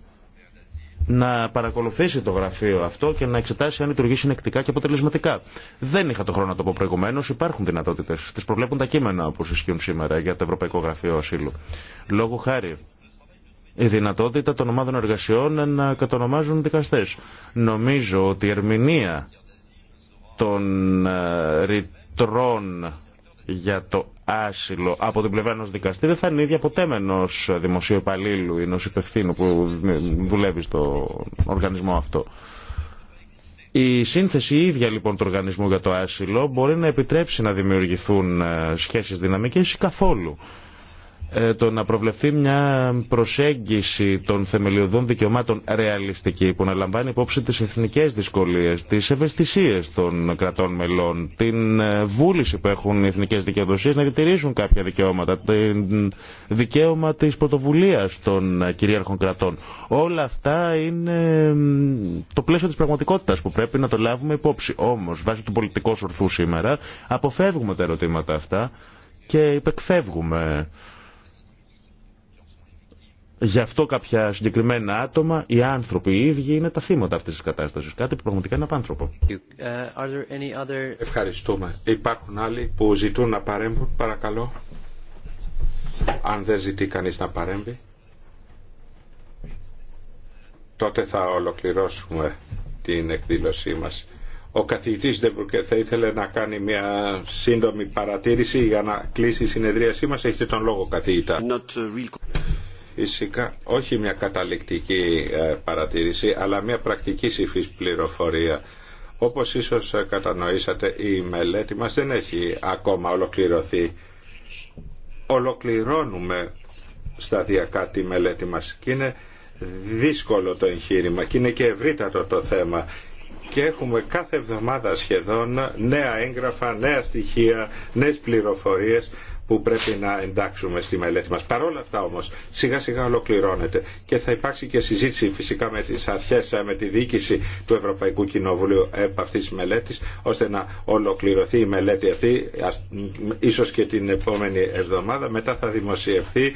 να παρακολουθήσει το γραφείο αυτό και να εξετάσει αν λειτουργεί συνεκτικά και αποτελεσματικά. Δεν είχα το χρόνο να το πω προηγουμένω. Υπάρχουν δυνατότητε. Τι προβλέπουν τα κείμενα όπω ισχύουν σήμερα για το Ευρωπαϊκό Γραφείο Ασύλου. Λόγω χάρη η δυνατότητα των ομάδων εργασιών να κατονομάζουν δικαστέ. Νομίζω ότι η ερμηνεία των ε, ρητρών για το άσυλο από την πλευρά ενό δικαστή δεν θα είναι ίδια ποτέ με ενό δημοσίου υπαλλήλου ή ενό υπευθύνου που δουλεύει στο οργανισμό αυτό. Η σύνθεση η συνθεση λοιπόν του οργανισμού για το άσυλο μπορεί να επιτρέψει να δημιουργηθούν ε, σχέσεις δυναμικές καθόλου. Ε, το να προβλεφθεί μια προσέγγιση των θεμελιωδών δικαιωμάτων ρεαλιστική που να λαμβάνει υπόψη τις εθνικές δυσκολίες, τις ευαισθησίες των κρατών μελών, την ε, βούληση που έχουν οι εθνικές δικαιοδοσίες να διατηρήσουν κάποια δικαιώματα, το δικαίωμα της πρωτοβουλίας των ε, κυρίαρχων κρατών. Όλα αυτά είναι το πλαίσιο της πραγματικότητας που πρέπει να το λάβουμε υπόψη. Όμως, βάσει του πολιτικού ορθού σήμερα, αποφεύγουμε τα ερωτήματα αυτά και υπεκφεύγουμε Γι' αυτό κάποια συγκεκριμένα άτομα, οι άνθρωποι οι ίδιοι, είναι τα θύματα αυτής της κατάστασης. Κάτι που πραγματικά είναι απάνθρωπο. Ε, Ευχαριστούμε. Υπάρχουν άλλοι που ζητούν να παρέμβουν, παρακαλώ. Αν δεν ζητεί κανείς να παρέμβει, τότε θα ολοκληρώσουμε την εκδήλωσή μας. Ο καθηγητής δεν θα ήθελε να κάνει μια σύντομη παρατήρηση για να κλείσει η συνεδρίασή μας. Έχετε τον λόγο, καθηγητά. Uh, Φυσικά όχι μια καταληκτική ε, παρατήρηση αλλά μια πρακτική υφής πληροφορία. Όπως ίσως ε, κατανοήσατε η μελέτη μας δεν έχει ακόμα ολοκληρωθεί. Ολοκληρώνουμε σταδιακά τη μελέτη μας και είναι δύσκολο το εγχείρημα και είναι και ευρύτατο το θέμα και έχουμε κάθε εβδομάδα σχεδόν νέα έγγραφα, νέα στοιχεία, νέες πληροφορίες που πρέπει να εντάξουμε στη μελέτη μας. Παρ' όλα αυτά όμως σιγά σιγά ολοκληρώνεται και θα υπάρξει και συζήτηση φυσικά με τις αρχές, ε, με τη διοίκηση του Ευρωπαϊκού Κοινοβουλίου επ' αυτής της μελέτης ώστε να ολοκληρωθεί η μελέτη αυτή ίσως και την επόμενη εβδομάδα. Μετά θα δημοσιευθεί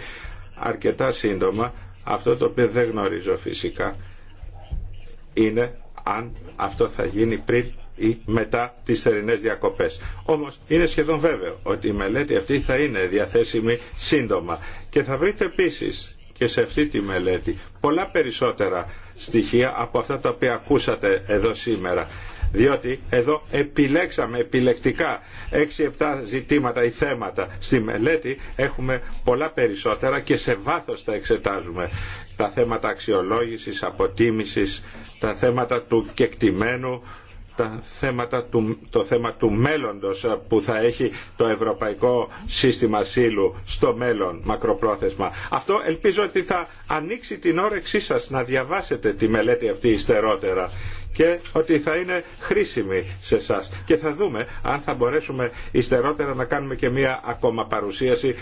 αρκετά σύντομα αυτό το οποίο δεν γνωρίζω φυσικά είναι αν αυτό θα γίνει πριν ή μετά τις θερινές διακοπές. Όμως είναι σχεδόν βέβαιο ότι η μελέτη αυτή θα είναι διαθέσιμη σύντομα και θα βρείτε επίσης και σε αυτή τη μελέτη πολλά περισσότερα στοιχεία από αυτά τα οποία ακούσατε εδώ σήμερα. Διότι εδώ επιλέξαμε επιλεκτικά 6-7 ζητήματα ή θέματα. Στη μελέτη έχουμε πολλά περισσότερα και σε βάθος τα εξετάζουμε. Τα θέματα αξιολόγησης, αποτίμησης, τα θέματα του κεκτημένου, τα θέματα το θέμα του μέλλοντος ε, που θα έχει το ευρωπαϊκό σύστημα Σύλλου στο μέλλον μακροπρόθεσμα. Αυτό ελπίζω ότι θα ανοίξει την όρεξή σας να διαβάσετε τη μελέτη αυτή υστερότερα και ότι θα είναι χρήσιμη σε εσά. Και θα δούμε αν θα μπορέσουμε υστερότερα να κάνουμε και μία ακόμα παρουσίαση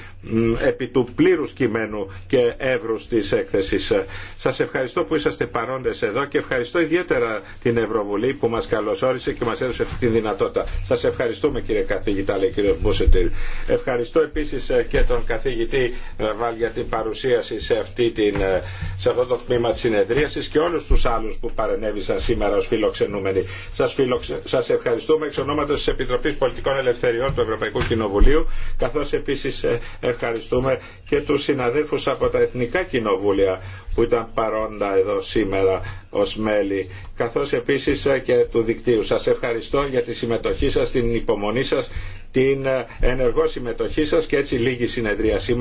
επί του πλήρου κειμένου και εύρου τη έκθεση. Σα ευχαριστώ που είσαστε παρόντε εδώ και ευχαριστώ ιδιαίτερα την Ευρωβουλή που μα καλωσόρισε και μα έδωσε αυτή τη δυνατότητα. Σα ευχαριστούμε κύριε καθηγητά, λέει κύριο Μπούσετηρ. Ευχαριστώ επίση ε, και τον καθηγητή ε, Βαλ για την παρουσίαση σε, αυτή την, ε, σε αυτό το τμήμα τη συνεδρίαση και όλου του άλλου που παρενέβησαν σήμερα σας φιλοξενούμενοι. Σας, σας ευχαριστούμε εξ ονόματος της Επιτροπής Πολιτικών Ελευθεριών του Ευρωπαϊκού Κοινοβουλίου, καθώς επίσης ε, ευχαριστούμε και τους συναδέλφους από τα Εθνικά Κοινοβούλια που ήταν παρόντα εδώ σήμερα ως μέλη, καθώς επίσης ε, και του δικτύου. Σας ευχαριστώ για τη συμμετοχή σας, την υπομονή σας, την ε, ενεργό συμμετοχή σας και έτσι λίγη συνεδρίασή